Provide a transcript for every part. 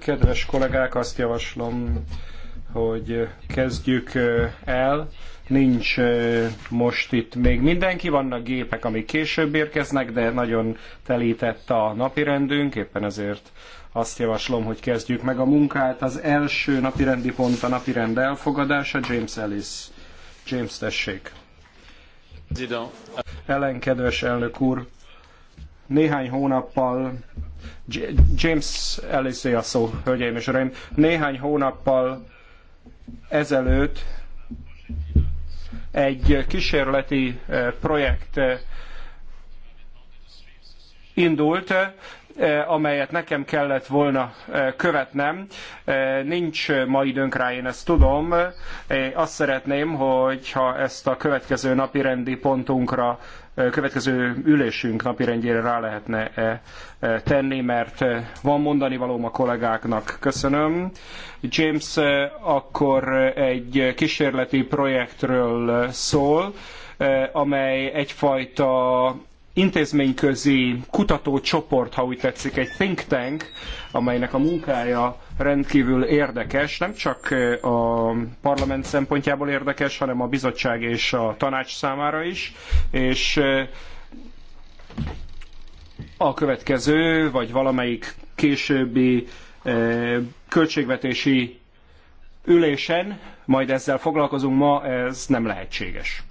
Kedves kollégák, azt javaslom, hogy kezdjük el. Nincs most itt még mindenki, vannak gépek, amik később érkeznek, de nagyon telített a napirendünk, éppen ezért azt javaslom, hogy kezdjük meg a munkát. Az első napirendi pont a napirend elfogadása, James Ellis. James, tessék. Ellen, kedves elnök úr, néhány hónappal James Ellisé a szó, hölgyeim és uraim. Néhány hónappal ezelőtt egy kísérleti eh, projekt eh, indult, eh, amelyet nekem kellett volna követnem. Nincs ma időnk rá, én ezt tudom. azt szeretném, hogyha ezt a következő napi rendi pontunkra következő ülésünk napirendjére rá lehetne -e, e tenni, mert e, van mondani valóm a kollégáknak. Köszönöm. James e, akkor egy kísérleti projektről szól, amely egyfajta intézményközi kutatócsoport, ha úgy tetszik, egy think tank, amelynek a munkája rendkívül érdekes, nem csak a parlament szempontjából érdekes, hanem a bizottság és a tanács számára is, és a következő, vagy valamelyik későbbi költségvetési ülésen, majd ezzel foglalkozunk ma, ez nem lehetséges.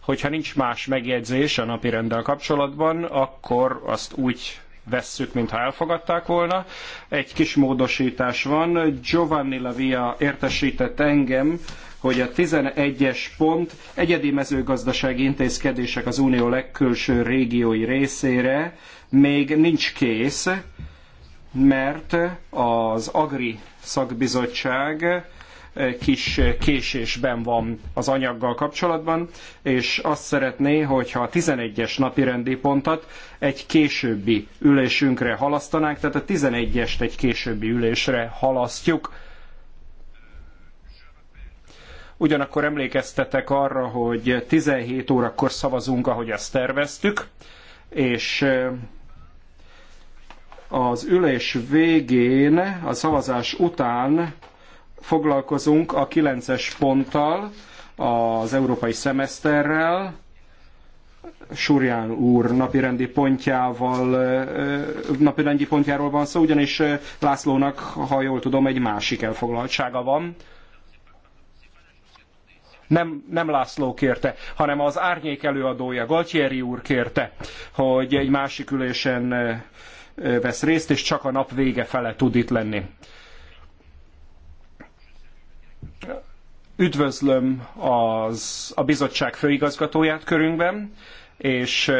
Hogyha nincs más megjegyzés a napi rendel kapcsolatban, akkor azt úgy vesszük, mintha elfogadták volna. Egy kis módosítás van. Giovanni Lavia értesített engem, hogy a 11-es pont egyedi mezőgazdasági intézkedések az unió legkülső régiói részére még nincs kész, mert az Agri szakbizottság kis késésben van az anyaggal kapcsolatban, és azt szeretné, hogyha a 11-es napi rendi pontot egy későbbi ülésünkre halasztanánk, tehát a 11-est egy későbbi ülésre halasztjuk. Ugyanakkor emlékeztetek arra, hogy 17 órakor szavazunk, ahogy azt terveztük, és az ülés végén, a szavazás után foglalkozunk a 9-es ponttal, az európai szemeszterrel, Surján úr napirendi pontjával, napirendi pontjáról van szó, ugyanis Lászlónak, ha jól tudom, egy másik elfoglaltsága van. Nem, nem László kérte, hanem az árnyék előadója, Galtieri úr kérte, hogy egy másik ülésen vesz részt, és csak a nap vége fele tud itt lenni. Üdvözlöm az, a bizottság főigazgatóját körünkben, és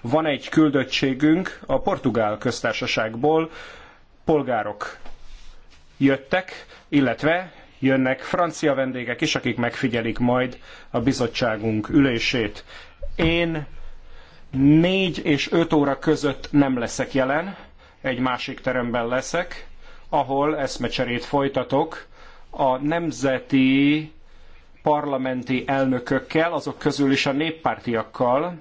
van egy küldöttségünk a Portugál köztársaságból, polgárok jöttek, illetve jönnek francia vendégek is, akik megfigyelik majd a bizottságunk ülését. Én négy és öt óra között nem leszek jelen, egy másik teremben leszek, ahol eszmecserét folytatok a nemzeti parlamenti elnökökkel, azok közül is a néppártiakkal,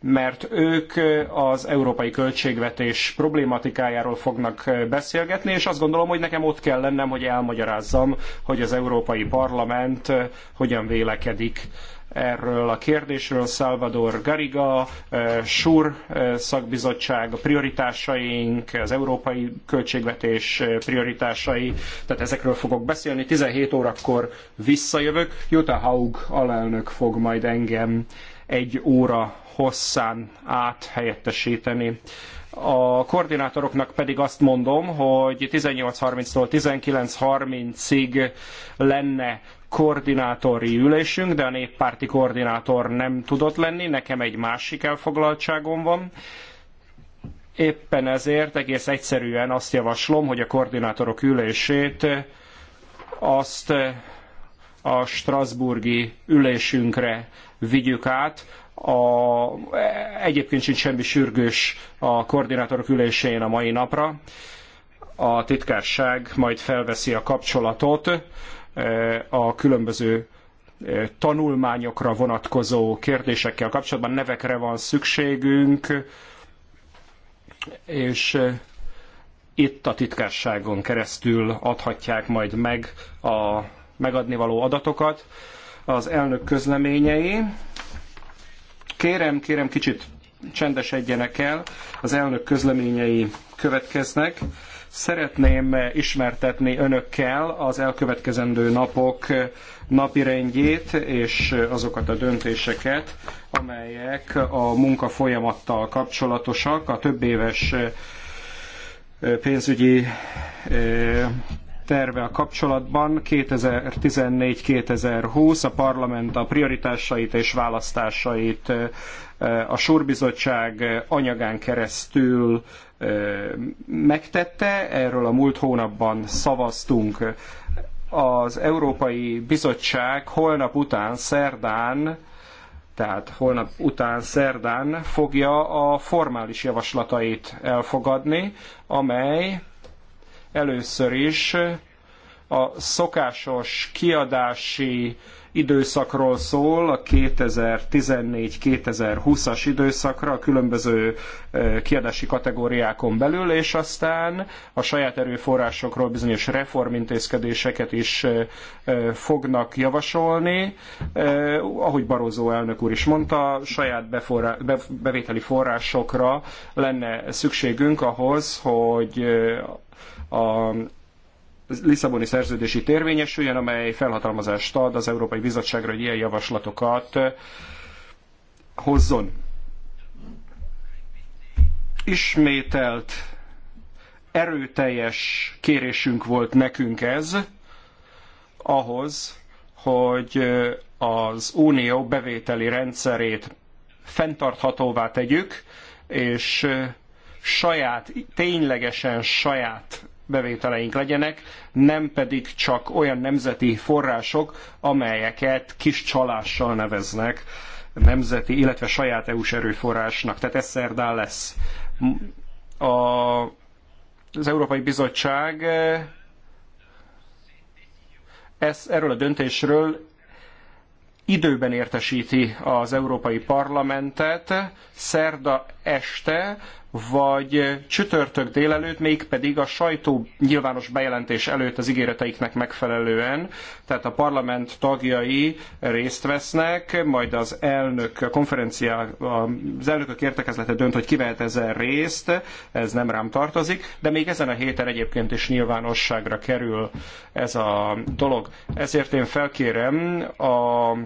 mert ők az európai költségvetés problématikájáról fognak beszélgetni, és azt gondolom, hogy nekem ott kell lennem, hogy elmagyarázzam, hogy az Európai Parlament hogyan vélekedik erről a kérdésről. Salvador Gariga, eh, SUR eh, szakbizottság, a prioritásaink, az európai költségvetés eh, prioritásai, tehát ezekről fogok beszélni. 17 órakor visszajövök. Jutta Haug alelnök fog majd engem egy óra hosszán áthelyettesíteni. A koordinátoroknak pedig azt mondom, hogy 18.30-tól 19.30-ig lenne koordinátori ülésünk, de a néppárti koordinátor nem tudott lenni, nekem egy másik elfoglaltságom van. Éppen ezért egész egyszerűen azt javaslom, hogy a koordinátorok ülését azt a Strasburgi ülésünkre vigyük át. A, egyébként sincs semmi sürgős a koordinátorok ülésén a mai napra. A titkárság majd felveszi a kapcsolatot a különböző e, tanulmányokra vonatkozó kérdésekkel kapcsolatban nevekre van szükségünk, és e, itt a titkárságon keresztül adhatják majd meg a megadni való adatokat az elnök közleményei. Kérem, kérem kicsit csendesedjenek el, az elnök közleményei következnek. Szeretném ismertetni önökkel az elkövetkezendő napok napirendjét és azokat a döntéseket, amelyek a munka folyamattal kapcsolatosak, a többéves eh, pénzügyi eh, a kapcsolatban 2014-2020 a parlament a prioritásait és választásait a sorbizottság anyagán keresztül megtette, erről a múlt hónapban szavaztunk. Az Európai Bizottság holnap után, szerdán, tehát holnap után szerdán fogja a formális javaslatait elfogadni, amely Először is a szokásos kiadási időszakról szól, a 2014-2020-as időszakra a különböző kiadási kategóriákon belül, és aztán a saját erőforrásokról bizonyos reformintézkedéseket is fognak javasolni. Ahogy Barozó elnök úr is mondta, saját beforrá, bevételi forrásokra lenne szükségünk ahhoz, hogy a Lisszaboni szerződési térvényesüljön, amely felhatalmazást ad az Európai Bizottságra, hogy ilyen javaslatokat hozzon. Ismételt erőteljes kérésünk volt nekünk ez, ahhoz, hogy az unió bevételi rendszerét fenntarthatóvá tegyük, és saját, ténylegesen saját bevételeink legyenek, nem pedig csak olyan nemzeti források, amelyeket kis csalással neveznek nemzeti, illetve saját EU-s erőforrásnak. Tehát ez szerdán lesz. A, az Európai Bizottság ez, erről a döntésről időben értesíti az Európai Parlamentet szerda este, vagy csütörtök délelőtt, mégpedig a sajtó nyilvános bejelentés előtt az ígéreteiknek megfelelően, tehát a parlament tagjai részt vesznek, majd az elnök a konferencia, az elnökök értekezlete dönt, hogy kivehet ezen részt, ez nem rám tartozik, de még ezen a héten egyébként is nyilvánosságra kerül ez a dolog. Ezért én felkérem a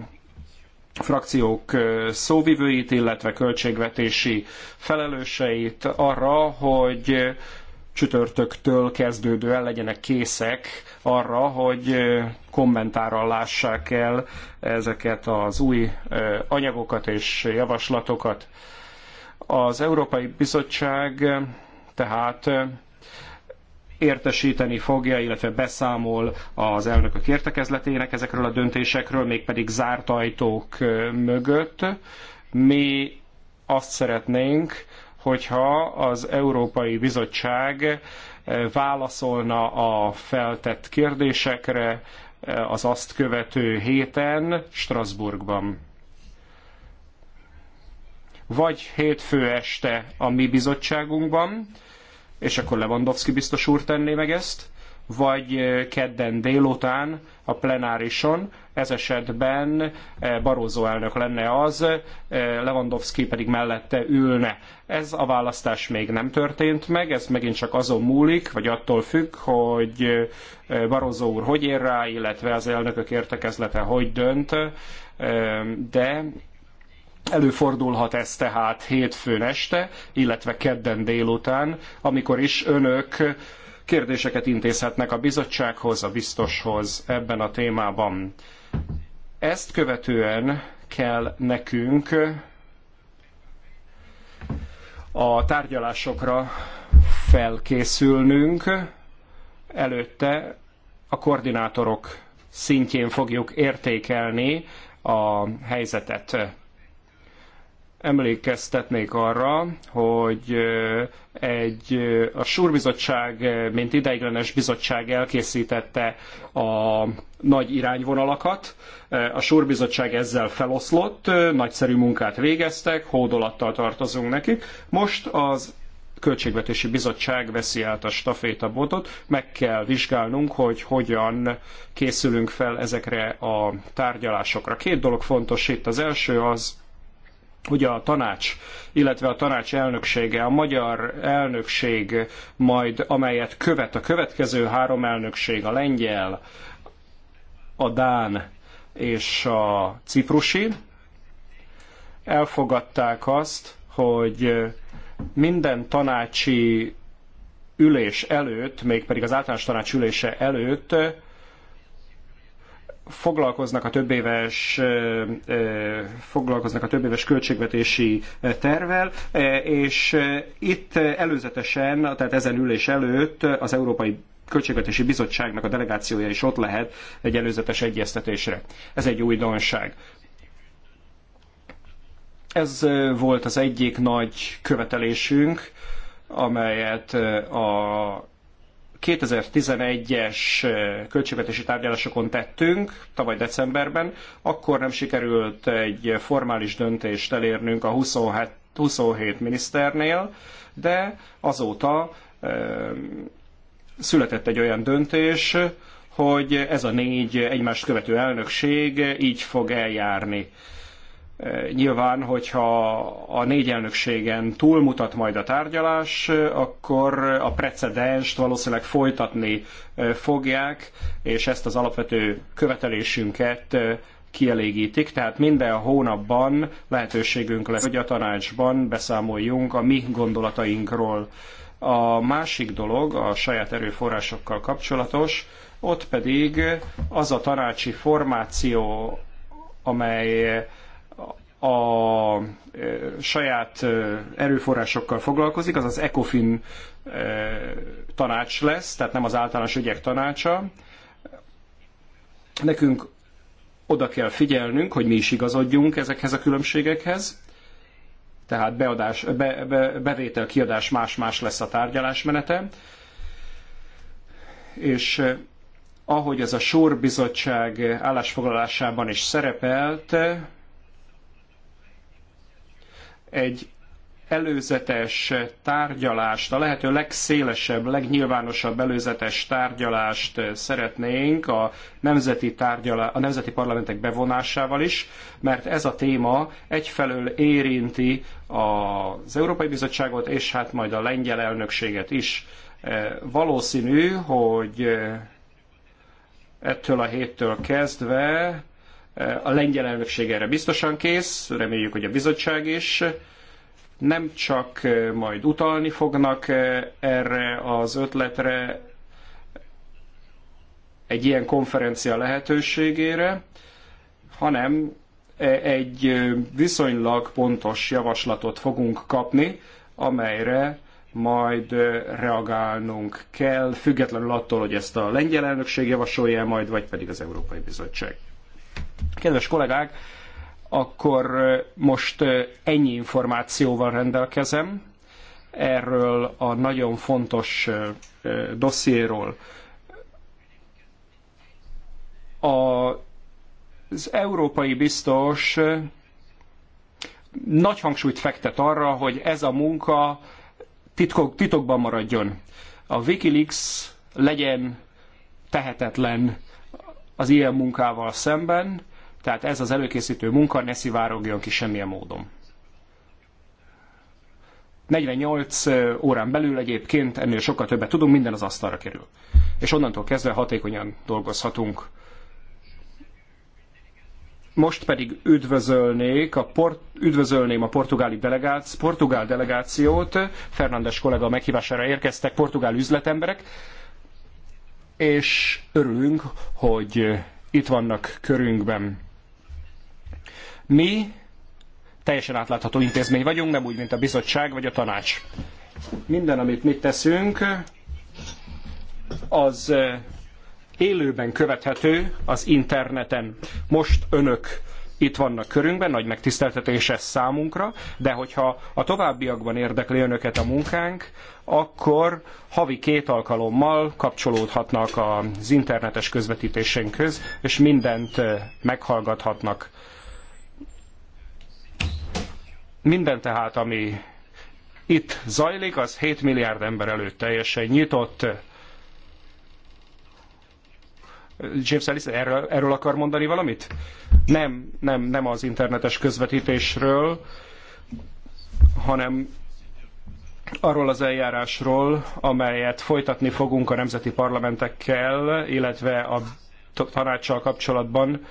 frakciók szóvivőit, illetve költségvetési felelőseit arra, hogy csütörtöktől kezdődően legyenek készek arra, hogy kommentárral lássák el ezeket az új anyagokat és javaslatokat. Az Európai Bizottság tehát értesíteni fogja, illetve beszámol az elnökök értekezletének ezekről a döntésekről, mégpedig zárt ajtók mögött. Mi azt szeretnénk, hogyha az Európai Bizottság válaszolna a feltett kérdésekre az azt követő héten Strasbourgban. Vagy hétfő este a mi bizottságunkban, és akkor Lewandowski biztos úr tenné meg ezt, vagy eh, kedden délután a plenárison, ez esetben eh, Barózó elnök lenne az, eh, Lewandowski pedig mellette ülne. Ez a választás még nem történt meg, ez megint csak azon múlik, vagy attól függ, hogy Barózó úr hogy ér rá, illetve az elnökök értekezlete hogy dönt, de Előfordulhat ez tehát hétfőn este, illetve kedden délután, amikor is önök kérdéseket intézhetnek a bizottsághoz, a biztoshoz ebben a témában. Ezt követően kell nekünk a tárgyalásokra felkészülnünk. Előtte a koordinátorok szintjén fogjuk értékelni a helyzetet emlékeztetnék arra, hogy egy, a Súrbizottság, mint ideiglenes bizottság elkészítette a nagy irányvonalakat. A Súrbizottság ezzel feloszlott, nagyszerű munkát végeztek, hódolattal tartozunk nekik. Most az Költségvetési Bizottság veszi át a stafétabotot, meg kell vizsgálnunk, hogy hogyan készülünk fel ezekre a tárgyalásokra. Két dolog fontos itt. Az első az, hogy a tanács, illetve a tanács elnöksége, a magyar elnökség majd, amelyet követ a következő három elnökség, a lengyel, a dán és a ciprusi, elfogadták azt, hogy minden tanácsi ülés előtt, mégpedig az általános tanács ülése előtt foglalkoznak a többéves foglalkoznak a többéves költségvetési tervel, és itt előzetesen, tehát ezen ülés előtt az Európai Költségvetési Bizottságnak a delegációja is ott lehet egy előzetes egyeztetésre. Ez egy újdonság. Ez volt az egyik nagy követelésünk, amelyet a 2011-es költségvetési tárgyalásokon tettünk, tavaly decemberben, akkor nem sikerült egy formális döntést elérnünk a 27, 27 miniszternél, de azóta született egy olyan döntés, hogy ez a négy egymást követő elnökség így fog eljárni. Nyilván, hogyha a négy elnökségen túlmutat majd a tárgyalás, akkor a precedenst valószínűleg folytatni fogják, és ezt az alapvető követelésünket kielégítik, tehát minden hónapban lehetőségünk lesz, hogy a tanácsban beszámoljunk a mi gondolatainkról. A másik dolog a saját erőforrásokkal kapcsolatos, ott pedig az a tanácsi formáció, amely a saját erőforrásokkal foglalkozik, az az ECOFIN tanács lesz, tehát nem az általános ügyek tanácsa. Nekünk oda kell figyelnünk, hogy mi is igazodjunk ezekhez a különbségekhez, tehát beadás, be, be, bevétel, kiadás más-más lesz a tárgyalás menete, és ahogy ez a sorbizottság állásfoglalásában is szerepelt, egy előzetes tárgyalást, a lehető legszélesebb, legnyilvánosabb előzetes tárgyalást szeretnénk a nemzeti, tárgyalá, a nemzeti parlamentek bevonásával is, mert ez a téma egyfelől érinti az Európai Bizottságot, és hát majd a lengyel elnökséget is. E, valószínű, hogy ettől a héttől kezdve a lengyel elnökség erre biztosan kész, reméljük, hogy a bizottság is. Nem csak eh, majd utalni fognak eh, erre az ötletre, egy ilyen konferencia lehetőségére, hanem eh, egy viszonylag pontos javaslatot fogunk kapni, amelyre majd reagálnunk kell, függetlenül attól, hogy ezt a lengyel elnökség javasolja majd, vagy pedig az Európai Bizottság. Kedves kollégák, akkor most ennyi információval rendelkezem erről a nagyon fontos dossziéról. az európai biztos nagy hangsúlyt fektet arra, hogy ez a munka titkok, titokban maradjon. A Wikileaks legyen tehetetlen az ilyen munkával szemben, tehát ez az előkészítő munka ne szivárogjon ki semmilyen módon. 48 órán belül egyébként ennél sokkal többet tudunk, minden az asztalra kerül. És onnantól kezdve hatékonyan dolgozhatunk. Most pedig üdvözölnék a port, üdvözölném a portugáli delegáci, portugál delegációt. Fernandes kollega meghívására érkeztek portugál üzletemberek, és örülünk, hogy itt vannak körünkben. Mi teljesen átlátható intézmény vagyunk, nem úgy, mint a bizottság vagy a tanács. Minden, amit mi teszünk, az élőben követhető az interneten. Most önök itt vannak körünkben, nagy megtiszteltetés ez számunkra, de hogyha a továbbiakban érdekli önöket a munkánk, akkor havi két alkalommal kapcsolódhatnak az internetes közvetítésünkhöz, és mindent meghallgathatnak. Minden tehát, ami itt zajlik, az 7 milliárd ember előtt teljesen nyitott. James Ellis erről, erről akar mondani valamit? Nem, nem, nem az internetes közvetítésről, hanem arról az eljárásról, amelyet folytatni fogunk a nemzeti parlamentekkel, illetve a tanácssal kapcsolatban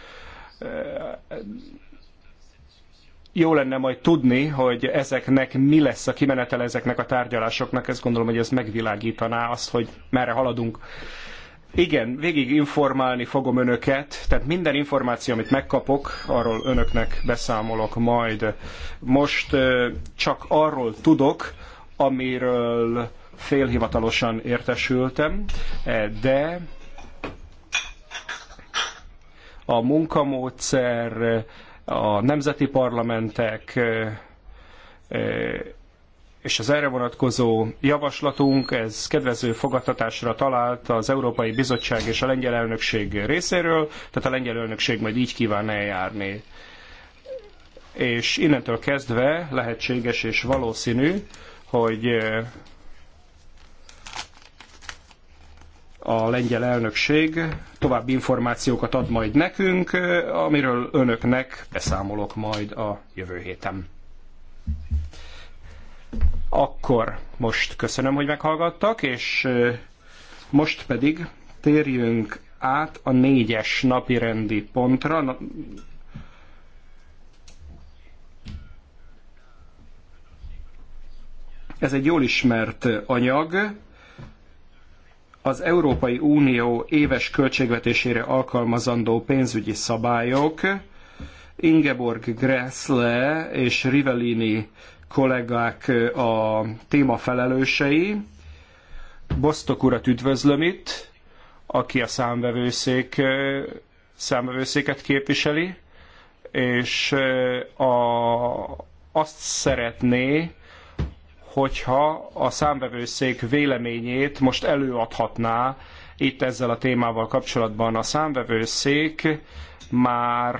jó lenne majd tudni, hogy ezeknek mi lesz a kimenetele ezeknek a tárgyalásoknak. Ezt gondolom, hogy ez megvilágítaná azt, hogy merre haladunk. Igen, végig informálni fogom önöket, tehát minden információ, amit megkapok, arról önöknek beszámolok majd. Most csak arról tudok, amiről félhivatalosan értesültem, e, de a munkamódszer a nemzeti parlamentek és az erre vonatkozó javaslatunk, ez kedvező fogadtatásra talált az Európai Bizottság és a lengyel elnökség részéről, tehát a lengyel elnökség majd így kíván eljárni. És innentől kezdve lehetséges és valószínű, hogy a lengyel elnökség további információkat ad majd nekünk, amiről önöknek beszámolok majd a jövő héten. Akkor most köszönöm, hogy meghallgattak, és most pedig térjünk át a négyes napi rendi pontra. Ez egy jól ismert anyag, az Európai Unió éves költségvetésére alkalmazandó pénzügyi szabályok Ingeborg Gressle és Rivellini kollégák a téma felelősei. Bosztok urat üdvözlöm itt, aki a számvevőszék, számvevőszéket képviseli, és a, azt szeretné, hogyha a számvevőszék véleményét most előadhatná itt ezzel a témával kapcsolatban. A számvevőszék már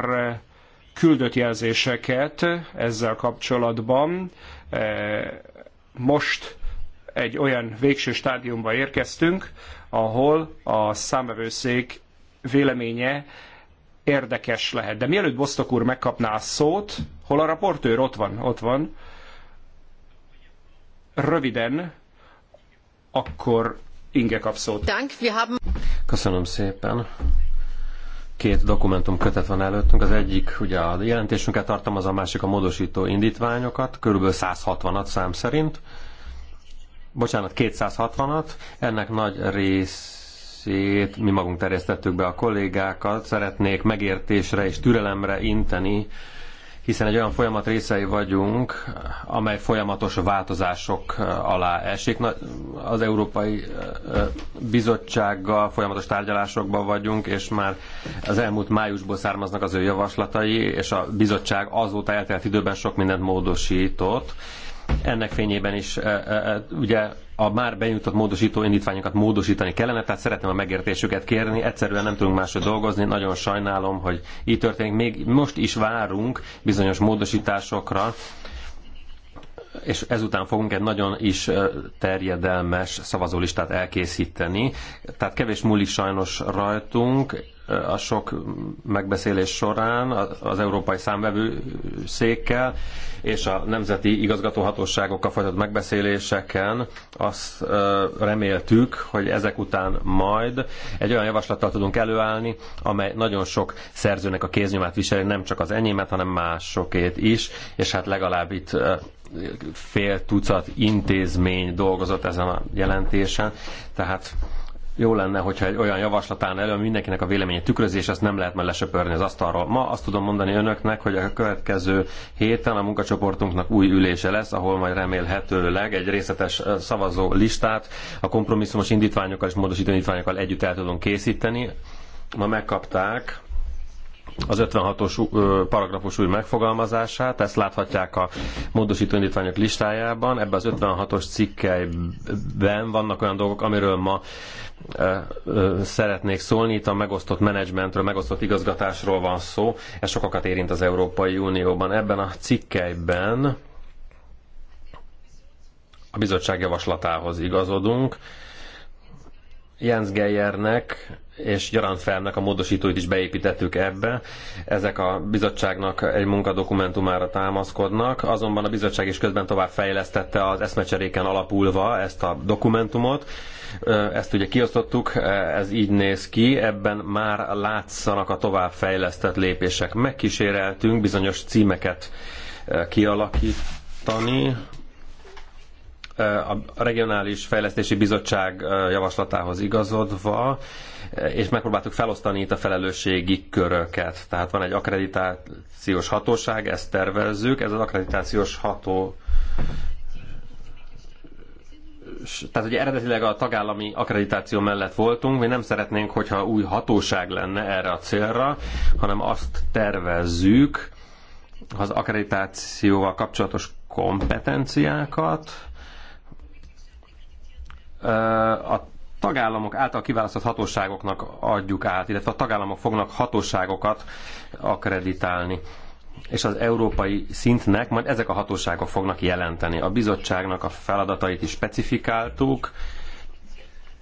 küldött jelzéseket ezzel kapcsolatban. E, most egy olyan végső stádiumba érkeztünk, ahol a számvevőszék véleménye érdekes lehet. De mielőtt Bosztok úr megkapná a szót, hol a raportőr? Ott van, ott van röviden, akkor Inge kap szót. Köszönöm szépen. Két dokumentum kötet van előttünk. Az egyik ugye a jelentésünket tartalmaz, a másik a módosító indítványokat, körülbelül 160-at szám szerint. Bocsánat, 260-at. Ennek nagy rész mi magunk terjesztettük be a kollégákat, szeretnék megértésre és türelemre inteni hiszen egy olyan folyamat részei vagyunk, amely folyamatos változások alá esik. Az Európai Bizottsággal folyamatos tárgyalásokban vagyunk, és már az elmúlt májusból származnak az ő javaslatai, és a bizottság azóta eltelt időben sok mindent módosított. Ennek fényében is ugye a már benyújtott módosító indítványokat módosítani kellene, tehát szeretném a megértésüket kérni, egyszerűen nem tudunk máshogy dolgozni, nagyon sajnálom, hogy így történik. Még most is várunk bizonyos módosításokra, és ezután fogunk egy nagyon is terjedelmes szavazólistát elkészíteni. Tehát kevés múlik sajnos rajtunk, a sok megbeszélés során az Európai Számvevő székkel és a nemzeti igazgatóhatóságokkal folytatott megbeszéléseken azt reméltük, hogy ezek után majd egy olyan javaslattal tudunk előállni, amely nagyon sok szerzőnek a kéznyomát viseli, nem csak az enyémet, hanem másokét is, és hát legalább itt fél tucat intézmény dolgozott ezen a jelentésen, tehát jó lenne, hogyha egy olyan javaslatán elő, ami mindenkinek a véleménye tükrözés, ezt nem lehet már lesöpörni az asztalról. Ma azt tudom mondani önöknek, hogy a következő héten a munkacsoportunknak új ülése lesz, ahol majd remélhetőleg egy részletes szavazó listát a kompromisszumos indítványokkal és módosító indítványokkal együtt el tudunk készíteni. Ma megkapták az 56-os paragrafus új megfogalmazását, ezt láthatják a módosító indítványok listájában. Ebben az 56-os cikkelyben vannak olyan dolgok, amiről ma szeretnék szólni. Itt a megosztott menedzsmentről, megosztott igazgatásról van szó. Ez sokakat érint az Európai Unióban. Ebben a cikkelyben a bizottság javaslatához igazodunk. Jens Geyernek és Jaran Felnek a módosítóit is beépítettük ebbe. Ezek a bizottságnak egy munkadokumentumára támaszkodnak, azonban a bizottság is közben tovább fejlesztette az eszmecseréken alapulva ezt a dokumentumot. Ezt ugye kiosztottuk, ez így néz ki, ebben már látszanak a továbbfejlesztett lépések. Megkíséreltünk bizonyos címeket kialakítani, a Regionális Fejlesztési Bizottság javaslatához igazodva, és megpróbáltuk felosztani itt a felelősségi köröket. Tehát van egy akkreditációs hatóság, ezt tervezzük, ez az akkreditációs ható tehát ugye eredetileg a tagállami akkreditáció mellett voltunk, mi nem szeretnénk, hogyha új hatóság lenne erre a célra, hanem azt tervezzük, az akkreditációval kapcsolatos kompetenciákat, a tagállamok által kiválasztott hatóságoknak adjuk át, illetve a tagállamok fognak hatóságokat akreditálni és az európai szintnek majd ezek a hatóságok fognak jelenteni. A bizottságnak a feladatait is specifikáltuk,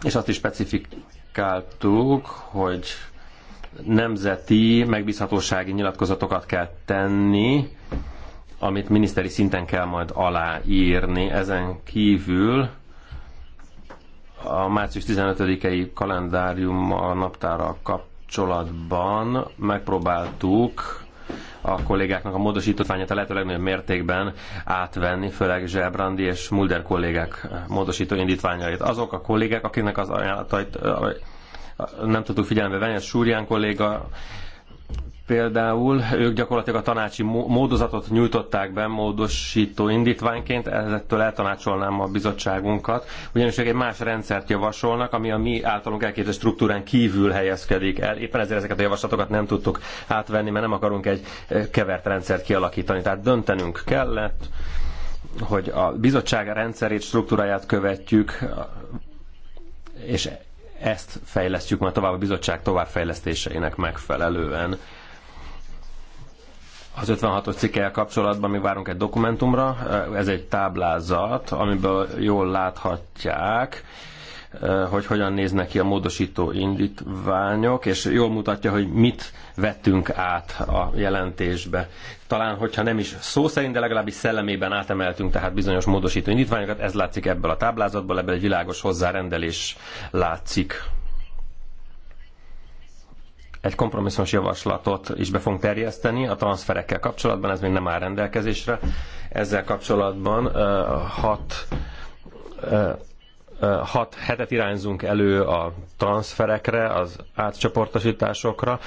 és azt is specifikáltuk, hogy nemzeti megbízhatósági nyilatkozatokat kell tenni, amit miniszteri szinten kell majd aláírni. Ezen kívül a március 15-i kalendárium a naptára kapcsolatban megpróbáltuk a kollégáknak a módosítványát a lehető legnagyobb mértékben átvenni, főleg Zsebrandi és Mulder kollégák módosító indítványait. Azok a kollégák, akiknek az ajánlatait nem tudtuk figyelembe venni, a Súrián kolléga, például ők gyakorlatilag a tanácsi módozatot nyújtották be módosító indítványként, ezettől eltanácsolnám a bizottságunkat, ugyanis ők egy más rendszert javasolnak, ami a mi általunk elképzelt struktúrán kívül helyezkedik el. Éppen ezért ezeket a javaslatokat nem tudtuk átvenni, mert nem akarunk egy eh, kevert rendszert kialakítani. Tehát döntenünk kellett, hogy a bizottság rendszerét, struktúráját követjük, és ezt fejlesztjük majd tovább a bizottság továbbfejlesztéseinek megfelelően az 56-os cikkel kapcsolatban mi várunk egy dokumentumra, ez egy táblázat, amiből jól láthatják, hogy hogyan néznek ki a módosító indítványok, és jól mutatja, hogy mit vettünk át a jelentésbe. Talán, hogyha nem is szó szerint, de legalábbis szellemében átemeltünk tehát bizonyos módosító indítványokat, ez látszik ebből a táblázatból, ebből egy világos hozzárendelés látszik egy kompromisszumos javaslatot is be fogunk terjeszteni a transferekkel kapcsolatban, ez még nem áll rendelkezésre. Ezzel kapcsolatban hat hat hetet irányzunk elő a transferekre, az átcsoportosításokra,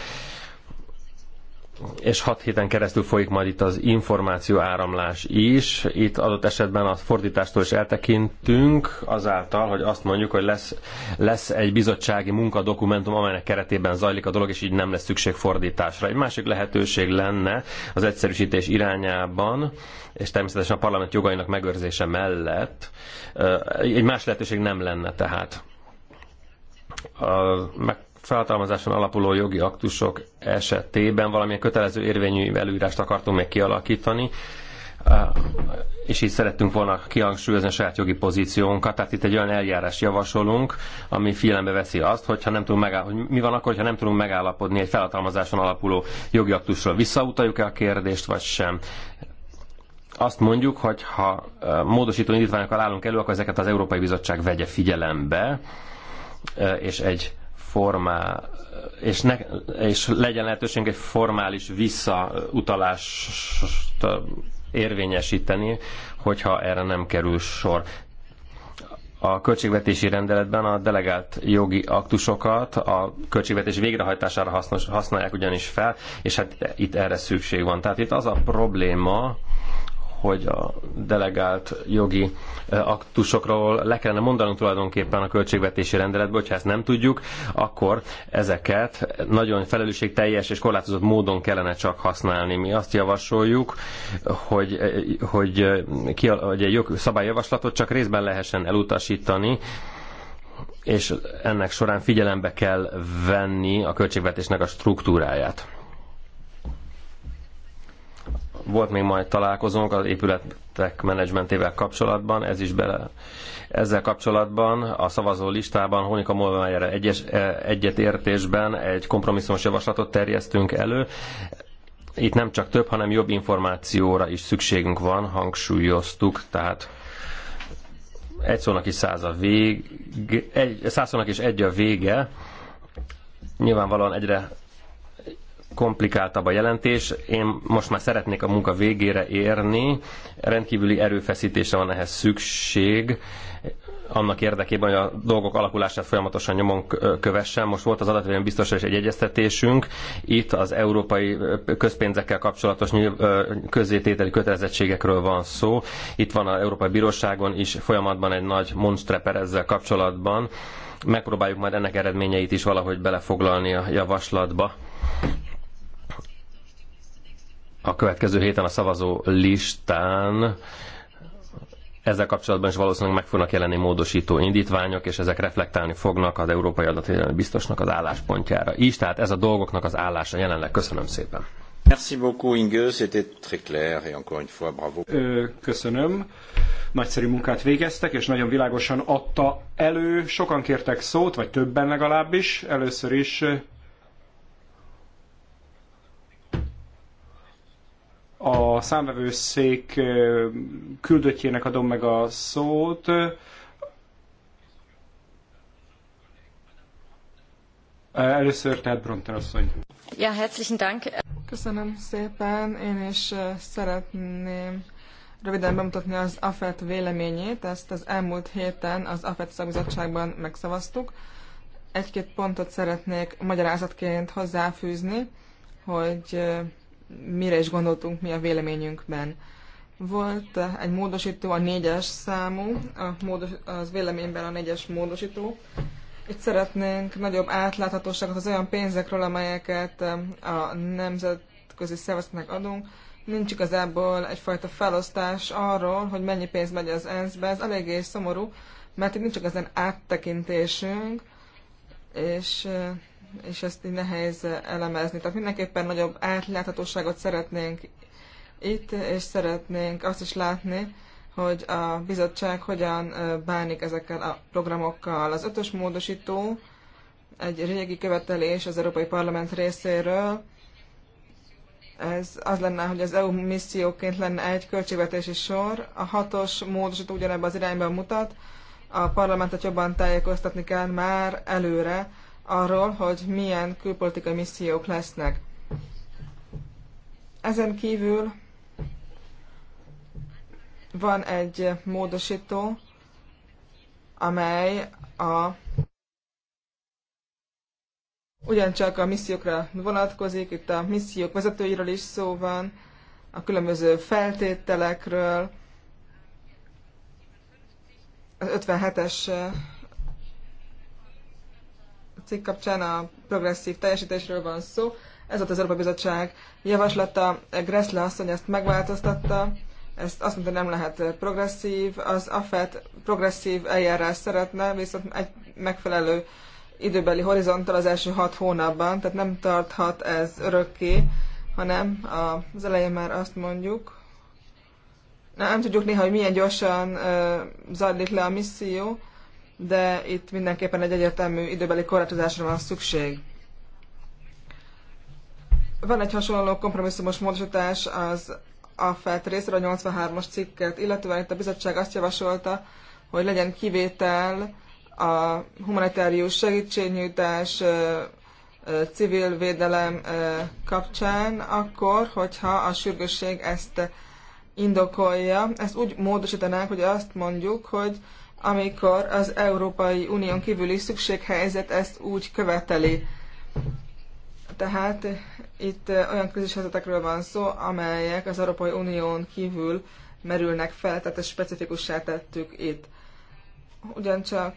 és hat héten keresztül folyik majd itt az információ áramlás is. Itt adott esetben a fordítástól is eltekintünk, azáltal, hogy azt mondjuk, hogy lesz, lesz egy bizottsági munkadokumentum, amelynek keretében zajlik a dolog, és így nem lesz szükség fordításra. Egy másik lehetőség lenne az egyszerűsítés irányában, és természetesen a parlament jogainak megőrzése mellett. Egy más lehetőség nem lenne tehát. meg feltalmazáson alapuló jogi aktusok esetében valamilyen kötelező érvényű előírást akartunk még kialakítani, és így szerettünk volna kihangsúlyozni a saját jogi pozíciónkat. Tehát itt egy olyan eljárás javasolunk, ami figyelembe veszi azt, hogyha nem tudunk megáll- hogy mi van akkor, ha nem tudunk megállapodni egy felhatalmazáson alapuló jogi aktusról. Visszautaljuk-e a kérdést, vagy sem? Azt mondjuk, hogy ha módosító indítványokkal állunk elő, akkor ezeket az Európai Bizottság vegye figyelembe, és egy formál, és, ne, és legyen lehetőség egy formális visszautalást érvényesíteni, hogyha erre nem kerül sor. A költségvetési rendeletben a delegált jogi aktusokat a költségvetés végrehajtására hasznos, használják ugyanis fel, és hát itt erre szükség van. Tehát itt az a probléma, hogy a delegált jogi aktusokról le kellene mondanunk tulajdonképpen a költségvetési rendeletből, hogyha ezt nem tudjuk, akkor ezeket nagyon felelősségteljes és korlátozott módon kellene csak használni. Mi azt javasoljuk, hogy, hogy, ki, hogy egy szabályjavaslatot csak részben lehessen elutasítani, és ennek során figyelembe kell venni a költségvetésnek a struktúráját volt még majd találkozónk az épületek menedzsmentével kapcsolatban, ez is bele. Ezzel kapcsolatban a szavazó listában Honika Molvájára egyes, e, egyetértésben egy kompromisszumos javaslatot terjesztünk elő. Itt nem csak több, hanem jobb információra is szükségünk van, hangsúlyoztuk, tehát egy szónak is száz a vég, egy, száz szónak is egy a vége, nyilvánvalóan egyre komplikáltabb a jelentés. Én most már szeretnék a munka végére érni. Rendkívüli erőfeszítése van ehhez szükség annak érdekében, hogy a dolgok alakulását folyamatosan nyomon kövessen. Most volt az adatvédelmi biztosra is egy egyeztetésünk. Itt az európai közpénzekkel kapcsolatos közzétételi kötelezettségekről van szó. Itt van az Európai Bíróságon is folyamatban egy nagy monstreper ezzel kapcsolatban. Megpróbáljuk majd ennek eredményeit is valahogy belefoglalni a javaslatba a következő héten a szavazó listán ezzel kapcsolatban is valószínűleg meg fognak jelenni módosító indítványok, és ezek reflektálni fognak az Európai Adatvédelmi Biztosnak az álláspontjára is. Tehát ez a dolgoknak az állása jelenleg. Köszönöm szépen. Merci beaucoup Inge, c'était très clair et encore une fois bravo. Köszönöm. Nagyszerű munkát végeztek, és nagyon világosan adta elő. Sokan kértek szót, vagy többen legalábbis. Először is a számvevőszék küldöttjének adom meg a szót. Először tehát Bronter asszony. Ja, herzlichen Dank. Köszönöm szépen. Én is szeretném röviden bemutatni az AFET véleményét. Ezt az elmúlt héten az AFET szakbizottságban megszavaztuk. Egy-két pontot szeretnék magyarázatként hozzáfűzni, hogy mire is gondoltunk mi a véleményünkben. Volt egy módosító, a négyes számú, a módos, az véleményben a négyes módosító. Itt szeretnénk nagyobb átláthatóságot az olyan pénzekről, amelyeket a nemzetközi szervezetnek adunk. Nincs igazából egyfajta felosztás arról, hogy mennyi pénz megy az ENSZ-be. Ez eléggé szomorú, mert itt nincs igazán áttekintésünk, és és ezt így nehéz elemezni. Tehát mindenképpen nagyobb átláthatóságot szeretnénk itt, és szeretnénk azt is látni, hogy a bizottság hogyan bánik ezekkel a programokkal. Az ötös módosító egy régi követelés az Európai Parlament részéről. Ez az lenne, hogy az EU misszióként lenne egy költségvetési sor. A hatos módosító ugyanebben az irányban mutat. A parlamentet jobban tájékoztatni kell már előre arról, hogy milyen külpolitikai missziók lesznek. Ezen kívül van egy módosító, amely a ugyancsak a missziókra vonatkozik, itt a missziók vezetőiről is szó van, a különböző feltételekről, az 57-es cikk kapcsán a progresszív teljesítésről van szó. Ez volt az Európai Bizottság javaslata. Gressle asszony ezt megváltoztatta. Ezt azt mondta, nem lehet progresszív. Az AFET progresszív eljárás szeretne, viszont egy megfelelő időbeli horizonttal az első hat hónapban, tehát nem tarthat ez örökké, hanem az elején már azt mondjuk, nem tudjuk néha, hogy milyen gyorsan uh, zajlik le a misszió, de itt mindenképpen egy egyértelmű időbeli korlátozásra van szükség. Van egy hasonló kompromisszumos módosítás az a felt részre a 83-as cikket, illetően itt a bizottság azt javasolta, hogy legyen kivétel a humanitárius segítségnyújtás, civil védelem kapcsán, akkor, hogyha a sürgősség ezt indokolja, ezt úgy módosítanák, hogy azt mondjuk, hogy amikor az Európai Unión kívüli szükséghelyzet ezt úgy követeli. Tehát itt olyan krízis helyzetekről van szó, amelyek az Európai Unión kívül merülnek fel, tehát ezt specifikussá tettük itt. Ugyancsak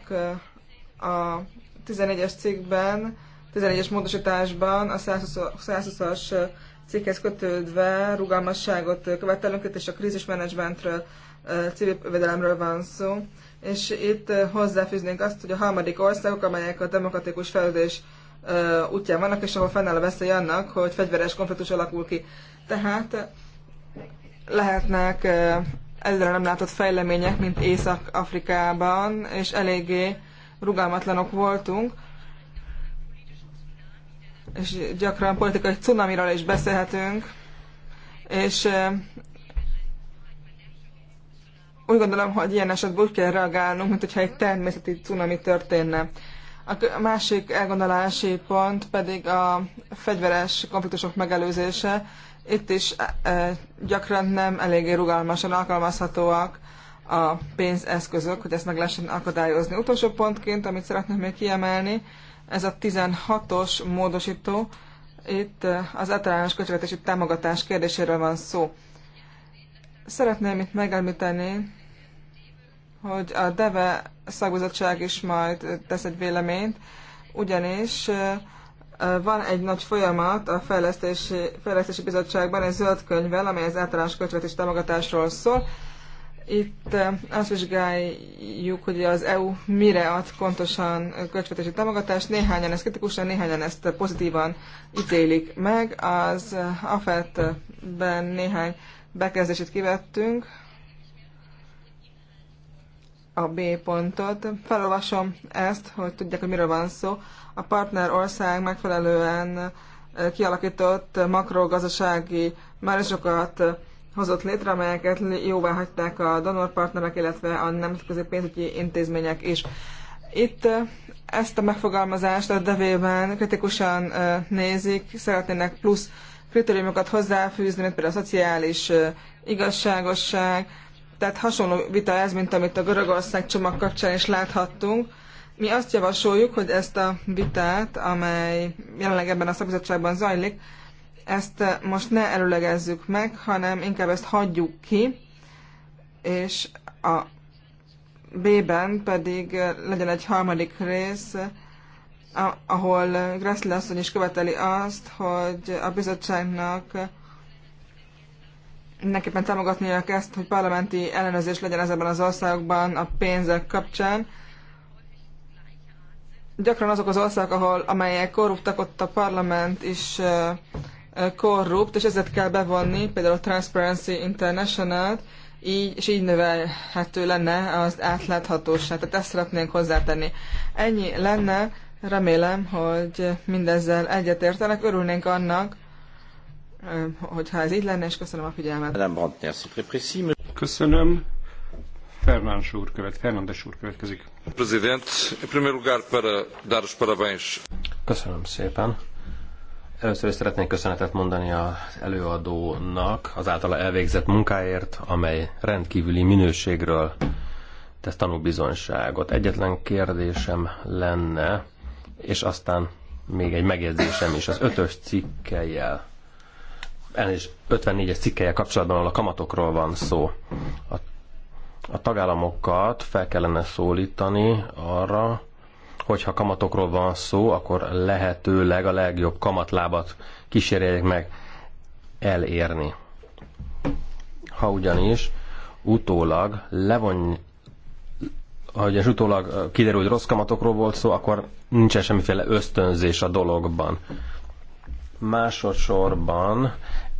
eh, a 14-es cikkben, 14-es módosításban a 120-as eh, cikkhez kötődve rugalmasságot követelünk, itt és a krízismenedzsmentről, eh, civil védelemről van szó és itt eh, hozzáfűznénk azt, hogy a harmadik országok, amelyek a demokratikus fejlődés eh, útján vannak, és ahol fennáll a veszély annak, hogy fegyveres konfliktus alakul ki. Tehát eh, lehetnek előre nem látott fejlemények, mint Észak-Afrikában, és eléggé rugalmatlanok voltunk, és gyakran politikai cunamiról is beszélhetünk, és úgy gondolom, hogy ilyen esetben úgy kell reagálnunk, mint hogyha egy természeti cunami történne. A másik elgondolási pont pedig a fegyveres konfliktusok megelőzése. Itt is e, e, gyakran nem eléggé rugalmasan alkalmazhatóak a pénzeszközök, hogy ezt meg lehessen akadályozni. Utolsó pontként, amit szeretnék még kiemelni, ez a 16-os módosító. Itt e, az általános költségvetési támogatás kérdéséről van szó. Szeretném itt megemlíteni, hogy a DEVE szakbizottság is majd tesz egy véleményt, ugyanis van egy nagy folyamat a Fejlesztési, Fejlesztési Bizottságban egy zöld könyvvel, amely az általános költvetés támogatásról szól. Itt azt vizsgáljuk, hogy az EU mire ad pontosan kötvetési támogatást. Néhányan ezt kritikusan, néhányan ezt pozitívan ítélik meg. Az AFET-ben néhány bekezdését kivettünk, a B pontot. Felolvasom ezt, hogy tudják, hogy miről van szó. A partner ország megfelelően eh, kialakított makrogazdasági márisokat eh, hozott létre, amelyeket jóvá hagyták a donorpartnerek, illetve a nemzetközi pénzügyi intézmények is. Itt eh, ezt a megfogalmazást a devében kritikusan nézik, szeretnének plusz kritériumokat hozzáfűzni, mint például a szociális igazságosság, tehát hasonló vita ez, mint amit a Görögország csomag kapcsán is láthattunk. Mi azt javasoljuk, hogy ezt a vitát, amely jelenleg ebben a szakbizottságban zajlik, ezt most ne előlegezzük meg, hanem inkább ezt hagyjuk ki, és a B-ben pedig legyen egy harmadik rész, ahol Grassley asszony is követeli azt, hogy a bizottságnak mindenképpen támogatnia ezt, hogy parlamenti ellenőrzés legyen ezekben az országokban a pénzek kapcsán. Gyakran azok az országok, ahol, amelyek korruptak, ott a parlament is korrupt, és ezért kell bevonni, például a Transparency International-t, így, és így növelhető lenne az átláthatóság. Tehát ezt szeretnénk hozzátenni. Ennyi lenne, Remélem, hogy mindezzel egyetértenek. Örülnénk annak, hogyha ez így lenne, és köszönöm a figyelmet. Köszönöm. Fernández úr, követ, Fernández úr következik. Prezident, em primeiro lugar para dar os parabéns. Köszönöm szépen. Először is szeretnék köszönetet mondani az előadónak az általa elvégzett munkáért, amely rendkívüli minőségről tesz tanúbizonyságot. Egyetlen kérdésem lenne, és aztán még egy megjegyzésem is az ötös cikkelyel elnézést, 54-es cikkelyel kapcsolatban, ahol a kamatokról van szó. A, a tagállamokat fel kellene szólítani arra, hogyha kamatokról van szó, akkor lehetőleg a legjobb kamatlábat kísérjék meg elérni. Ha ugyanis utólag levon, hogy ez utólag kiderül, hogy rossz kamatokról volt szó, akkor nincsen semmiféle ösztönzés a dologban. Másodszorban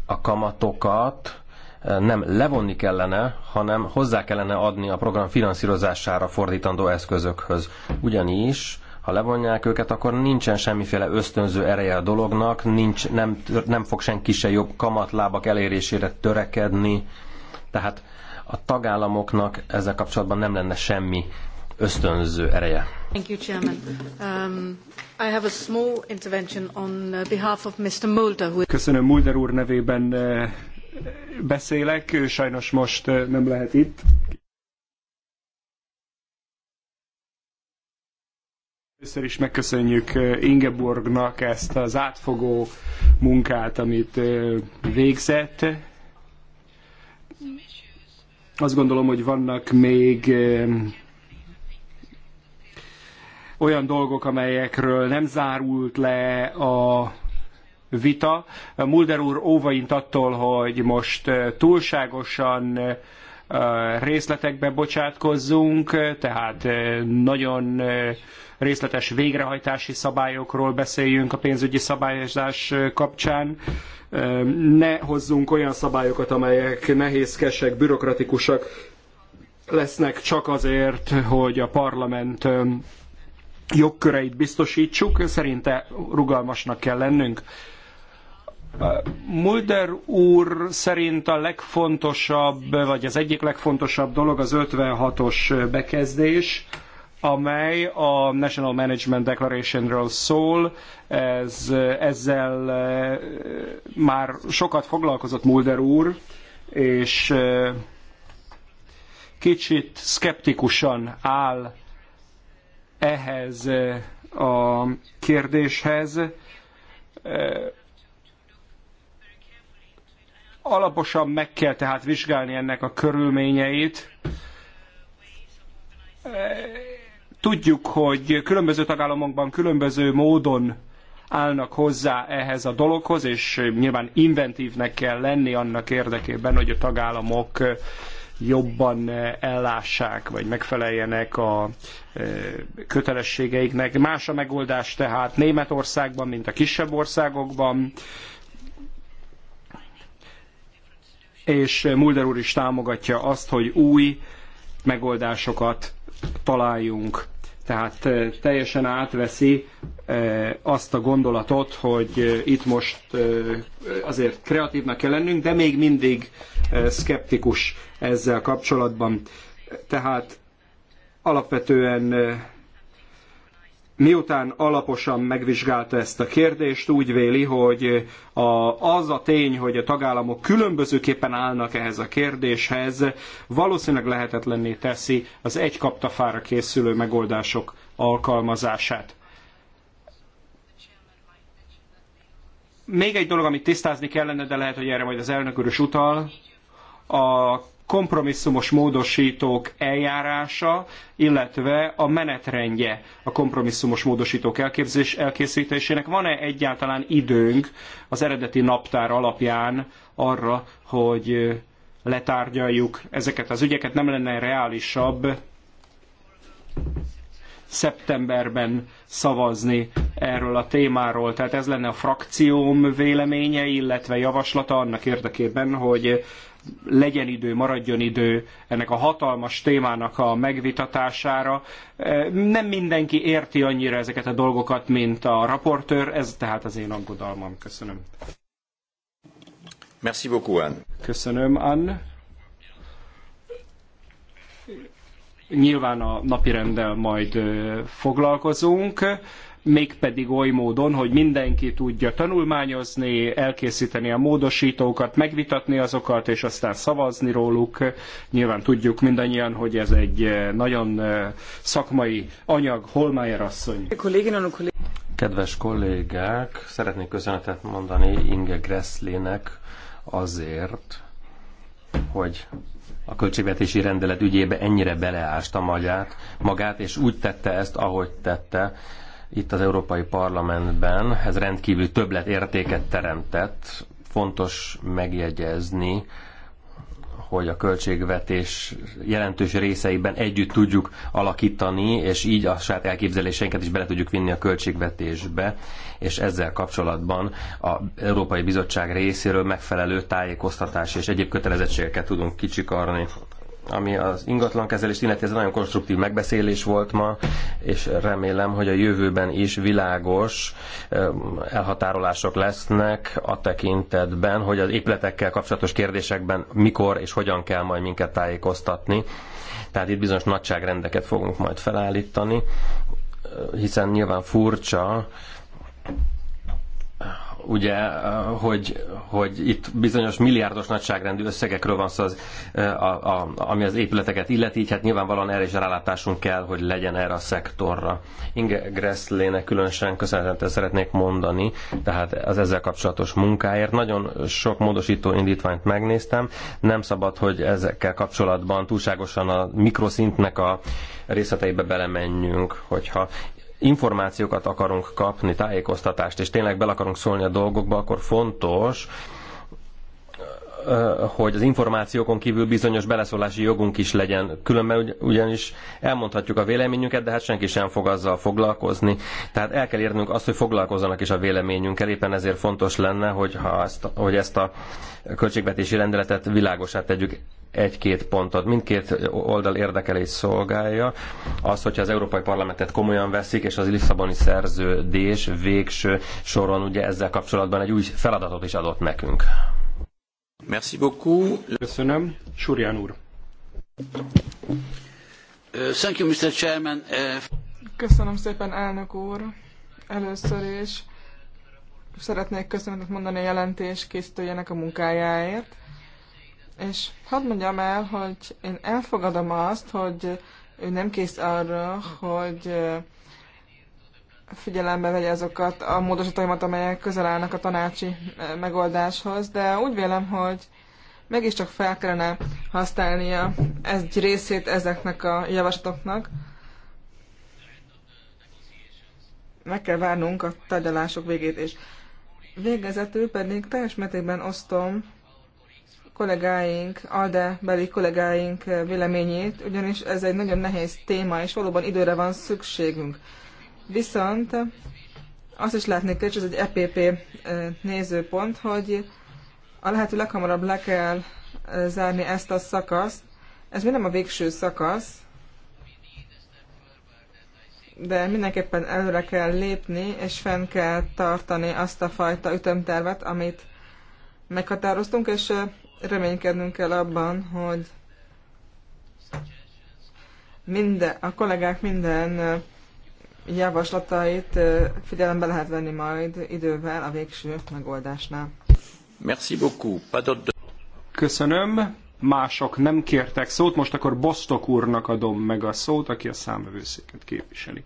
a kamatokat nem levonni kellene, hanem hozzá kellene adni a program finanszírozására fordítandó eszközökhöz. Ugyanis ha levonják őket, akkor nincsen semmiféle ösztönző ereje a dolognak, nincs, nem, nem fog senki se jobb kamatlábak elérésére törekedni. Tehát a tagállamoknak ezzel kapcsolatban nem lenne semmi ösztönző ereje. Thank you, Chairman. Um, I have a small intervention on uh, behalf of Mr. Mulder. Who... Köszönöm, Mulder úr nevében uh, beszélek, ő sajnos most uh, nem lehet itt. Először is megköszönjük Ingeborgnak ezt az átfogó munkát, amit végzett. Azt gondolom, hogy vannak még olyan dolgok, amelyekről nem zárult le a vita. Mulder úr óvaint attól, hogy most eh, túlságosan eh, részletekbe bocsátkozzunk, tehát eh, nagyon részletes végrehajtási szabályokról beszéljünk a pénzügyi szabályozás kapcsán ne hozzunk olyan szabályokat, amelyek nehézkesek, bürokratikusak lesznek csak azért, hogy a parlament jogköreit biztosítsuk. Szerinte rugalmasnak kell lennünk. Mulder úr szerint a legfontosabb, vagy az egyik legfontosabb dolog az 56-os bekezdés, amely a National Management Declarationről szól. Ez, ezzel eh, már sokat foglalkozott Mulder úr, és eh, kicsit szkeptikusan áll ehhez eh, a kérdéshez. Alaposan meg kell tehát vizsgálni ennek a körülményeit Tudjuk, hogy különböző tagállamokban különböző módon állnak hozzá ehhez a dologhoz, és nyilván inventívnek kell lenni annak érdekében, hogy a tagállamok jobban ellássák, vagy megfeleljenek a e, kötelességeiknek. Más a megoldás tehát Németországban, mint a kisebb országokban. És Mulder úr is támogatja azt, hogy új megoldásokat találjunk. Tehát teljesen átveszi azt a gondolatot, hogy itt most azért kreatívnak kell lennünk, de még mindig szkeptikus ezzel kapcsolatban. Tehát alapvetően miután alaposan megvizsgálta ezt a kérdést, úgy véli, hogy az a tény, hogy a tagállamok különbözőképpen állnak ehhez a kérdéshez, valószínűleg lehetetlenné teszi az egy kaptafára készülő megoldások alkalmazását. Még egy dolog, amit tisztázni kellene, de lehet, hogy erre majd az elnök úr is utal, a kompromisszumos módosítók eljárása, illetve a menetrendje a kompromisszumos módosítók elképzés, elkészítésének. Van-e egyáltalán időnk az eredeti naptár alapján arra, hogy letárgyaljuk ezeket az ügyeket? Nem lenne reálisabb szeptemberben szavazni erről a témáról. Tehát ez lenne a frakcióm véleménye, illetve javaslata annak érdekében, hogy legyen idő, maradjon idő ennek a hatalmas témának a megvitatására. E, nem mindenki érti annyira ezeket a dolgokat, mint a raportőr, ez tehát az én aggodalmam. Köszönöm. Merci beaucoup, Anne. Köszönöm, Anne. Nyilván a napirenddel majd e, foglalkozunk mégpedig oly módon, hogy mindenki tudja tanulmányozni, elkészíteni a módosítókat, megvitatni azokat, és aztán szavazni róluk. Nyilván tudjuk mindannyian, hogy ez egy eh, nagyon eh, szakmai anyag. Holmájer asszony. Kedves kollégák, szeretnék köszönetet mondani Inge Gresslének azért, hogy a költségvetési rendelet ügyébe ennyire beleásta magát, magát, és úgy tette ezt, ahogy tette itt az Európai Parlamentben. Ez rendkívül többlet értéket teremtett. Fontos megjegyezni, hogy a költségvetés jelentős részeiben együtt tudjuk alakítani, és így a saját elképzeléseinket is bele tudjuk vinni a költségvetésbe, és ezzel kapcsolatban az Európai Bizottság részéről megfelelő tájékoztatás és egyéb kötelezettségeket tudunk kicsikarni ami az ingatlankezelést illeti, ez nagyon konstruktív megbeszélés volt ma, és remélem, hogy a jövőben is világos elhatárolások lesznek a tekintetben, hogy az épületekkel kapcsolatos kérdésekben mikor és hogyan kell majd minket tájékoztatni. Tehát itt bizonyos nagyságrendeket fogunk majd felállítani, hiszen nyilván furcsa, ugye, eh, hogy, hogy itt bizonyos milliárdos nagyságrendű összegekről van szó, az, eh, a, a, ami az épületeket illeti, így hát nyilvánvalóan erre is rálátásunk kell, hogy legyen erre a szektorra. Inge Gresslének különösen köszönetet szeretnék mondani, tehát az ezzel kapcsolatos munkáért. Nagyon sok módosító indítványt megnéztem, nem szabad, hogy ezekkel kapcsolatban túlságosan a mikroszintnek a részleteibe belemenjünk, hogyha információkat akarunk kapni, tájékoztatást, és tényleg bel akarunk szólni a dolgokba, akkor fontos, hogy az információkon kívül bizonyos beleszólási jogunk is legyen. Különben ugyanis elmondhatjuk a véleményünket, de hát senki sem fog azzal foglalkozni. Tehát el kell érnünk azt, hogy foglalkozzanak is a véleményünkkel. Éppen ezért fontos lenne, hogy, ha ezt, hogy ezt a költségvetési rendeletet világosát tegyük egy-két pontot. Mindkét oldal érdekelés szolgálja az, hogyha az Európai Parlamentet komolyan veszik, és az Lisszaboni szerződés végső soron ugye ezzel kapcsolatban egy új feladatot is adott nekünk. Merci beaucoup. Köszönöm. Surján úr. Uh, thank you, Mr. Chairman. Uh, Köszönöm szépen, elnök úr. Először is szeretnék köszönetet mondani a jelentés készítőjének a munkájáért és hadd mondjam el, hogy én elfogadom azt, hogy ő nem kész arra, hogy figyelembe vegye azokat a módosítóimat, amelyek közel állnak a tanácsi megoldáshoz, de úgy vélem, hogy mégiscsak fel kellene használnia egy részét ezeknek a javaslatoknak. Meg kell várnunk a tárgyalások végét is. Végezetül pedig teljes mértékben osztom kollégáink, ALDE beli kollégáink véleményét, ugyanis ez egy nagyon nehéz téma, és valóban időre van szükségünk. Viszont azt is látni kell, és ez egy EPP eh, nézőpont, hogy a lehető leghamarabb le kell eh, zárni ezt a szakaszt. Ez még nem a végső szakasz, de mindenképpen előre kell lépni, és fenn kell tartani azt a fajta ütemtervet, amit meghatároztunk, és eh, reménykednünk kell abban, hogy minden, a kollégák minden javaslatait figyelembe lehet venni majd idővel a végső megoldásnál. Merci beaucoup. Köszönöm. Mások nem kértek szót, most akkor Bostok úrnak adom meg a szót, aki a számvevőszéket képviseli.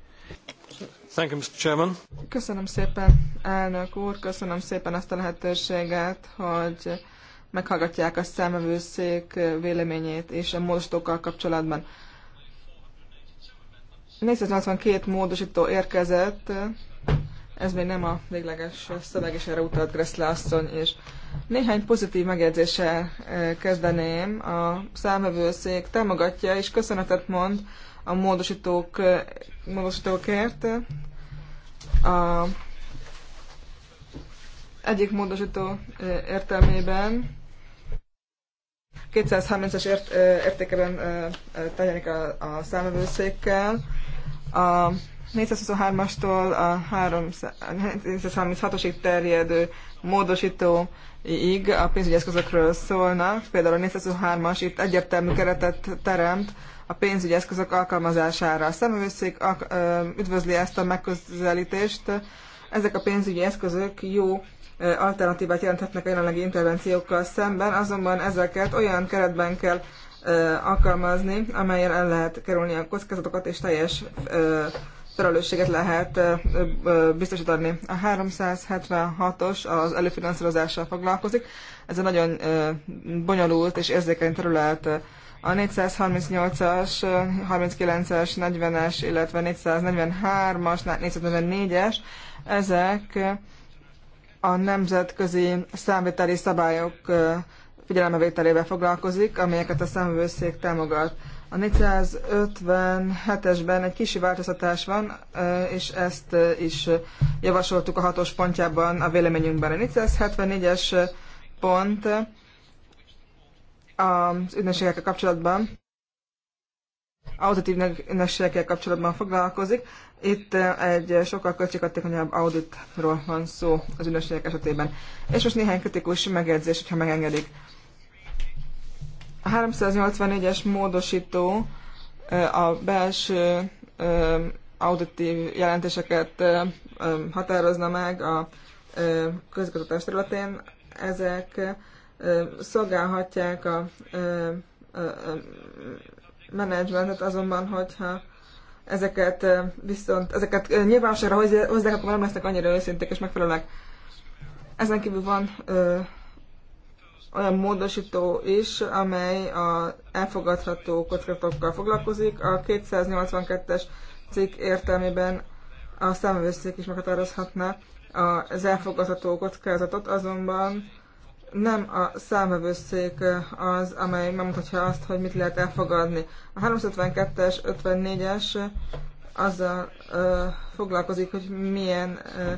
Thank you, Mr. Chairman. Köszönöm szépen, elnök úr, köszönöm szépen azt a lehetőséget, hogy meghallgatják a számövőszék véleményét és a módosítókkal kapcsolatban. 482 módosító érkezett, ez még nem a végleges szöveg, és erre utalt Gressle asszony, és néhány pozitív megjegyzéssel kezdeném. A számövőszék támogatja és köszönetet mond a módosítók, módosítókért. A egyik módosító értelmében 230 es ért, értékeben tegyenik a, a számövőszékkel. A 423-astól a 436-osig terjedő módosító íg. a pénzügyi eszközökről szólnak. Például a 423-as itt egyértelmű keretet teremt a pénzügyi eszközök alkalmazására. A szemőszék üdvözli ezt a megközelítést. Ezek a pénzügyi eszközök jó alternatívát jelenthetnek a jelenlegi intervenciókkal szemben, azonban ezeket olyan keretben kell alkalmazni, amelyen el lehet kerülni a kockázatokat, és teljes felelősséget lehet biztosítani. A 376-os az előfinanszírozással foglalkozik. Ez egy nagyon bonyolult és érzékeny terület. A 438-as, 39-es, 40-es, illetve 443-as, 444-es, ezek a nemzetközi számviteli szabályok figyelembevételével foglalkozik, amelyeket a számvőszék támogat. A 457-esben egy kisi változtatás van, és ezt is javasoltuk a hatos pontjában a véleményünkben. A 474-es pont az ügynökségekkel kapcsolatban, auditív ügynökségekkel kapcsolatban foglalkozik. Itt egy sokkal költséghatékonyabb auditról van szó az ügynökségek esetében. És most néhány kritikus megjegyzés, ha megengedik. A 384-es módosító a belső auditív jelentéseket határozna meg a közigazgatás területén. Ezek szolgálhatják a menedzsmentet azonban, hogyha ezeket viszont, ezeket nyilvánosságra hozzák, akkor nem lesznek annyira őszinték és megfelelőek. Ezen kívül van ö, olyan módosító is, amely a elfogadható kockázatokkal foglalkozik. A 282-es cikk értelmében a számövőszék is meghatározhatna az elfogadható kockázatot, azonban nem a számövőszék az, amely megmutatja azt, hogy mit lehet elfogadni. A 352-es, 54-es azzal ö, foglalkozik, hogy milyen ö,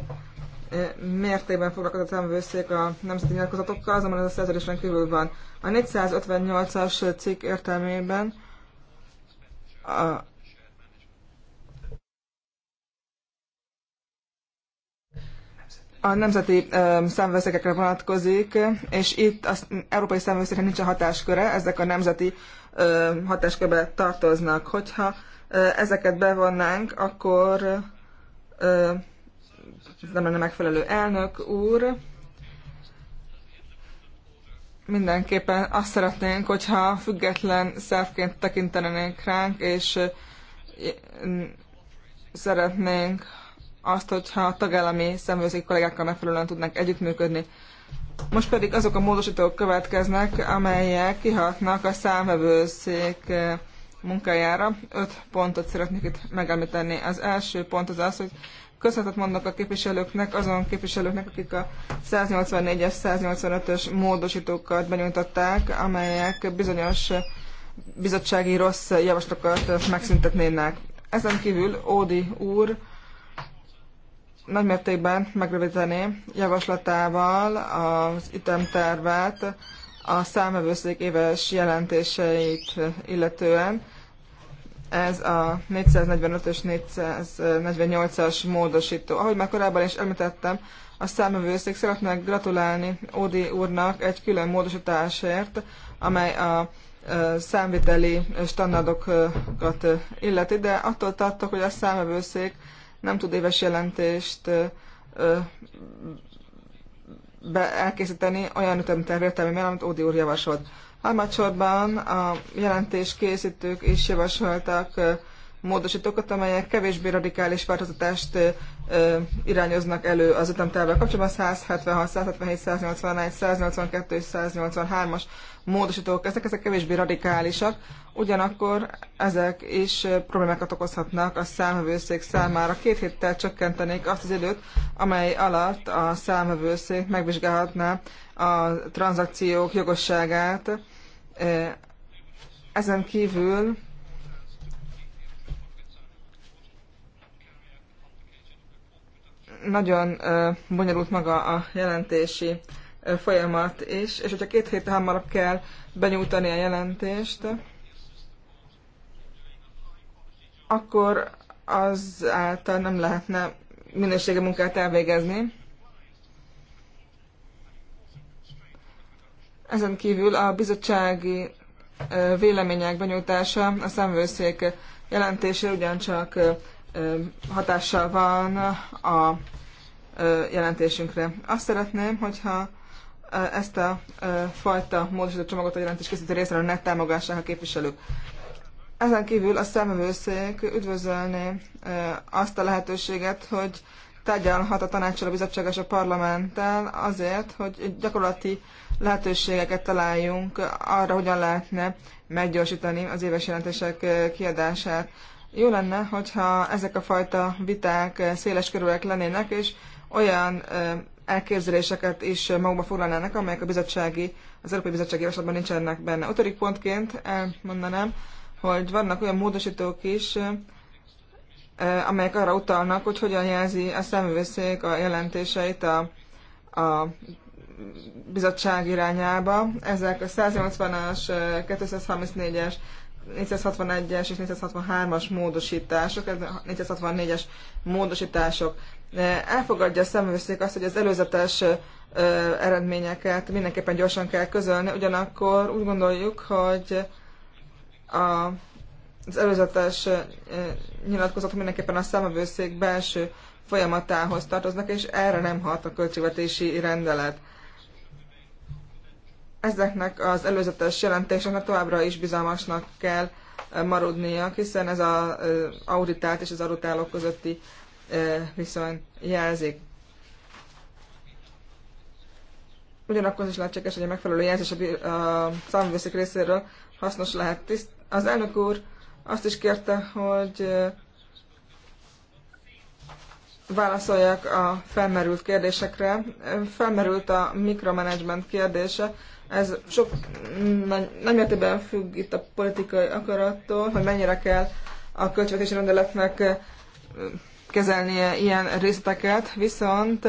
ö, mértékben foglalkozik a számövőszék a nemzeti nyilatkozatokkal, azonban ez a szerződésen kívül van. A 458-as cikk értelmében a a nemzeti számvevőszékekre vonatkozik, és itt az európai számvevőszéknek nincsen hatásköre, ezek a nemzeti ö, hatáskörbe tartoznak. Hogyha ö, ezeket bevonnánk, akkor ö, nem lenne megfelelő elnök úr. Mindenképpen azt szeretnénk, hogyha független szervként tekintenénk ránk, és szeretnénk, azt, hogyha a tagállami szemvőszék kollégákkal megfelelően tudnak együttműködni. Most pedig azok a módosítók következnek, amelyek kihatnak a számvevőszék eh, munkájára. Öt pontot szeretnék itt megemlíteni. Az első pont az az, hogy köszönetet mondok a képviselőknek, azon képviselőknek, akik a 184-es, 185-ös módosítókat benyújtották, amelyek bizonyos bizottsági rossz javaslatokat megszüntetnének. Ezen kívül Ódi úr nagymértékben megrövidíteni javaslatával az ütemtervet a számövőszék éves jelentéseit illetően. Ez a 445-ös, 448-as módosító. Ahogy már korábban is említettem, a számövőszék szeretnék gratulálni Ódi úrnak egy külön módosításért, amely a számviteli standardokat illeti, de attól tartok, hogy a számövőszék nem tud éves jelentést be elkészíteni olyan ütemterv értelmében, amit Ódi úr javasolt. Harmadsorban a jelentés készítők is javasoltak módosítókat, amelyek kevésbé radikális változtatást irányoznak elő az ütemtervvel kapcsolatban. 176, 177, 181, 182 és 183-as módosítók ezek, ezek kevésbé radikálisak, ugyanakkor ezek is problémákat okozhatnak a számvevőszék számára. Két héttel csökkentenék azt az időt, amely alatt a számvevőszék megvizsgálhatná a tranzakciók jogosságát. Ezen kívül nagyon bonyolult maga a jelentési folyamat is, és hogyha két héttel hamarabb kell benyújtani a jelentést, akkor az által nem lehetne minőségi munkát elvégezni. Ezen kívül a bizottsági vélemények benyújtása a szemvőszék jelentése ugyancsak hatással van a jelentésünkre. Azt szeretném, hogyha ezt a fajta módosító csomagot a jelentés készítő részéről ne támogassák a képviselők. Ezen kívül a számövőszék üdvözölné azt a lehetőséget, hogy tárgyalhat a tanácsal, a bizottság és a parlamenttel azért, hogy gyakorlati lehetőségeket találjunk arra, hogyan lehetne meggyorsítani az éves jelentések kiadását. Jó lenne, hogyha ezek a fajta viták széles körülök lennének, és olyan elképzeléseket is magukba foglalnának, amelyek a bizottsági, az Európai Bizottsági Javaslatban nincsenek benne. Ötödik pontként elmondanám, hogy vannak olyan módosítók is, amelyek arra utalnak, hogy hogyan jelzi a szemüveszék a jelentéseit a, a bizottság irányába. Ezek a 180-as, 234-es, 461-es és 463-as módosítások, 464-es módosítások elfogadja a szemőszék azt, hogy az előzetes eredményeket mindenképpen gyorsan kell közölni, ugyanakkor úgy gondoljuk, hogy a, az előzetes nyilatkozatok mindenképpen a számövőszék belső folyamatához tartoznak, és erre nem hat a költségvetési rendelet. Ezeknek az előzetes jelentéseknek továbbra is bizalmasnak kell maradnia, hiszen ez az auditált és az auditálók közötti viszont jelzik. Ugyanakkor is lehetséges, hogy a megfelelő jelzés a számvészek részéről hasznos lehet. Tiszt, az elnök úr azt is kérte, hogy válaszoljak a felmerült kérdésekre. Felmerült a mikromanagement kérdése. Ez sok nem értében függ itt a politikai akarattól, hogy mennyire kell a költségvetési rendeletnek kezelnie ilyen részleteket, viszont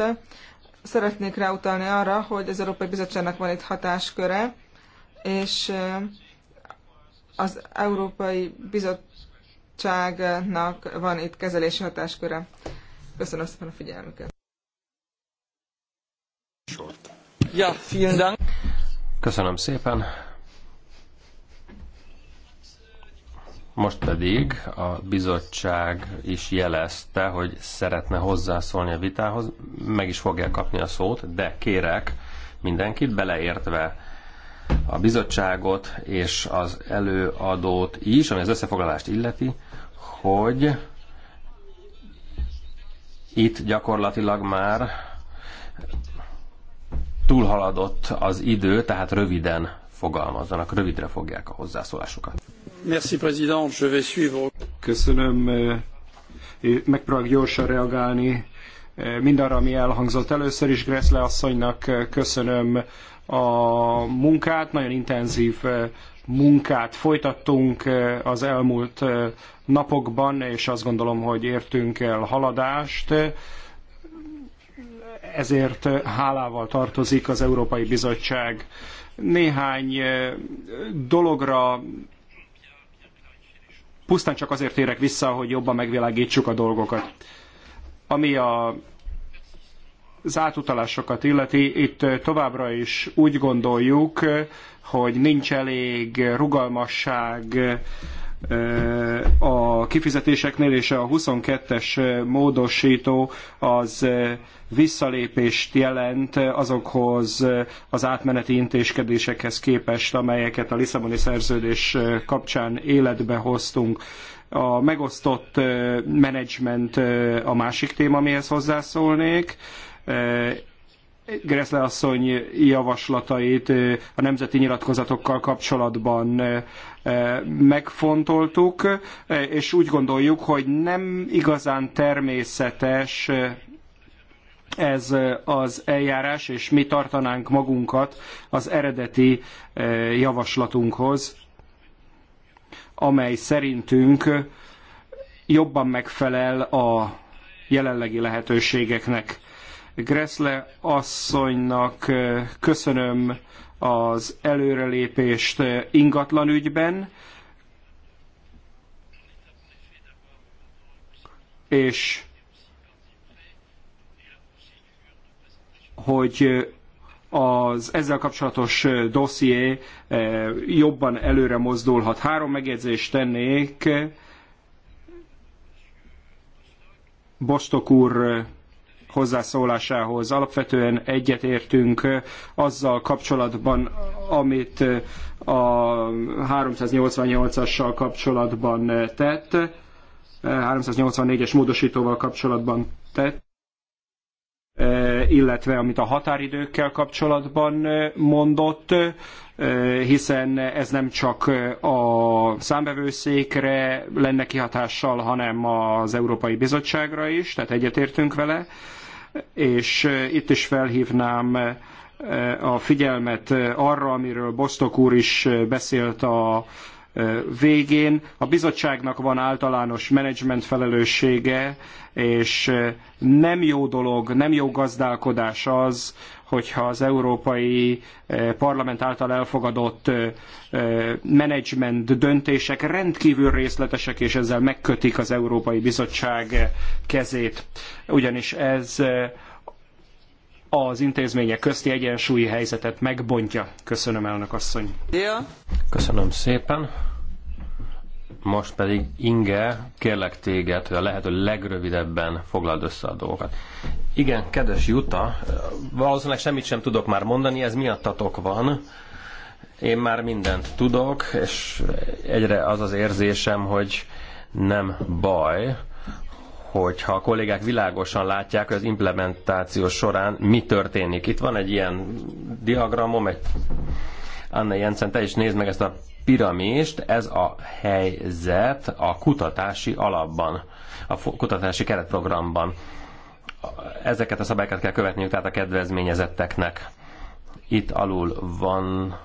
szeretnék ráutalni arra, hogy az Európai Bizottságnak van itt hatásköre, és eh, az Európai Bizottságnak van itt kezelési hatásköre. Köszönöm szépen a figyelmüket. Ja, vielen Dank. Köszönöm szépen. Most pedig a bizottság is jelezte, hogy szeretne hozzászólni a vitához, meg is fogja kapni a szót, de kérek mindenkit, beleértve a bizottságot és az előadót is, ami az összefoglalást illeti, hogy itt gyakorlatilag már túlhaladott az idő, tehát röviden fogalmazzanak, rövidre fogják a hozzászólásukat. Merci, Je vais suivre. Köszönöm. Eh, megpróbálok gyorsan reagálni eh, mindarra, ami elhangzott. Először is Gressle asszonynak eh, köszönöm a munkát, nagyon intenzív munkát folytattunk az elmúlt napokban, és azt gondolom, hogy értünk el haladást. Ezért hálával tartozik az Európai Bizottság. Néhány dologra Pusztán csak azért térek vissza, hogy jobban megvilágítsuk a dolgokat. Ami a az átutalásokat illeti, itt továbbra is úgy gondoljuk, hogy nincs elég rugalmasság a kifizetéseknél, és a 22-es módosító az visszalépést jelent azokhoz az átmeneti intézkedésekhez képest, amelyeket a Lisszaboni szerződés kapcsán életbe hoztunk. A megosztott menedzsment a másik téma, amihez hozzászólnék. Greszle asszony javaslatait a nemzeti nyilatkozatokkal kapcsolatban Eh, megfontoltuk, eh, és úgy gondoljuk, hogy nem igazán természetes eh, ez az eljárás, és mi tartanánk magunkat az eredeti javaslatunkhoz, amely szerintünk jobban megfelel a jelenlegi lehetőségeknek. Gressle asszonynak köszönöm az előrelépést ingatlan ügyben, és hogy az ezzel kapcsolatos dosszié eh, jobban előre mozdulhat. Három megjegyzést tennék Bostok úr hozzászólásához. Alapvetően egyetértünk azzal kapcsolatban, amit a 388-assal kapcsolatban tett, 384-es módosítóval kapcsolatban tett, illetve amit a határidőkkel kapcsolatban mondott, hiszen ez nem csak a számbevőszékre lenne kihatással, hanem az Európai Bizottságra is, tehát egyetértünk vele és itt is felhívnám a figyelmet arra, amiről Bosztok úr is beszélt a végén. A bizottságnak van általános menedzsment felelőssége, és nem jó dolog, nem jó gazdálkodás az, hogyha az Európai eh, Parlament által elfogadott eh, eh, menedzsment döntések rendkívül részletesek, és ezzel megkötik az Európai Bizottság kezét. Ugyanis ez az intézmények közti egyensúlyi helyzetet megbontja. Köszönöm, elnök asszony. Köszönöm szépen. Most pedig Inge, kérlek téged, hogy a lehető legrövidebben foglald össze a dolgokat. Igen, kedves Juta, valószínűleg semmit sem tudok már mondani, ez miattatok van. Én már mindent tudok, és egyre az az érzésem, hogy nem baj, hogyha a kollégák világosan látják, hogy az implementáció során mi történik. Itt van egy ilyen diagramom, egy Anne Jensen, te is nézd meg ezt a piramist, ez a helyzet a kutatási alapban, a kutatási keretprogramban. Ezeket a szabályokat kell követniük, tehát a kedvezményezetteknek. Itt alul van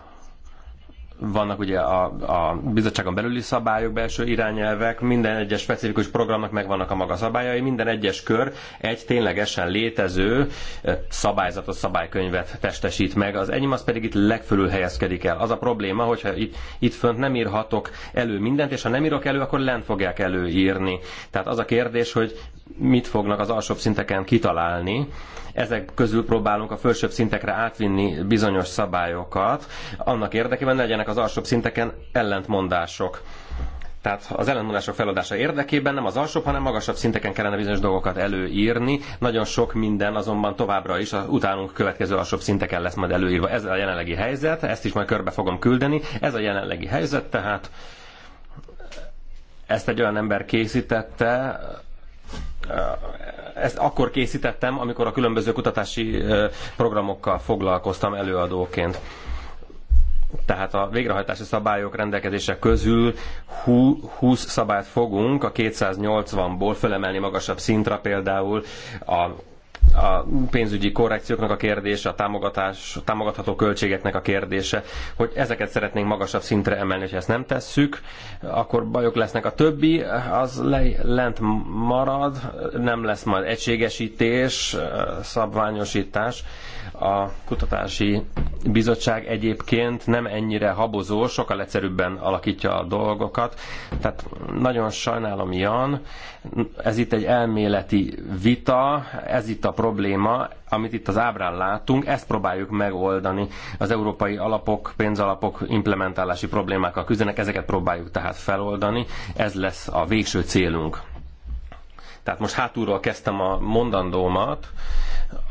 vannak ugye a, a bizottságon belüli szabályok, belső irányelvek, minden egyes specifikus programnak megvannak a maga szabályai, minden egyes kör egy ténylegesen létező szabályzatot, szabálykönyvet testesít meg. Az enyém az pedig itt legfölül helyezkedik el. Az a probléma, hogyha itt, itt fönt nem írhatok elő mindent, és ha nem írok elő, akkor lent fogják előírni. Tehát az a kérdés, hogy mit fognak az alsóbb szinteken kitalálni, ezek közül próbálunk a felsőbb szintekre átvinni bizonyos szabályokat, annak érdekében legyenek az alsóbb szinteken ellentmondások. Tehát az ellentmondások feladása érdekében nem az alsóbb, hanem magasabb szinteken kellene bizonyos dolgokat előírni. Nagyon sok minden azonban továbbra is az utánunk következő alsóbb szinteken lesz majd előírva. Ez a jelenlegi helyzet, ezt is majd körbe fogom küldeni. Ez a jelenlegi helyzet, tehát ezt egy olyan ember készítette, ezt akkor készítettem, amikor a különböző kutatási programokkal foglalkoztam előadóként. Tehát a végrehajtási szabályok rendelkezése közül 20 szabályt fogunk a 280-ból fölemelni magasabb szintre, például a a pénzügyi korrekcióknak a kérdése, a támogatás, a támogatható költségeknek a kérdése, hogy ezeket szeretnénk magasabb szintre emelni, és ezt nem tesszük, akkor bajok lesznek a többi, az le, lent marad, nem lesz majd egységesítés, szabványosítás, a kutatási bizottság egyébként nem ennyire habozó, sokkal egyszerűbben alakítja a dolgokat. Tehát nagyon sajnálom, Jan, ez itt egy elméleti vita, ez itt a probléma, amit itt az ábrán látunk, ezt próbáljuk megoldani. Az európai alapok, pénzalapok implementálási problémákkal küzdenek, ezeket próbáljuk tehát feloldani, ez lesz a végső célunk. Tehát most hátulról kezdtem a mondandómat,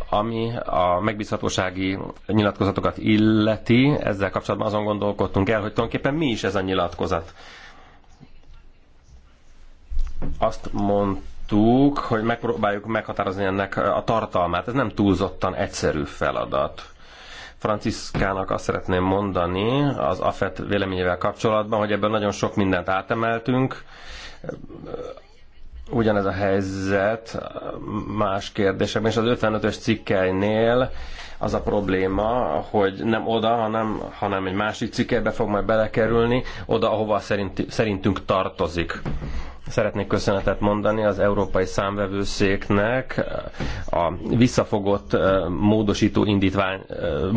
ami a megbízhatósági nyilatkozatokat illeti, ezzel kapcsolatban azon gondolkodtunk el, hogy tulajdonképpen mi is ez a nyilatkozat. Azt mondtuk, hogy megpróbáljuk meghatározni ennek a tartalmát. Ez nem túlzottan egyszerű feladat. Franciszkának azt szeretném mondani az AFET véleményével kapcsolatban, hogy ebben nagyon sok mindent átemeltünk, ugyanez a helyzet más kérdésekben, és az 55-ös cikkeinél az a probléma, hogy nem oda, hanem, hanem egy másik cikkebe fog majd belekerülni, oda, ahova szerint, szerintünk tartozik. Szeretnék köszönetet mondani az Európai Számvevőszéknek a visszafogott módosító indítvány,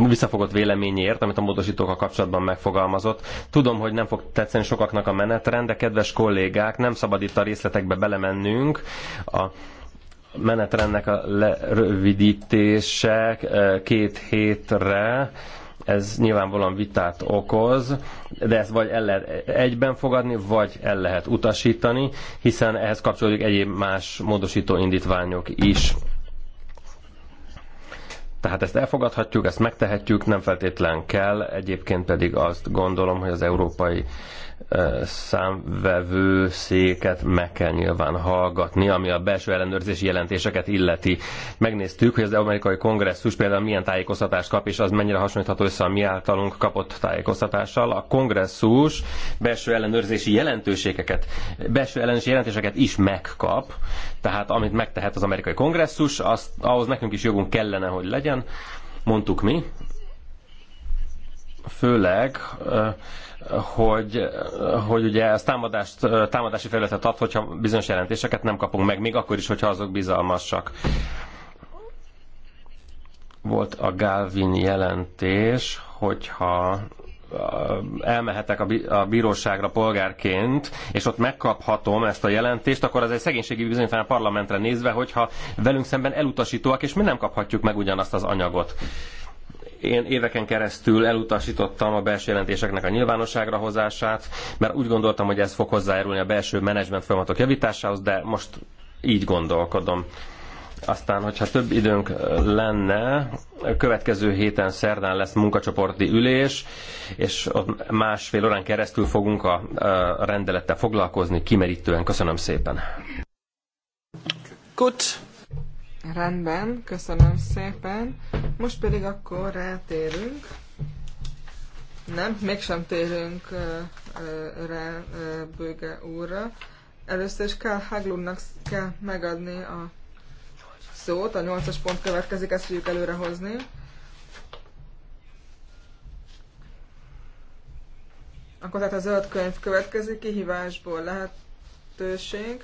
visszafogott véleményért, amit a módosítókkal kapcsolatban megfogalmazott. Tudom, hogy nem fog tetszeni sokaknak a menetrend, de kedves kollégák, nem szabad itt a részletekbe belemennünk. A menetrendnek a lerövidítése két hétre ez nyilvánvalóan vitát okoz, de ezt vagy el lehet egyben fogadni, vagy el lehet utasítani, hiszen ehhez kapcsolódik egyéb más módosító indítványok is. Tehát ezt elfogadhatjuk, ezt megtehetjük, nem feltétlen kell, egyébként pedig azt gondolom, hogy az Európai számvevő széket meg kell nyilván hallgatni, ami a belső ellenőrzési jelentéseket illeti. Megnéztük, hogy az amerikai kongresszus például milyen tájékoztatást kap, és az mennyire hasonlítható össze a mi általunk kapott tájékoztatással. A kongresszus belső ellenőrzési jelentőségeket, belső ellenőrzési jelentéseket is megkap, tehát amit megtehet az amerikai kongresszus, azt, ahhoz nekünk is jogunk kellene, hogy legyen, mondtuk mi, főleg hogy, hogy ugye ez támadást, támadási felületet ad, hogyha bizonyos jelentéseket nem kapunk meg, még akkor is, hogyha azok bizalmasak. Volt a Galvin jelentés, hogyha elmehetek a bíróságra polgárként, és ott megkaphatom ezt a jelentést, akkor az egy szegénységi bizonyítvány a parlamentre nézve, hogyha velünk szemben elutasítóak, és mi nem kaphatjuk meg ugyanazt az anyagot én éveken keresztül elutasítottam a belső jelentéseknek a nyilvánosságra hozását, mert úgy gondoltam, hogy ez fog hozzájárulni a belső menedzsment folyamatok javításához, de most így gondolkodom. Aztán, hogyha több időnk lenne, következő héten szerdán lesz munkacsoporti ülés, és ott másfél órán keresztül fogunk a rendelettel foglalkozni kimerítően. Köszönöm szépen. Rendben, köszönöm szépen. Most pedig akkor rátérünk. Nem, mégsem térünk uh, uh, rá uh, Bőge úrra. Először is kell Haglundnak kell megadni a szót, a nyolcas pont következik, ezt fogjuk előrehozni. Akkor tehát a zöld könyv következik, kihívásból lehetőség.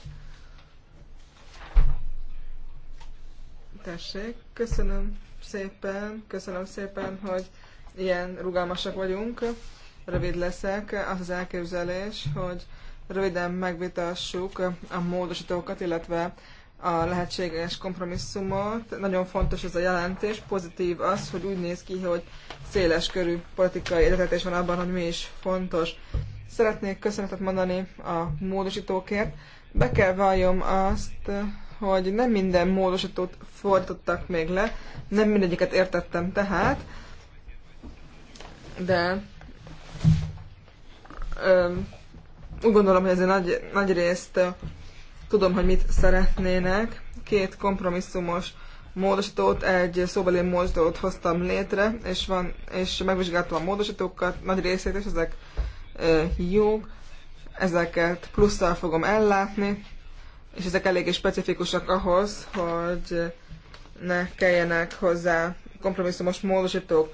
tessék. Köszönöm szépen, köszönöm szépen, hogy ilyen rugalmasak vagyunk. Rövid leszek. Az az elképzelés, hogy röviden megvitassuk a módosítókat, illetve a lehetséges kompromisszumot. Nagyon fontos ez a jelentés. Pozitív az, hogy úgy néz ki, hogy széles körű politikai életetés van abban, hogy mi is fontos. Szeretnék köszönetet mondani a módosítókért. Be kell valljam azt, hogy nem minden módosítót fordítottak még le, nem mindegyiket értettem tehát, de ö, úgy gondolom, hogy ezért nagy, nagy részt tudom, hogy mit szeretnének. Két kompromisszumos módosítót, egy szóbeli módosítót hoztam létre, és, van, és megvizsgáltam a módosítókat, nagy részét, és ezek ö, jók. Ezeket plusszal fogom ellátni, és ezek eléggé specifikusak ahhoz, hogy ne kelljenek hozzá kompromisszumos módosítók.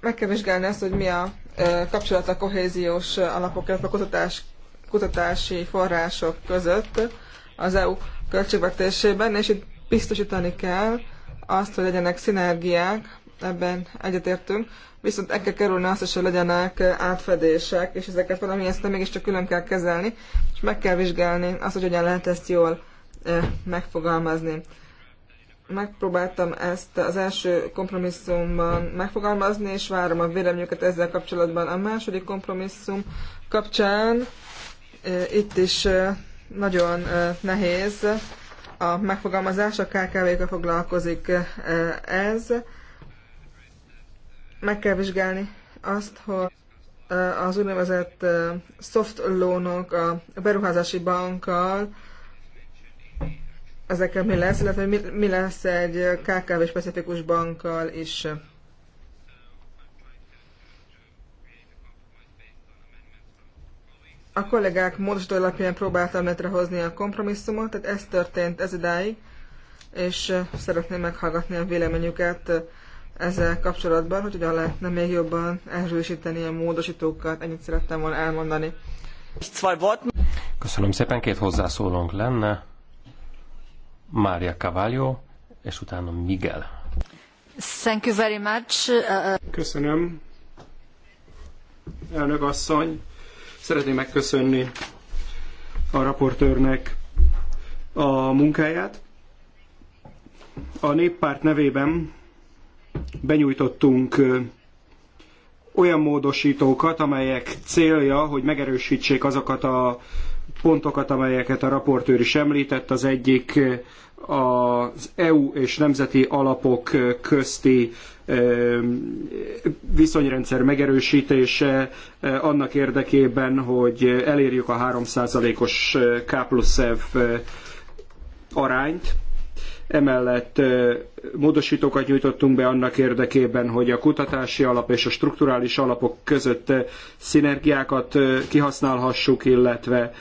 Meg kell vizsgálni azt, hogy mi a kapcsolat a kohéziós alapok, illetve a kutatás, kutatási források között az EU költségvetésében, és itt biztosítani kell azt, hogy legyenek szinergiák, ebben egyetértünk, viszont el kell kerülni azt is, hogy legyenek átfedések, és ezeket valamilyen szinten mégiscsak külön kell kezelni, és meg kell vizsgálni azt, hogy hogyan lehet ezt jól megfogalmazni. Megpróbáltam ezt az első kompromisszumban megfogalmazni, és várom a véleményüket ezzel kapcsolatban. A második kompromisszum kapcsán itt is nagyon nehéz a megfogalmazás, a KKV-kkel foglalkozik ez meg kell vizsgálni azt, hogy az úgynevezett soft loanok a beruházási bankkal, ezekkel mi lesz, illetve mi, lesz egy KKV specifikus bankkal is. A kollégák módosító alapján próbáltam létrehozni a kompromisszumot, tehát ez történt ez idáig, és szeretném meghallgatni a véleményüket ezzel kapcsolatban, hogy hogyan lehetne még jobban erősíteni a módosítókat. Ennyit szerettem volna elmondani. Köszönöm szépen, két hozzászólónk lenne. Mária Cavallo, és utána Miguel. Thank you very much. Köszönöm. Elnök asszony, szeretném megköszönni a raportőrnek a munkáját. A néppárt nevében benyújtottunk olyan módosítókat, amelyek célja, hogy megerősítsék azokat a pontokat, amelyeket a raportőr is említett. Az egyik az EU és nemzeti alapok közti viszonyrendszer megerősítése annak érdekében, hogy elérjük a 3%-os K plusz F arányt. Emellett módosítókat nyújtottunk be annak érdekében, hogy a kutatási alap és a strukturális alapok között szinergiákat kihasználhassuk, illetve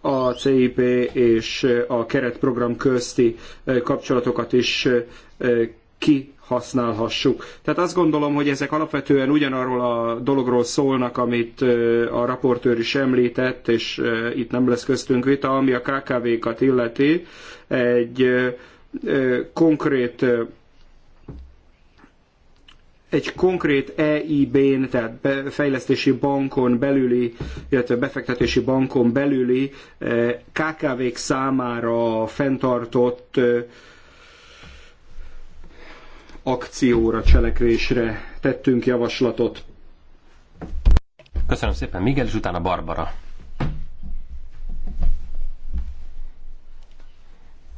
a CIP és a keretprogram közti kapcsolatokat is kihasználhassuk. Tehát azt gondolom, hogy ezek alapvetően ugyanarról a dologról szólnak, amit a raportőr is említett, és itt nem lesz köztünk vita, ami a KKV-kat illeti. Egy konkrét egy konkrét EIB-n, tehát fejlesztési bankon belüli, illetve befektetési bankon belüli KKV-k számára fenntartott akcióra, cselekvésre tettünk javaslatot. Köszönöm szépen, Miguel, és utána Barbara.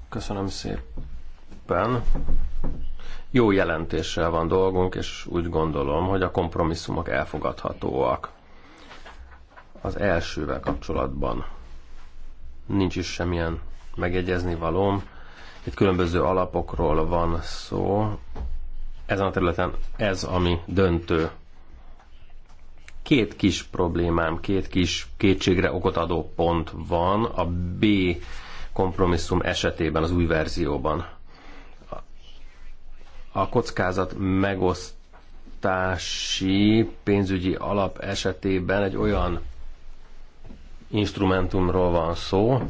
Köszönöm szépen. Jó jelentéssel van dolgunk, és úgy gondolom, hogy a kompromisszumok elfogadhatóak. Az elsővel kapcsolatban nincs is semmilyen megegyezni valóm. Itt különböző alapokról van szó, ezen a területen ez, ami döntő. Két kis problémám, két kis kétségre okot adó pont van a B kompromisszum esetében, az új verzióban. A kockázat megosztási pénzügyi alap esetében egy olyan instrumentumról van szó,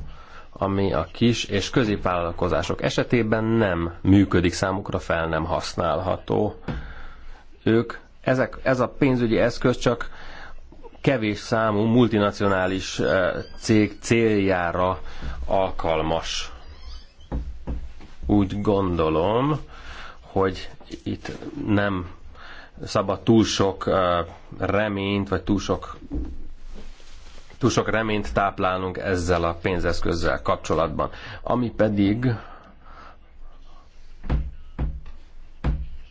ami a kis és középvállalkozások esetében nem működik számukra, fel nem használható. Ők, ezek, ez a pénzügyi eszköz csak kevés számú multinacionális eh, cég céljára alkalmas. Úgy gondolom, hogy itt nem szabad túl sok eh, reményt, vagy túl sok túl sok reményt táplálunk ezzel a pénzeszközzel kapcsolatban. Ami pedig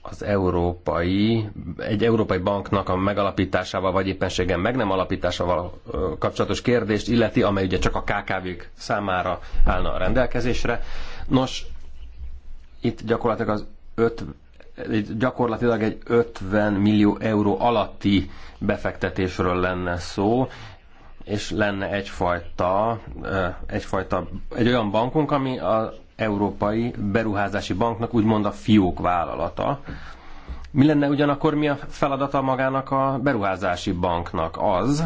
az európai, egy európai banknak a megalapításával, vagy éppenséggel meg nem alapításával kapcsolatos kérdést illeti, amely ugye csak a KKV-k számára állna a rendelkezésre. Nos, itt gyakorlatilag az öt, gyakorlatilag egy 50 millió euró alatti befektetésről lenne szó, és lenne egyfajta, egyfajta egy olyan bankunk, ami az Európai Beruházási Banknak úgymond a fiók vállalata. Mi lenne ugyanakkor mi a feladata magának a beruházási banknak? Az,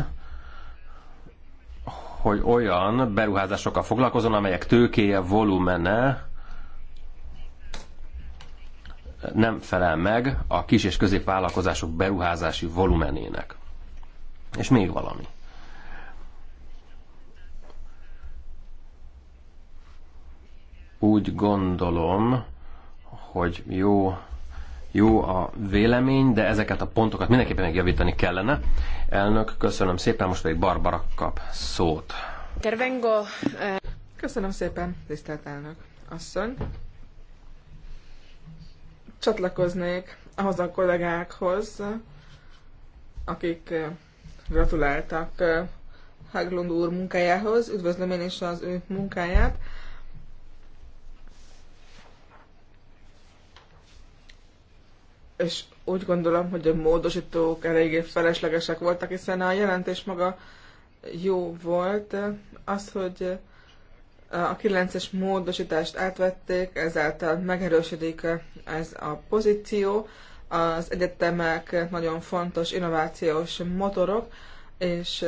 hogy olyan beruházásokkal foglalkozon, amelyek tőkéje, volumene nem felel meg a kis és középvállalkozások beruházási volumenének. És még valami. Úgy gondolom, hogy jó, jó a vélemény, de ezeket a pontokat mindenképpen megjavítani kellene. Elnök, köszönöm szépen, most pedig Barbara kap szót. Tervengo. Eh, köszönöm szépen, tisztelt elnök asszony. Csatlakoznék ahhoz a kollégákhoz, akik eh, gratuláltak eh, Haglund úr munkájához. Üdvözlöm én is az ő munkáját. és úgy gondolom, hogy a módosítók eléggé feleslegesek voltak, hiszen a jelentés maga jó volt. Az, hogy a 9-es módosítást átvették, ezáltal megerősödik ez a pozíció. Az egyetemek nagyon fontos innovációs motorok, és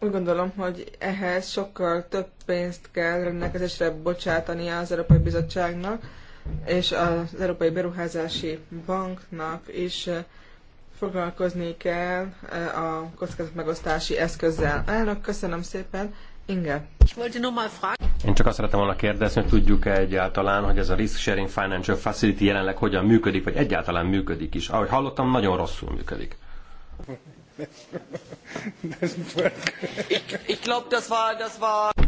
úgy gondolom, hogy ehhez sokkal több pénzt kell rendelkezésre bocsátani az Európai Bizottságnak, és az Európai Beruházási Banknak is foglalkozni kell a kockázatmegosztási eszközzel. Elnök, köszönöm szépen. Inge. Én csak azt szerettem volna kérdezni, hogy tudjuk-e egyáltalán, hogy ez a Risk Sharing Financial Facility jelenleg hogyan működik, vagy egyáltalán működik is. Ahogy hallottam, nagyon rosszul működik.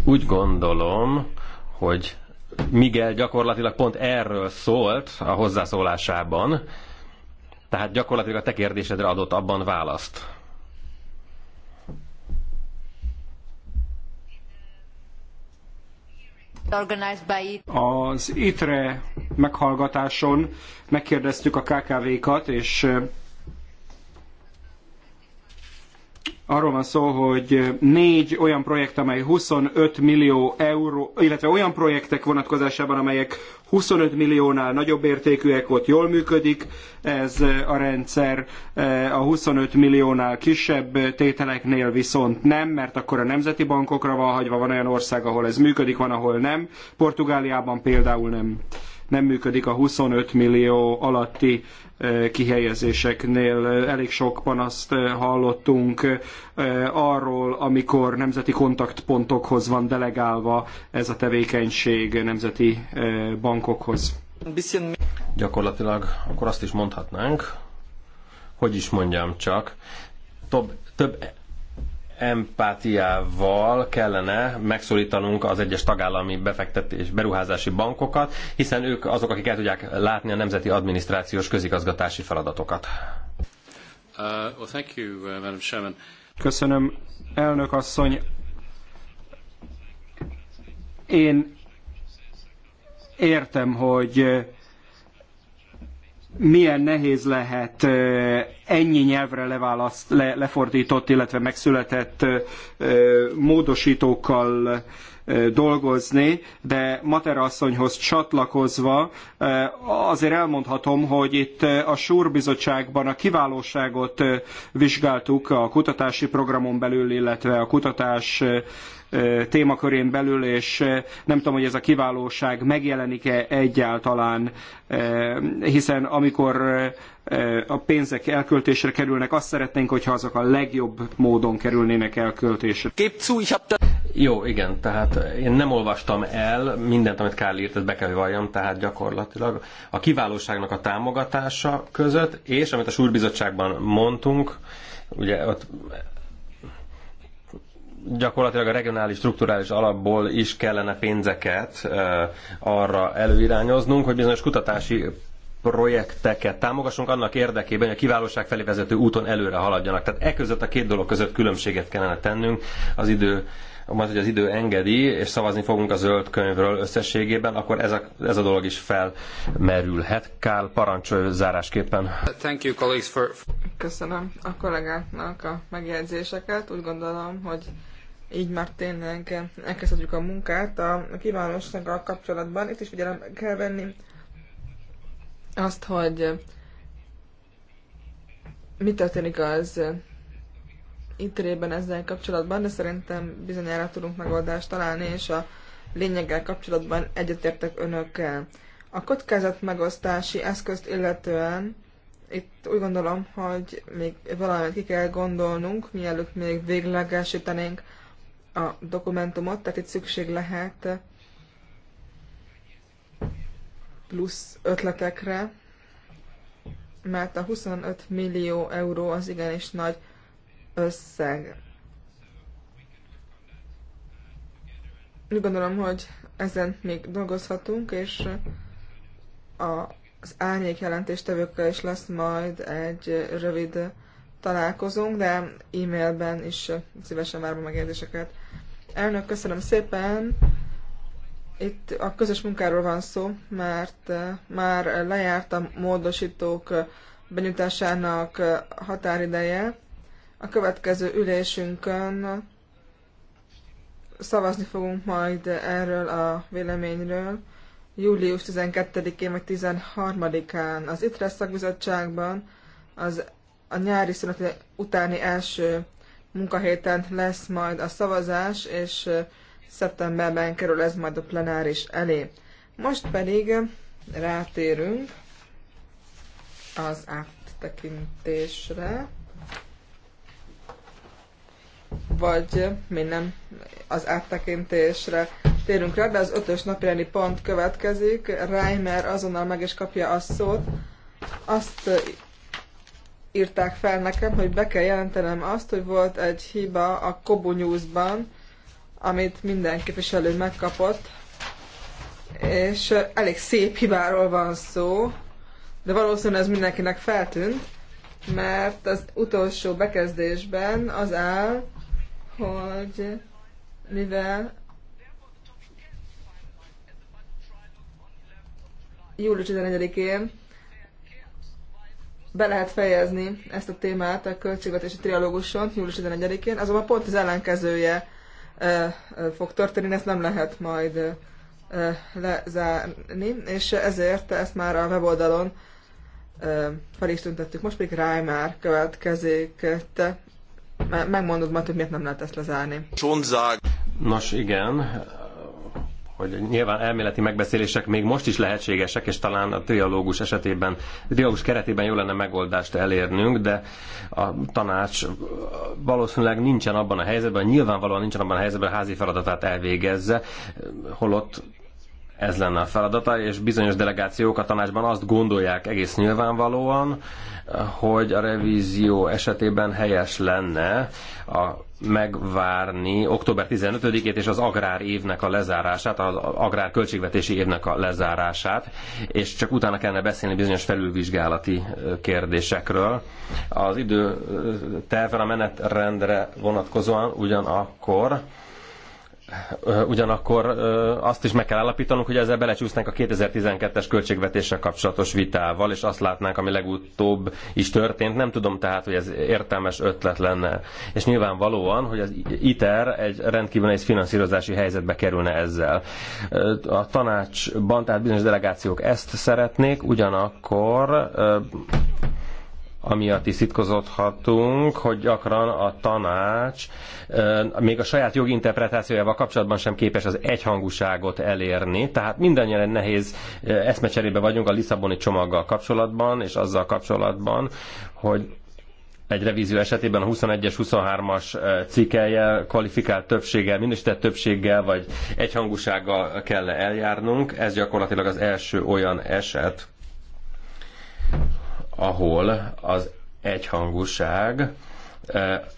Úgy gondolom, hogy Miguel gyakorlatilag pont erről szólt a hozzászólásában, tehát gyakorlatilag a te kérdésedre adott abban választ. Az ITRE meghallgatáson megkérdeztük a KKV-kat, és arról van szó, hogy négy olyan projekt, amely 25 millió euró, illetve olyan projektek vonatkozásában, amelyek 25 milliónál nagyobb értékűek, ott jól működik ez a rendszer, a 25 milliónál kisebb tételeknél viszont nem, mert akkor a nemzeti bankokra van hagyva, van olyan ország, ahol ez működik, van, ahol nem. Portugáliában például nem nem működik a 25 millió alatti kihelyezéseknél. Elég sok panaszt hallottunk arról, amikor nemzeti kontaktpontokhoz van delegálva ez a tevékenység nemzeti bankokhoz. Gyakorlatilag akkor azt is mondhatnánk, hogy is mondjam csak, több, több empátiával kellene megszólítanunk az egyes tagállami befektetés beruházási bankokat, hiszen ők azok, akik el tudják látni a nemzeti adminisztrációs közigazgatási feladatokat. Uh, well, thank you, uh, Madam Chairman. Köszönöm, elnök asszony. Én értem, hogy milyen nehéz lehet ennyi nyelvre leválaszt, le, lefordított, illetve megszületett módosítókkal dolgozni, de Matera asszonyhoz csatlakozva azért elmondhatom, hogy itt a Súr Bizottságban a kiválóságot vizsgáltuk a kutatási programon belül, illetve a kutatás témakörén belül, és nem tudom, hogy ez a kiválóság megjelenik-e egyáltalán, hiszen amikor a pénzek elköltésre kerülnek, azt szeretnénk, hogyha azok a legjobb módon kerülnének elköltésre. Jó, igen, tehát én nem olvastam el mindent, amit Kál írt, ezt be kell, hogy valljam, tehát gyakorlatilag a kiválóságnak a támogatása között, és amit a súrbizottságban mondtunk, ugye ott gyakorlatilag a regionális strukturális alapból is kellene pénzeket arra előirányoznunk, hogy bizonyos kutatási projekteket támogassunk annak érdekében, hogy a kiválóság felé vezető úton előre haladjanak. Tehát e között a két dolog között különbséget kellene tennünk az idő majd, hogy az idő engedi, és szavazni fogunk a zöld könyvről összességében, akkor ez a, ez a dolog is felmerülhet. Kál, parancsolj zárásképpen. Thank you, colleagues, for... Köszönöm a kollégáknak a megjegyzéseket. Úgy gondolom, hogy így már tényleg elkezdhetjük a munkát a a kapcsolatban. Itt is figyelembe kell venni azt, hogy mi történik az iterében ezzel kapcsolatban, de szerintem bizonyára tudunk megoldást találni, és a lényeggel kapcsolatban egyetértek önökkel. A kockázat megosztási eszközt illetően itt úgy gondolom, hogy még valamit ki kell gondolnunk, mielőtt még véglegesítenénk a dokumentumot, tehát itt szükség lehet plusz ötletekre, mert a 25 millió euró az igenis nagy összeg. Úgy gondolom, hogy ezen még dolgozhatunk, és a, az árnyék jelentéstevőkkel is lesz majd egy rövid találkozunk, de e-mailben is szívesen várom a megjegyzéseket. Elnök, köszönöm szépen. Itt a közös munkáról van szó, mert eh, már lejárt a módosítók eh, benyújtásának eh, határideje. A következő ülésünkön szavazni fogunk majd erről a véleményről július 12-én vagy 13-án az ITRESZ szakbizottságban az a nyári szünet utáni első munkahéten lesz majd a szavazás, és szeptemberben kerül ez majd a plenáris elé. Most pedig rátérünk az áttekintésre, vagy mi nem az áttekintésre térünk rá, de az ötös napjáni pont következik. Reimer azonnal meg is kapja a szót. Azt írták fel nekem, hogy be kell jelentenem azt, hogy volt egy hiba a Kobu News-ban, amit minden képviselő megkapott, és elég szép hibáról van szó, de valószínűleg ez mindenkinek feltűnt, mert az utolsó bekezdésben az áll, hogy mivel július 11-én be lehet fejezni ezt a témát a költségvetési trialóguson július 11-én, azonban pont az ellenkezője fog történni, ezt nem lehet majd lezárni, és ezért ezt már a weboldalon fel is tüntettük. Most még Reimer következik. Te megmondod majd, hogy miért nem lehet ezt lezárni. Nos, igen, hogy nyilván elméleti megbeszélések még most is lehetségesek, és talán a trialógus esetében, a trialógus keretében jó lenne megoldást elérnünk, de a tanács valószínűleg nincsen abban a helyzetben, nyilvánvalóan nincsen abban a helyzetben, a házi feladatát elvégezze, holott ez lenne a feladata, és bizonyos delegációk a tanácsban azt gondolják egész nyilvánvalóan, hogy a revízió esetében helyes lenne a megvárni október 15-ét és az agrár évnek a lezárását, az agrár költségvetési évnek a lezárását, és csak utána kellene beszélni bizonyos felülvizsgálati kérdésekről. Az idő tervre, a menetrendre vonatkozóan ugyanakkor Ugyanakkor azt is meg kell állapítanunk, hogy ezzel belecsúsznánk a 2012-es költségvetéssel kapcsolatos vitával, és azt látnánk, ami legutóbb is történt. Nem tudom tehát, hogy ez értelmes ötlet lenne. És nyilvánvalóan, hogy az ITER egy rendkívül nehéz finanszírozási helyzetbe kerülne ezzel. A tanácsban, tehát bizonyos delegációk ezt szeretnék, ugyanakkor amiatt is szitkozódhatunk, hogy gyakran a tanács még a saját jogi interpretációjával kapcsolatban sem képes az egyhangúságot elérni. Tehát mindannyian egy nehéz eszmecserébe vagyunk a Lisszaboni csomaggal kapcsolatban, és azzal kapcsolatban, hogy egy revízió esetében a 21-es, 23-as cikkeljel, kvalifikált többséggel, minősített többséggel vagy egyhangúsággal kell eljárnunk. Ez gyakorlatilag az első olyan eset, ahol az egyhangúság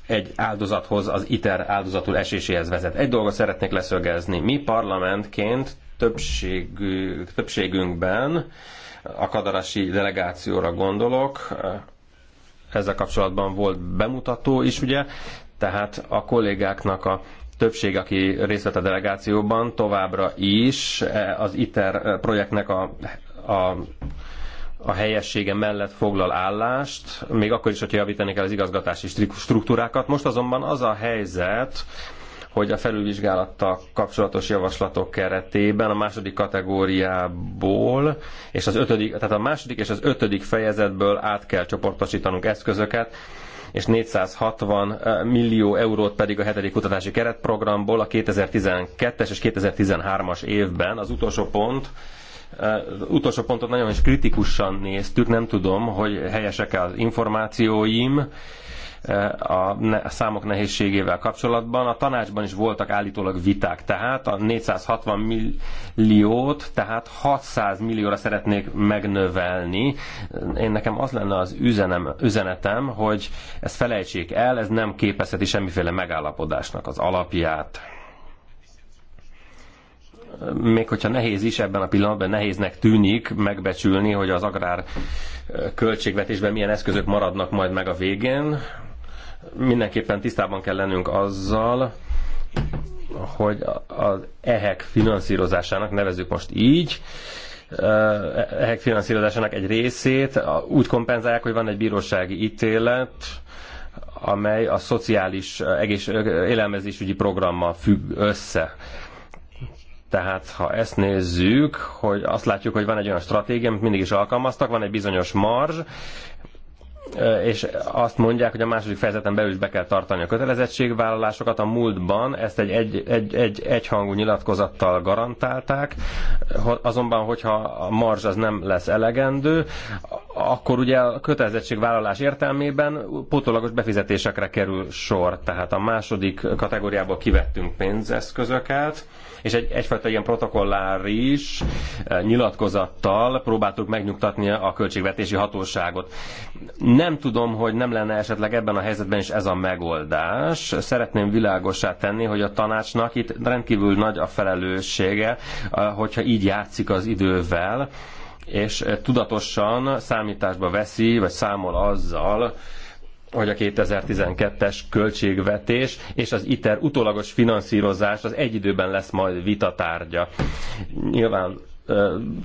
egy áldozathoz, az ITER áldozatul eséséhez vezet. Egy dolgot szeretnék leszögezni. Mi parlamentként többségű, többségünkben a kadarasi delegációra gondolok, ezzel kapcsolatban volt bemutató is, ugye, tehát a kollégáknak a többség, aki részt vett a delegációban, továbbra is eh, az ITER eh, projektnek a, a a helyessége mellett foglal állást, még akkor is, hogyha javítani kell az igazgatási struktúrákat. Most azonban az a helyzet, hogy a felülvizsgálattal kapcsolatos javaslatok keretében a második kategóriából, és az ötödik, tehát a második és az ötödik fejezetből át kell csoportosítanunk eszközöket, és 460 millió eurót pedig a hetedik kutatási keretprogramból a 2012-es és 2013-as évben. Az utolsó pont, utolsó pontot nagyon is kritikusan néztük, nem tudom, hogy helyesek-e az információim a számok nehézségével kapcsolatban. A tanácsban is voltak állítólag viták, tehát a 460 milliót, tehát 600 millióra szeretnék megnövelni. Én nekem az lenne az üzenem, üzenetem, hogy ezt felejtsék el, ez nem képezheti semmiféle megállapodásnak az alapját még hogyha nehéz is ebben a pillanatban, nehéznek tűnik megbecsülni, hogy az agrár költségvetésben milyen eszközök maradnak majd meg a végén. Mindenképpen tisztában kell lennünk azzal, hogy az ehek finanszírozásának, nevezük most így, ehek finanszírozásának egy részét úgy kompenzálják, hogy van egy bírósági ítélet, amely a szociális egész élelmezésügyi programmal függ össze. Tehát, ha ezt nézzük, hogy azt látjuk, hogy van egy olyan stratégia, amit mindig is alkalmaztak, van egy bizonyos marzs, és azt mondják, hogy a második fejezeten belül is be kell tartani a kötelezettségvállalásokat. A múltban ezt egy, egy, egy, egy egyhangú nyilatkozattal garantálták, azonban, hogyha a marzs az nem lesz elegendő, akkor ugye a kötelezettségvállalás értelmében pótolagos befizetésekre kerül sor. Tehát a második kategóriából kivettünk pénzeszközöket, és egy, egyfajta ilyen protokolláris eh, nyilatkozattal próbáltuk megnyugtatni a költségvetési hatóságot. Nem tudom, hogy nem lenne esetleg ebben a helyzetben is ez a megoldás. Szeretném világosá tenni, hogy a tanácsnak itt rendkívül nagy a felelőssége, eh, hogyha így játszik az idővel, és eh, tudatosan számításba veszi, vagy számol azzal, hogy a 2012-es költségvetés és az ITER utólagos finanszírozás az egy időben lesz majd vitatárgya. Nyilván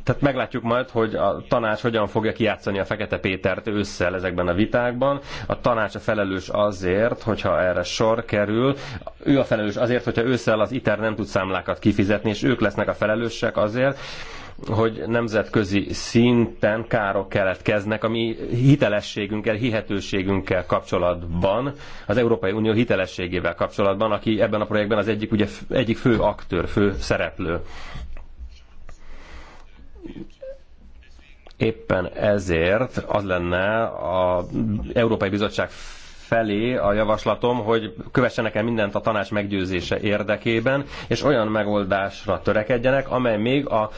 tehát meglátjuk majd, hogy a tanács hogyan fogja kijátszani a Fekete Pétert ősszel ezekben a vitákban. A tanács a felelős azért, hogyha erre sor kerül, ő a felelős azért, hogyha ősszel az ITER nem tud számlákat kifizetni, és ők lesznek a felelősek azért, hogy nemzetközi szinten károk keletkeznek, ami hitelességünkkel, hihetőségünkkel kapcsolatban, az Európai Unió hitelességével kapcsolatban, aki ebben a projektben az egyik, ugye, egyik fő aktőr, fő szereplő. Éppen ezért az lenne az Európai Bizottság felé a javaslatom, hogy kövessenek el mindent a tanács meggyőzése érdekében, és olyan megoldásra törekedjenek, amely még a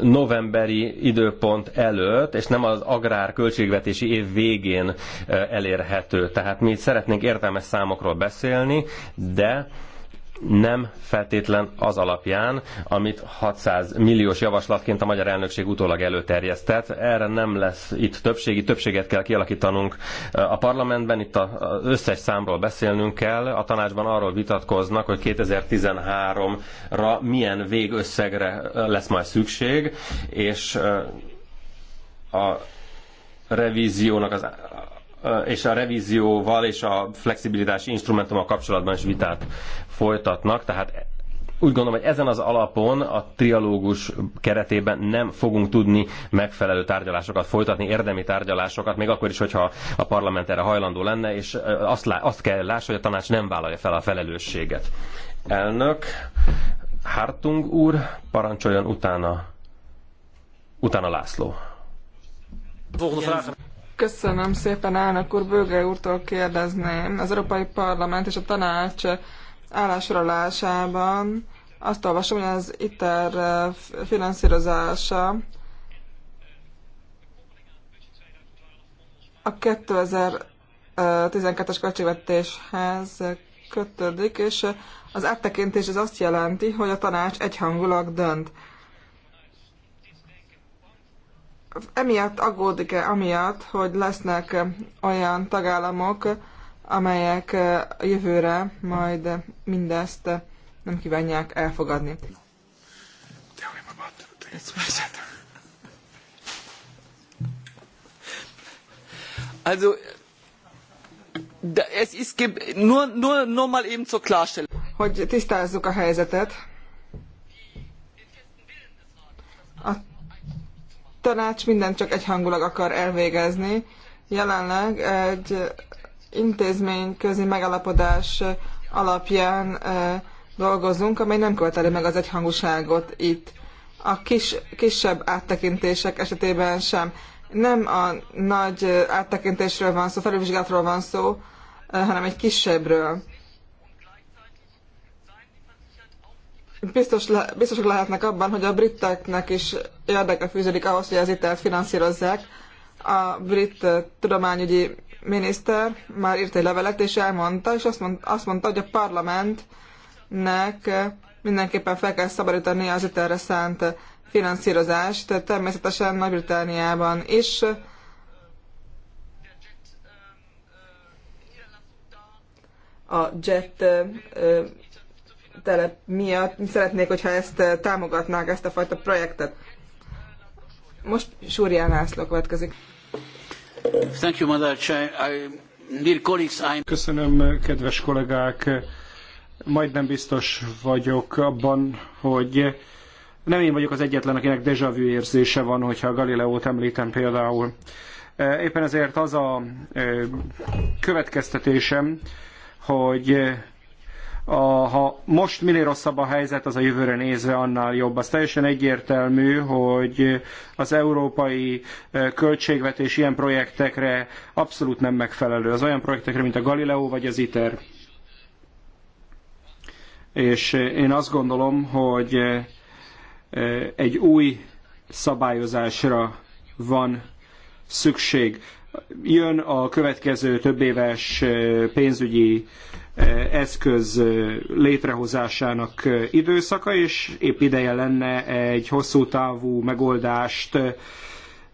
novemberi időpont előtt, és nem az agrár költségvetési év végén eh, elérhető. Tehát mi szeretnénk értelmes számokról beszélni, de nem feltétlen az alapján, amit 600 milliós javaslatként a magyar elnökség utólag előterjesztett. Erre nem lesz itt többségi, többséget kell kialakítanunk a parlamentben, itt az összes számról beszélnünk kell, a tanácsban arról vitatkoznak, hogy 2013-ra milyen végösszegre lesz majd szükség, és a revíziónak az és a revízióval és a flexibilitási instrumentummal kapcsolatban is vitát folytatnak, tehát úgy gondolom, hogy ezen az alapon a trialógus keretében nem fogunk tudni megfelelő tárgyalásokat folytatni, érdemi tárgyalásokat, még akkor is, hogyha a parlament erre hajlandó lenne, és azt, lá- azt kell láss, hogy a tanács nem vállalja fel a felelősséget. Elnök, Hartung úr, parancsoljon utána, utána László. Volgende Köszönöm szépen, elnök úr. Bőge úrtól kérdezném. Az Európai Parlament és a tanács állásolásában azt olvasom, hogy az ITER finanszírozása a 2012-es költségvetéshez kötődik, és az áttekintés az azt jelenti, hogy a tanács egyhangulag dönt emiatt aggódik-e amiatt, hogy lesznek olyan tagállamok, amelyek jövőre majd mindezt nem kívánják elfogadni? Also, es ist, nur, nur, nur mal eben zur Klarstellung. Hogy tisztázzuk a helyzetet. tanács mindent csak egyhangulag akar elvégezni. Jelenleg egy intézményközi megalapodás alapján dolgozunk, amely nem követeli meg az egyhangúságot itt. A kis, kisebb áttekintések esetében sem. Nem a nagy áttekintésről van szó, felülvizsgálatról van szó, hanem egy kisebbről. biztos le, biztosak lehetnek abban, hogy a briteknek is érdeke fűződik ahhoz, hogy az italt finanszírozzák. A brit eh, tudományügyi miniszter már írt egy levelet, és elmondta, és azt, mond, azt mondta, hogy a parlamentnek eh, mindenképpen fel kell szabadítani az erre szánt finanszírozást, eh, természetesen Nagy-Britániában is. A JET telep miatt mi szeretnék, hogyha ezt eh, támogatnák, ezt a fajta projektet. Most Súrián László következik. Thank you, Mother Chair. I, colleagues, I'm... Köszönöm, kedves kollégák. Majdnem biztos vagyok abban, hogy nem én vagyok az egyetlen, akinek déjà vu érzése van, hogyha a Galileót említem például. Eh, éppen ezért az a eh, következtetésem, hogy a, ha most minél rosszabb a helyzet, az a jövőre nézve annál jobb. Az teljesen egyértelmű, hogy az európai e, költségvetés ilyen projektekre abszolút nem megfelelő. Az olyan projektekre, mint a Galileo vagy az ITER. És e, én azt gondolom, hogy e, egy új szabályozásra van szükség. Jön a következő többéves pénzügyi Eh, eszköz eh, létrehozásának eh, időszaka, és épp ideje lenne egy hosszú távú megoldást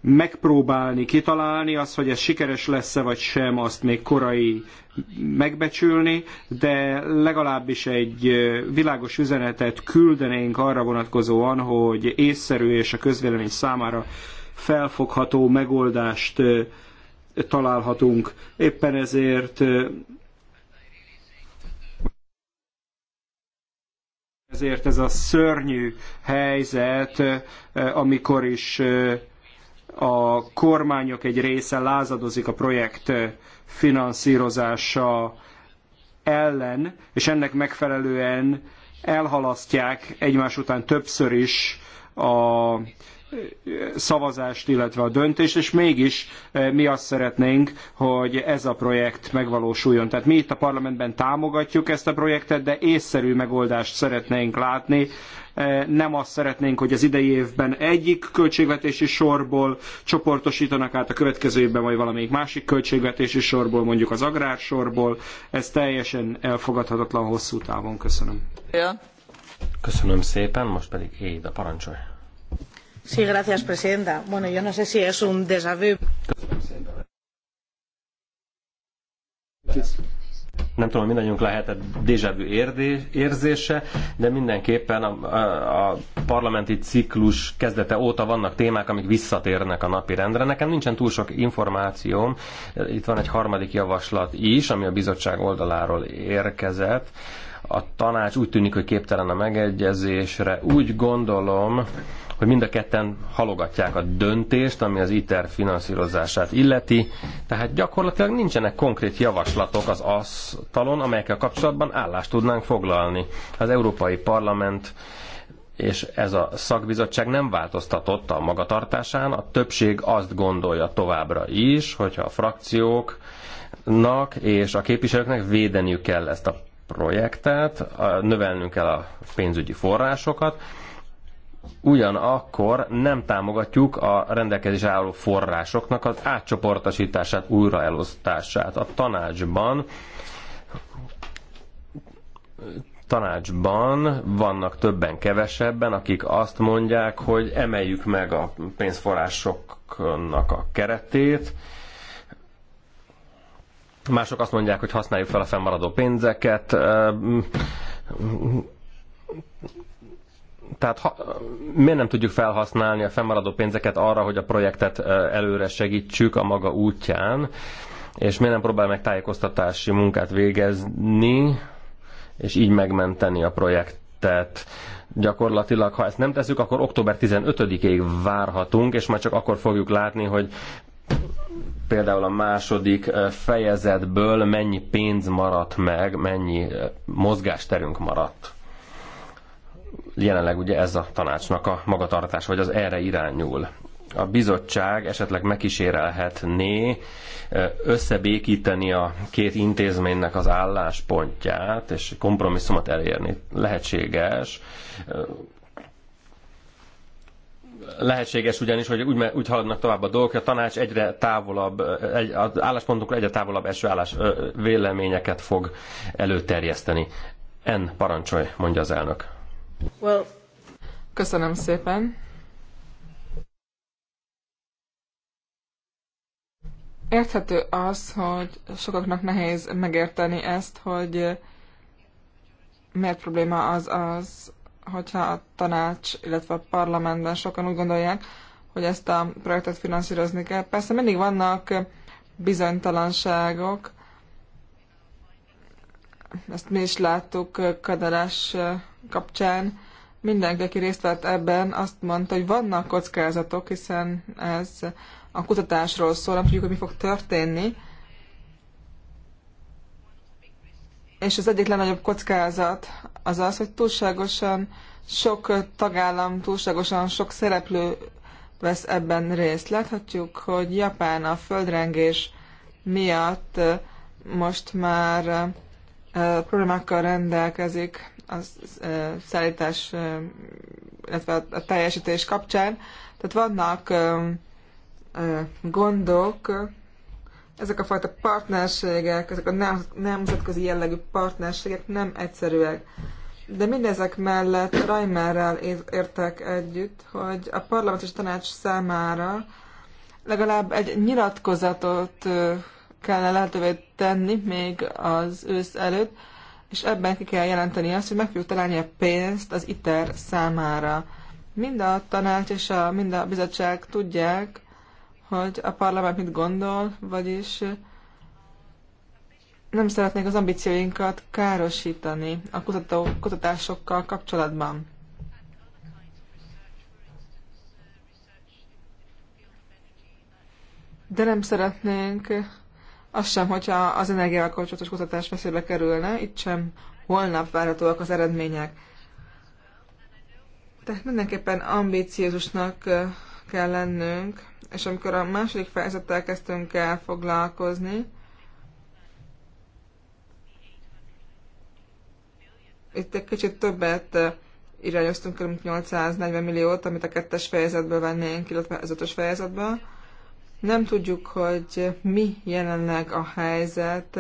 megpróbálni, kitalálni, az, hogy ez sikeres lesz-e vagy sem, azt még korai megbecsülni, de legalábbis egy világos üzenetet küldenénk arra vonatkozóan, hogy észszerű és a közvélemény számára felfogható megoldást találhatunk. Éppen ezért Ezért ez a szörnyű helyzet, eh, amikor is eh, a kormányok egy része lázadozik a projekt eh, finanszírozása ellen, és ennek megfelelően elhalasztják egymás után többször is a szavazást, illetve a döntést, és mégis eh, mi azt szeretnénk, hogy ez a projekt megvalósuljon. Tehát mi itt a parlamentben támogatjuk ezt a projektet, de észszerű megoldást szeretnénk látni. Eh, nem azt szeretnénk, hogy az idei évben egyik költségvetési sorból csoportosítanak át a következő évben, vagy valamelyik másik költségvetési sorból, mondjuk az agrársorból. Ez teljesen elfogadhatatlan hosszú távon. Köszönöm. Ja. Köszönöm szépen, most pedig Éda, parancsolj señora presidenta. Bueno, yo no sé si es un Nem tudom, mindannyiunk lehetett vu érzése, de mindenképpen a, a, a parlamenti ciklus kezdete óta vannak témák, amik visszatérnek a napi rendre. Nekem nincsen túl sok információm. Itt van egy harmadik javaslat is, ami a bizottság oldaláról érkezett. Uh, a tanács úgy tűnik, hogy képtelen a megegyezésre. Úgy gondolom, hogy mind a ketten halogatják a döntést, ami az ITER finanszírozását illeti. Tehát gyakorlatilag nincsenek konkrét javaslatok az asztalon, amelyekkel kapcsolatban állást tudnánk foglalni. Az Európai Parlament és ez a szakbizottság nem változtatott a magatartásán, a többség azt gondolja továbbra is, hogyha a frakcióknak és a képviselőknek védeniük kell ezt a projektet, növelnünk kell a pénzügyi forrásokat, ugyanakkor nem támogatjuk a rendelkezés álló forrásoknak az átcsoportosítását, újraelosztását. A tanácsban tanácsban vannak többen, kevesebben, akik azt mondják, hogy emeljük meg a pénzforrásoknak a keretét, Mások azt mondják, hogy használjuk fel a fennmaradó pénzeket. Tehát ha, miért nem tudjuk felhasználni a fennmaradó pénzeket arra, hogy a projektet előre segítsük a maga útján, és miért nem próbál meg tájékoztatási munkát végezni, és így megmenteni a projektet. Gyakorlatilag, ha ezt nem teszük, akkor október 15-ig várhatunk, és majd csak akkor fogjuk látni, hogy például a második eh, fejezetből mennyi pénz maradt meg, mennyi eh, mozgásterünk maradt. Jelenleg ugye ez a tanácsnak a magatartás, vagy az erre irányul. A bizottság esetleg megkísérelhetné eh, összebékíteni a két intézménynek az álláspontját, és kompromisszumot elérni. Lehetséges Lehetséges ugyanis, hogy úgy, úgy haladnak tovább a dolgok, a tanács egyre távolabb, egy, az álláspontunkra egyre távolabb eső állás, véleményeket fog előterjeszteni. En parancsolj, mondja az elnök. Well. Köszönöm szépen. Érthető az, hogy sokaknak nehéz megérteni ezt, hogy miért probléma az az, hogyha a tanács, illetve a parlamentben sokan úgy gondolják, hogy ezt a projektet finanszírozni kell. Persze mindig vannak bizonytalanságok, ezt mi is láttuk eh, Kadarás eh, kapcsán. Mindenki, aki részt vett ebben, azt mondta, hogy vannak kockázatok, hiszen ez a kutatásról szól, nem tudjuk, hogy mi fog történni. És az egyik legnagyobb kockázat az az, hogy túlságosan sok tagállam, túlságosan sok szereplő vesz ebben részt. Láthatjuk, hogy Japán a földrengés miatt most már problémákkal rendelkezik a szállítás, illetve a teljesítés kapcsán. Tehát vannak gondok, ezek a fajta partnerségek, ezek a nemzetközi jellegű partnerségek nem egyszerűek. De mindezek mellett Reimerrel értek együtt, hogy a parlament és tanács számára legalább egy nyilatkozatot kellene lehetővé tenni még az ősz előtt, és ebben ki kell jelenteni azt, hogy meg fogjuk találni a pénzt az ITER számára. Mind a tanács és a, mind a bizottság tudják, hogy a parlament mit gondol, vagyis nem szeretnék az ambícióinkat károsítani a kutató, kutatásokkal kapcsolatban. De nem szeretnénk azt sem, hogyha az energiával kapcsolatos kutatás veszélybe kerülne, itt sem holnap várhatóak az eredmények. Tehát mindenképpen ambíciózusnak kell lennünk és amikor a második fejezettel kezdtünk el foglalkozni, itt egy kicsit többet irányoztunk el, mint 840 milliót, amit a kettes fejezetből vennénk, illetve az ötös fejezetből. Nem tudjuk, hogy mi jelenleg a helyzet,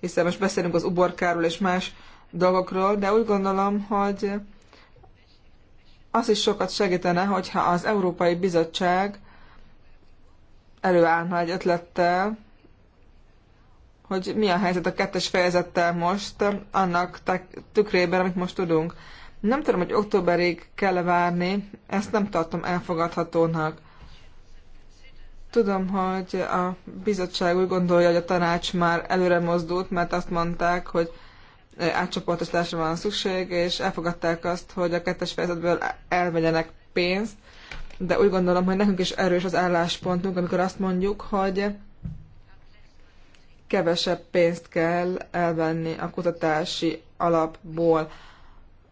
hiszen most beszélünk az uborkáról és más dolgokról, de úgy gondolom, hogy az is sokat segítene, hogyha az Európai Bizottság előállna egy ötlettel, hogy mi a helyzet a kettes fejezettel most, annak tükrében, amit most tudunk. Nem tudom, hogy októberig kell -e várni, ezt nem tartom elfogadhatónak. Tudom, hogy a bizottság úgy gondolja, hogy a tanács már előre mozdult, mert azt mondták, hogy átcsoportosításra van szükség, és elfogadták azt, hogy a kettes fejezetből elvegyenek pénzt de úgy gondolom, hogy nekünk is erős az álláspontunk, amikor azt mondjuk, hogy kevesebb pénzt kell elvenni a kutatási alapból.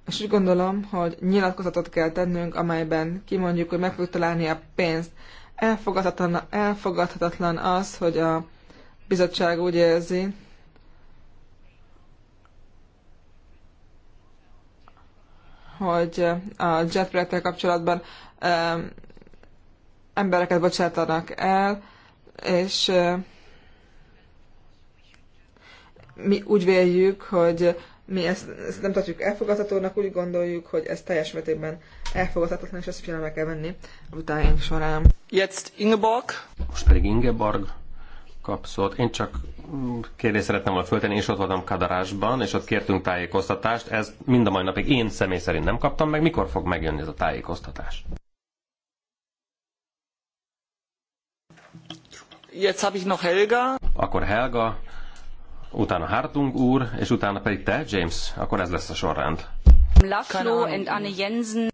És úgy gondolom, hogy nyilatkozatot kell tennünk, amelyben kimondjuk, hogy meg fogjuk találni a pénzt. Elfogadhatatlan, elfogadhatatlan az, hogy a bizottság úgy érzi, hogy a jetprojektel kapcsolatban embereket bocsátanak el, és mi úgy véljük, hogy mi ezt, ezt nem tartjuk elfogadhatónak, úgy gondoljuk, hogy ez teljes mértékben elfogadhatatlan, és ezt figyelembe kell venni a vitáink során. Jetzt Ingeborg. Most pedig Ingeborg kap szót. Én csak kérdést szerettem volna föltenni, és ott voltam Kadarásban, és ott kértünk tájékoztatást. Ez mind a mai napig én személy szerint nem kaptam meg. Mikor fog megjönni ez a tájékoztatás? Jetzt habe ich noch Helga. Akkor Helga, utána Hartung úr, és utána pedig te, James. Akkor ez lesz a sorrend. Laszlo and Anne Jensen.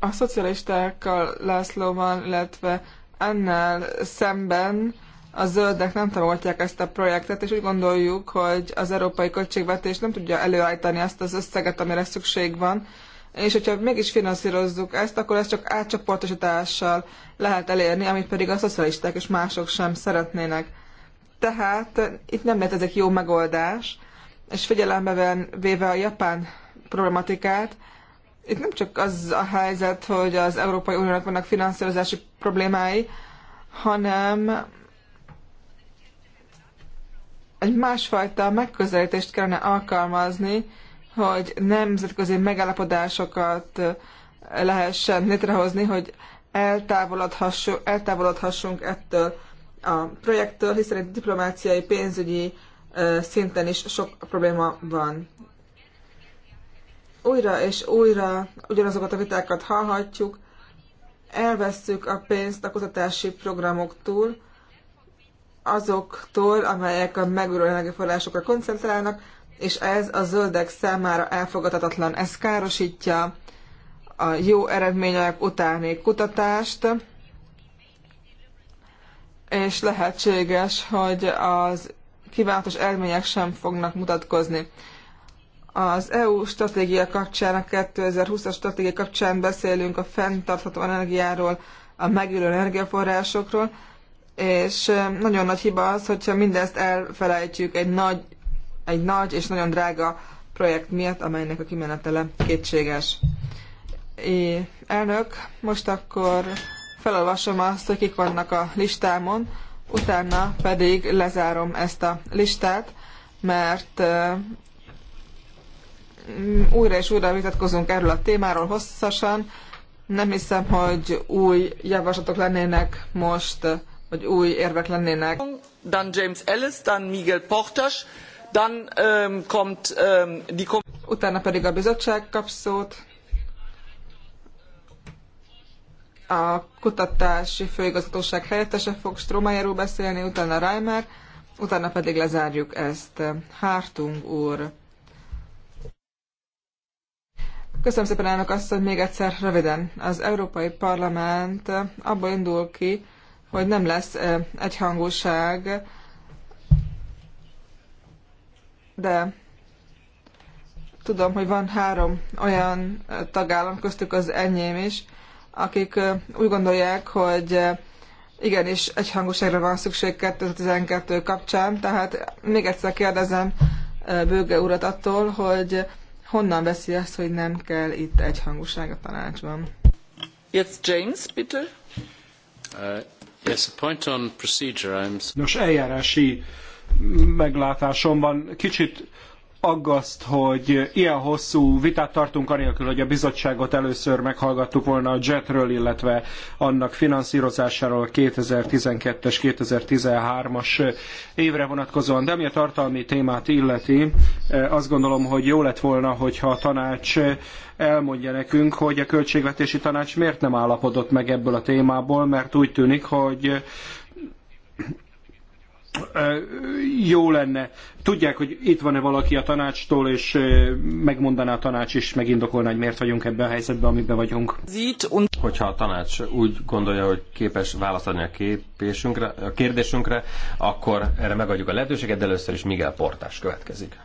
A szocialistákkal Lászlóval, illetve Annál szemben a zöldek nem támogatják ezt a projektet, és úgy gondoljuk, hogy az európai költségvetés nem tudja előállítani azt az összeget, amire szükség van, és hogyha is finanszírozzuk ezt, akkor ezt csak átcsoportosítással lehet elérni, amit pedig a szocialisták és mások sem szeretnének. Tehát itt nem lehet ezek jó megoldás, és figyelembe véve a japán problematikát, itt nem csak az a helyzet, hogy az Európai Uniónak vannak finanszírozási problémái, hanem egy másfajta megközelítést kellene alkalmazni, hogy nemzetközi megállapodásokat eh, lehessen létrehozni, hogy eltávolodhassunk, eltávolodhassunk ettől a projektől, hiszen egy diplomáciai, pénzügyi eh, szinten is sok probléma van. Újra és újra ugyanazokat a vitákat hallhatjuk, elvesszük a pénzt a kutatási programoktól, azoktól, amelyek a megújuló energiaforrásokra koncentrálnak, és ez a zöldek számára elfogadhatatlan. Ez károsítja a jó eredmények utáni kutatást, és lehetséges, hogy az kívánatos eredmények sem fognak mutatkozni. Az EU stratégia kapcsán, a 2020-as stratégia kapcsán beszélünk a fenntartható energiáról, a megülő energiaforrásokról, és nagyon nagy hiba az, hogyha mindezt elfelejtjük egy nagy egy nagy és nagyon drága projekt miatt, amelynek a kimenetele kétséges. É, elnök, most akkor felolvasom azt, hogy kik vannak a listámon, utána pedig lezárom ezt a listát, mert mm, újra és újra vitatkozunk erről a témáról hosszasan. Nem hiszem, hogy új javaslatok lennének most, vagy új érvek lennének. Dan James Ellis, dan Miguel Portas, Dann ähm, kommt ähm, die Utána pedig a bizottság kap szót. A kutatási főigazgatóság helyettese fog Stromayer beszélni, utána Reimer, utána pedig lezárjuk ezt. Hártung úr. Köszönöm szépen, elnök asszony, még egyszer röviden. Az Európai Parlament abból indul ki, hogy nem lesz eh, egyhangúság de tudom, hogy van három olyan tagállam, köztük az enyém is, akik úgy gondolják, hogy igenis egyhangúságra van szükség 2012 kapcsán, tehát még egyszer kérdezem Bőge urat attól, hogy honnan veszi azt, hogy nem kell itt egyhangúság a tanácsban. Jetzt James, bitte. Uh, yes, a point on procedure. I'm... Nos, eljárási meglátásomban kicsit aggaszt, hogy ilyen hosszú vitát tartunk anélkül, hogy a bizottságot először meghallgattuk volna a JET-ről, illetve annak finanszírozásáról a 2012-es, 2013-as évre vonatkozóan. De ami a tartalmi témát illeti, azt gondolom, hogy jó lett volna, hogyha a tanács elmondja nekünk, hogy a költségvetési tanács miért nem állapodott meg ebből a témából, mert úgy tűnik, hogy jó lenne. Tudják, hogy itt van-e valaki a tanácstól, és megmondaná a tanács is, megindokolná, hogy miért vagyunk ebben a helyzetben, amiben vagyunk. Hogyha a tanács úgy gondolja, hogy képes választ adni a, képésünkre, a kérdésünkre, akkor erre megadjuk a lehetőséget, de először is Miguel Portás következik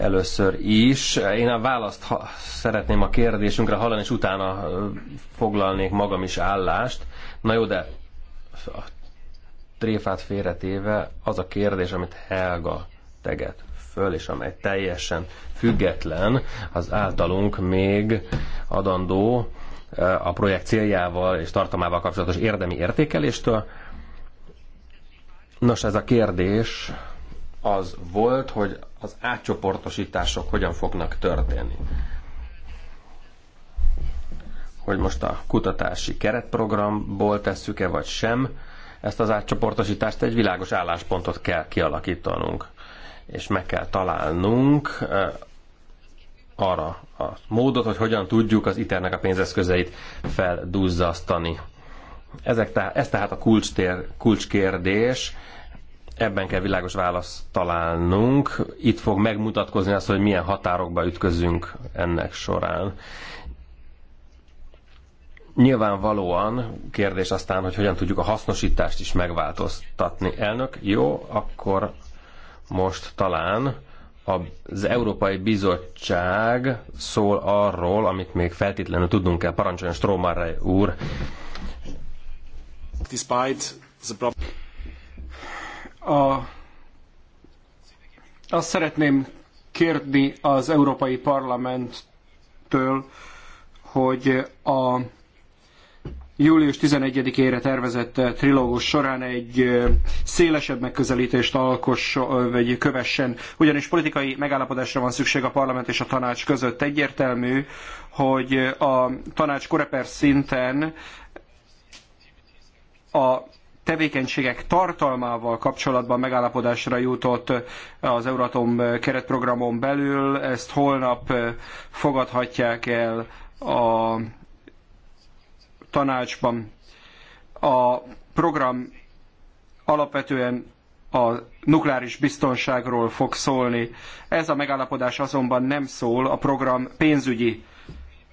először is. Én a választ szeretném a kérdésünkre hallani, és utána foglalnék magam is állást. Na jó, de a tréfát félretéve az a kérdés, amit Helga teget föl, és amely teljesen független az általunk még adandó a projekt céljával és tartalmával kapcsolatos érdemi értékeléstől. Nos, ez a kérdés az volt, hogy az átcsoportosítások hogyan fognak történni. Hogy most a kutatási keretprogramból tesszük-e vagy sem, ezt az átcsoportosítást egy világos álláspontot kell kialakítanunk, és meg kell találnunk eh, arra a módot, hogy hogyan tudjuk az iternek a pénzeszközeit felduzzasztani. Ezek tehát, ez tehát a kulcstér, kulcskérdés, ebben kell világos választ találnunk. Itt fog megmutatkozni az, hogy milyen határokba ütközünk ennek során. Nyilvánvalóan kérdés aztán, hogy hogyan tudjuk a hasznosítást is megváltoztatni. Elnök, jó, akkor most talán az Európai Bizottság szól arról, amit még feltétlenül tudnunk kell. Parancsoljon Stromarre úr! Despite the problem a, azt szeretném kérni az Európai Parlamenttől, hogy a július 11-ére tervezett trilógus során egy szélesebb megközelítést alkoss, vagy kövessen, ugyanis politikai megállapodásra van szükség a parlament és a tanács között. Egyértelmű, hogy a tanács koreper szinten a tevékenységek tartalmával kapcsolatban megállapodásra jutott az Euratom keretprogramon belül. Ezt holnap fogadhatják el a tanácsban. A program alapvetően a nukleáris biztonságról fog szólni. Ez a megállapodás azonban nem szól a program pénzügyi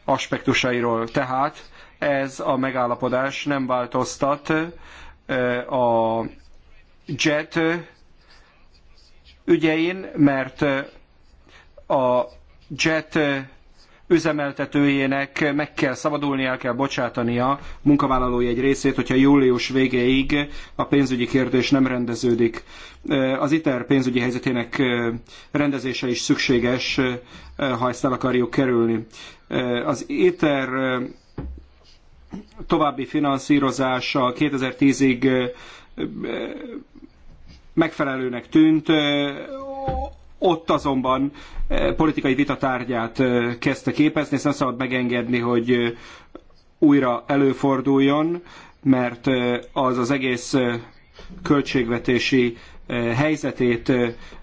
aspektusairól. Tehát ez a megállapodás nem változtat a JET ügyein, mert a JET üzemeltetőjének meg kell szabadulni, el kell bocsátania munkavállalói egy részét, hogyha július végéig a pénzügyi kérdés nem rendeződik. Az ITER pénzügyi helyzetének rendezése is szükséges, ha ezt el akarjuk kerülni. Az ITER további finanszírozása 2010-ig megfelelőnek tűnt, ott azonban politikai vitatárgyát kezdte képezni, ezt nem szabad megengedni, hogy újra előforduljon, mert az az egész költségvetési helyzetét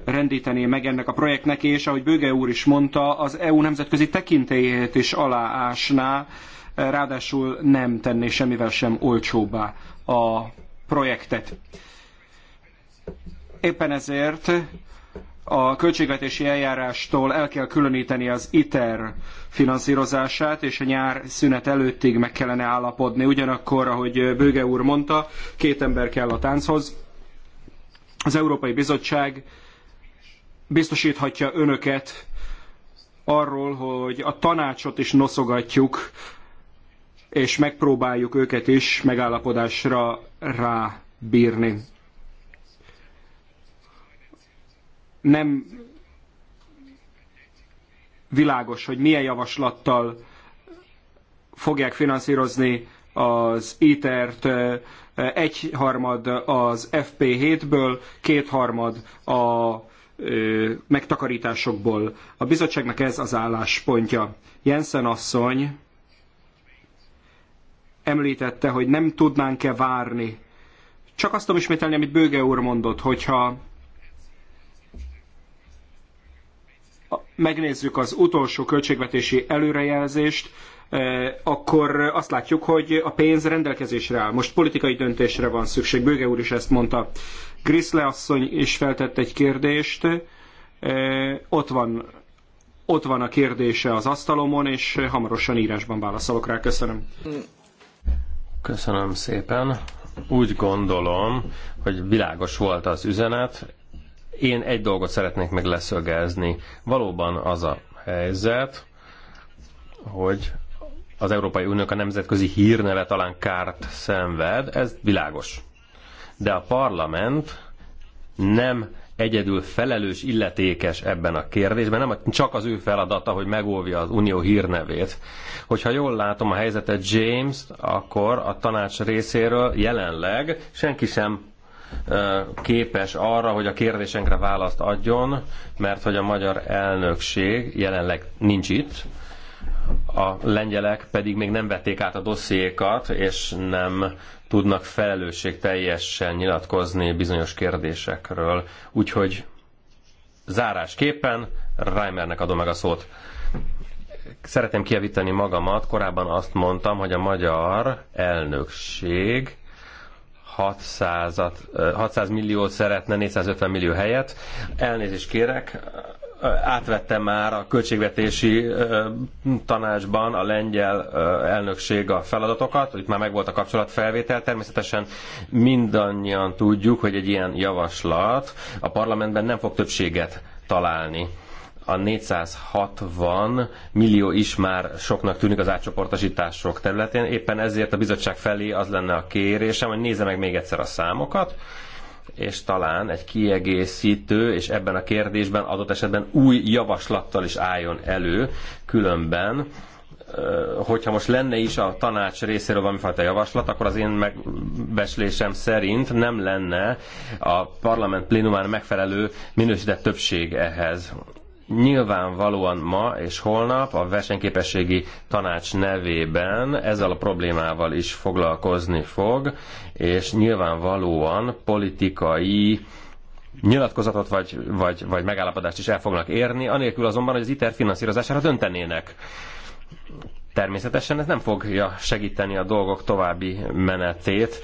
rendítené meg ennek a projektnek, és ahogy Böge úr is mondta, az EU nemzetközi tekintélyét is aláásná, ráadásul nem tenné semmivel sem olcsóbbá a projektet. Éppen ezért a költségvetési eljárástól el kell különíteni az ITER finanszírozását, és a nyár szünet előttig meg kellene állapodni. Ugyanakkor, ahogy Bőge úr mondta, két ember kell a tánchoz. Az Európai Bizottság biztosíthatja önöket arról, hogy a tanácsot is noszogatjuk és megpróbáljuk őket is megállapodásra rábírni. Nem világos, hogy milyen javaslattal fogják finanszírozni az ITER-t, egyharmad az FP7-ből, kétharmad a megtakarításokból. A bizottságnak ez az álláspontja. Jensen asszony említette, hogy nem tudnánk-e várni. Csak azt tudom ismételni, amit Bőge úr mondott, hogyha megnézzük az utolsó költségvetési előrejelzést, eh, akkor azt látjuk, hogy a pénz rendelkezésre áll. Most politikai döntésre van szükség. Bőge úr is ezt mondta. Griszle asszony is feltett egy kérdést. Eh, ott van, ott van a kérdése az asztalomon, és hamarosan írásban válaszolok rá. Köszönöm. Köszönöm szépen. Úgy gondolom, hogy világos volt az üzenet. Én egy dolgot szeretnék meg leszögezni. Valóban az a helyzet, hogy az Európai Uniók a nemzetközi hírneve talán kárt szenved, ez világos. De a parlament nem egyedül felelős, illetékes ebben a kérdésben. Nem csak az ő feladata, hogy megóvja az unió hírnevét. Hogyha jól látom a helyzetet James, akkor a tanács részéről jelenleg senki sem képes arra, hogy a kérdésenkre választ adjon, mert hogy a magyar elnökség jelenleg nincs itt, a lengyelek pedig még nem vették át a dossziékat, és nem tudnak felelősségteljesen nyilatkozni bizonyos kérdésekről. Úgyhogy zárásképpen Reimernek adom meg a szót. Szeretném kievíteni magamat. Korábban azt mondtam, hogy a magyar elnökség 600, 600 millió szeretne 450 millió helyet. Elnézést kérek, átvette már a költségvetési tanácsban a lengyel elnökség a feladatokat, itt már megvolt a kapcsolatfelvétel, természetesen mindannyian tudjuk, hogy egy ilyen javaslat a parlamentben nem fog többséget találni a 460 millió is már soknak tűnik az átcsoportosítások területén. Éppen ezért a bizottság felé az lenne a kérésem, hogy nézze meg még egyszer a számokat, és talán egy kiegészítő, és ebben a kérdésben adott esetben új javaslattal is álljon elő, különben hogyha most lenne is a tanács részéről valamifajta javaslat, akkor az én megbeslésem szerint nem lenne a parlament plénumán megfelelő minősített többség ehhez. Nyilvánvalóan ma és holnap a versenyképességi tanács nevében ezzel a problémával is foglalkozni fog, és nyilvánvalóan politikai nyilatkozatot vagy, vagy, vagy megállapodást is el fognak érni, anélkül azonban, hogy az ITER finanszírozására döntenének. Természetesen ez nem fogja segíteni a dolgok további menetét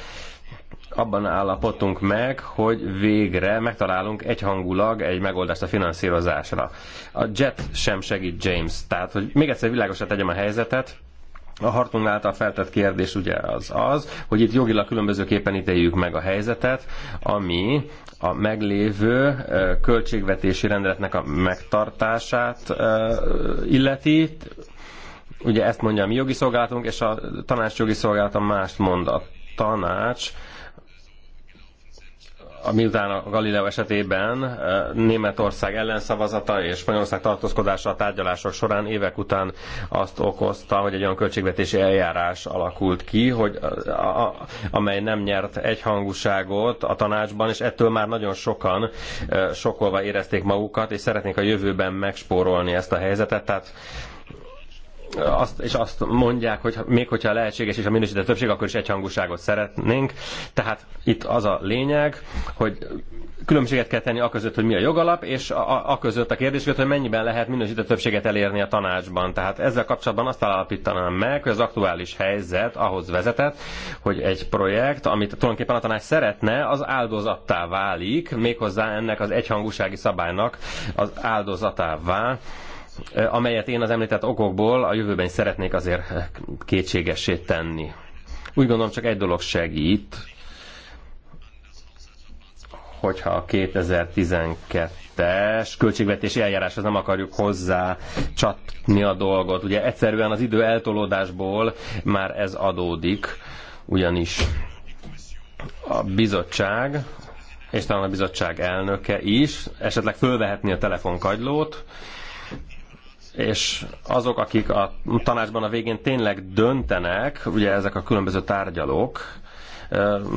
abban állapotunk meg, hogy végre megtalálunk egyhangulag egy megoldást a finanszírozásra. A JET sem segít James, tehát hogy még egyszer világosra tegyem a helyzetet, a Hartung által feltett kérdés ugye az az, hogy itt jogilag különbözőképpen ítéljük meg a helyzetet, ami a meglévő költségvetési rendeletnek a megtartását illeti. Ugye ezt mondja a mi jogi szolgálatunk, és a tanács jogi szolgálata mást mond. A tanács miután a Galileo esetében eh, Németország ellenszavazata és Spanyolország tartózkodása a tárgyalások során évek után azt okozta, hogy egy olyan költségvetési eljárás alakult ki, hogy a, a, amely nem nyert egyhangúságot a tanácsban, és ettől már nagyon sokan eh, sokolva érezték magukat, és szeretnék a jövőben megspórolni ezt a helyzetet, tehát azt, és azt mondják, hogy még hogyha lehetséges és a minősített többség, akkor is egyhangúságot szeretnénk. Tehát itt az a lényeg, hogy különbséget kell tenni között, hogy mi a jogalap, és a, a között a kérdés, hogy mennyiben lehet minősített többséget elérni a tanácsban. Tehát ezzel kapcsolatban azt állapítanám meg, hogy az aktuális helyzet ahhoz vezetett, hogy egy projekt, amit tulajdonképpen a tanács szeretne, az áldozattá válik, méghozzá ennek az egyhangúsági szabálynak az áldozatává Eh, amelyet én az említett okokból a jövőben is szeretnék azért eh, kétségessé tenni. Úgy gondolom csak egy dolog segít, hogyha a 2012-es költségvetési eljáráshoz nem akarjuk hozzá csatni a dolgot. Ugye egyszerűen az idő eltolódásból már ez adódik, ugyanis a bizottság, és talán a bizottság elnöke is esetleg fölvehetni a telefonkagylót, és azok, akik a tanácsban a végén tényleg döntenek, ugye ezek a különböző tárgyalók,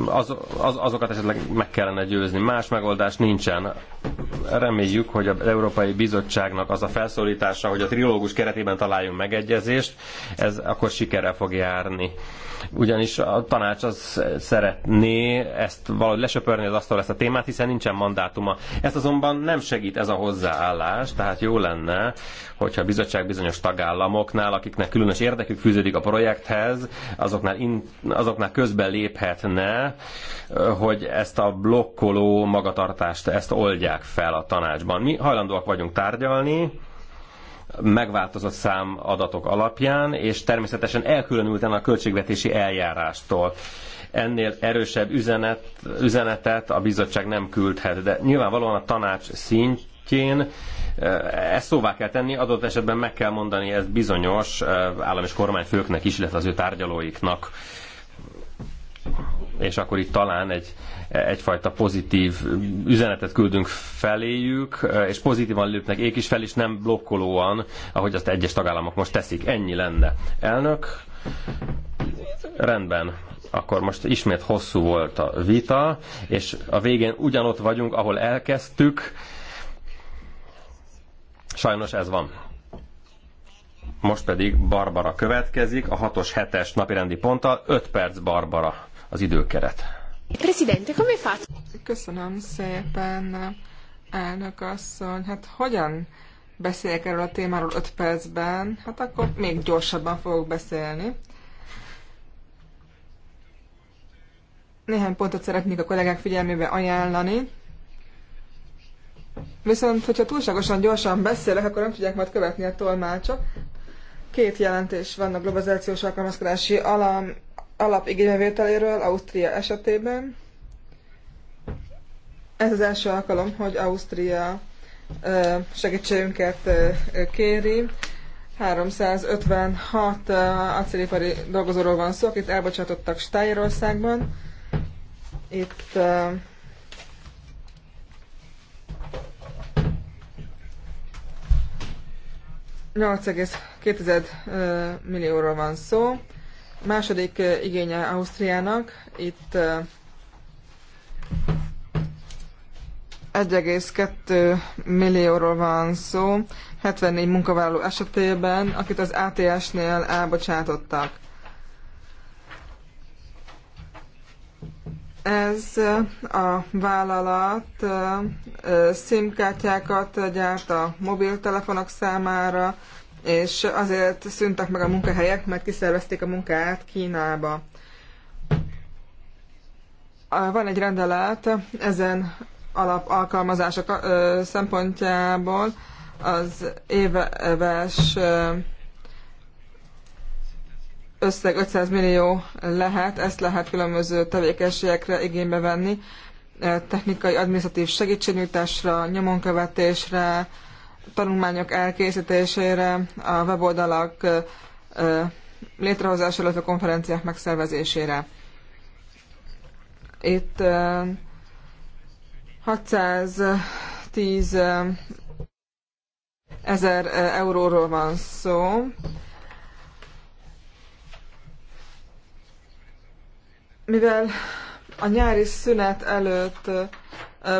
az, az, azokat esetleg meg kellene győzni. Más megoldás nincsen. Reméljük, hogy az Európai Bizottságnak az a felszólítása, hogy a trilógus keretében találjunk megegyezést, ez akkor sikere fog járni ugyanis a tanács az szeretné ezt valahogy lesöpörni az asztal ezt a témát, hiszen nincsen mandátuma. Ezt azonban nem segít ez a hozzáállás, tehát jó lenne, hogyha a bizottság bizonyos tagállamoknál, akiknek különös érdekük fűződik a projekthez, azoknál, in, azoknál közben léphetne, hogy ezt a blokkoló magatartást, ezt oldják fel a tanácsban. Mi hajlandóak vagyunk tárgyalni, megváltozott szám adatok alapján, és természetesen elkülönülten a költségvetési eljárástól. Ennél erősebb üzenet, üzenetet a bizottság nem küldhet, de nyilvánvalóan a tanács szintjén e, ezt szóvá kell tenni, adott esetben meg kell mondani ezt bizonyos e, állam és kormányfőknek is, illetve az ő tárgyalóiknak. És akkor itt talán egy egyfajta pozitív üzenetet küldünk feléjük, és pozitívan lépnek ők is fel, és nem blokkolóan, ahogy azt egyes tagállamok most teszik. Ennyi lenne. Elnök, rendben akkor most ismét hosszú volt a vita, és a végén ugyanott vagyunk, ahol elkezdtük. Sajnos ez van. Most pedig Barbara következik, a 6-os, 7-es napirendi ponttal, 5 perc Barbara az időkeret. Presidente, come Köszönöm szépen, elnök asszony. Hát hogyan beszéljek erről a témáról 5 percben? Hát akkor még gyorsabban fogok beszélni. Néhány pontot szeretnék a kollégák figyelmébe ajánlani. Viszont, hogyha túlságosan gyorsan beszélek, akkor nem tudják majd követni a tolmácsok. Két jelentés van a globalizációs alkalmazkodási alam alap Ausztria esetében. Ez az első alkalom, hogy Ausztria segítségünket kéri. 356 acélipari dolgozóról van szó, akit elbocsátottak Stájerországban. Itt uh, millióról van szó. Második igénye Ausztriának, itt 1,2 millióról van szó, 74 munkavállaló esetében, akit az ATS-nél elbocsátottak. Ez a vállalat SIM-kártyákat gyárt a mobiltelefonok számára, és azért szűntek meg a munkahelyek, mert kiszervezték a munkát Kínába. Van egy rendelet ezen alap alkalmazások szempontjából az éves összeg 500 millió lehet, ezt lehet különböző tevékenységekre igénybe venni, technikai, adminisztratív segítségnyújtásra, nyomonkövetésre, tanulmányok elkészítésére, a weboldalak létrehozása, illetve konferenciák megszervezésére. Itt 610 ezer euróról van szó. Mivel a nyári szünet előtt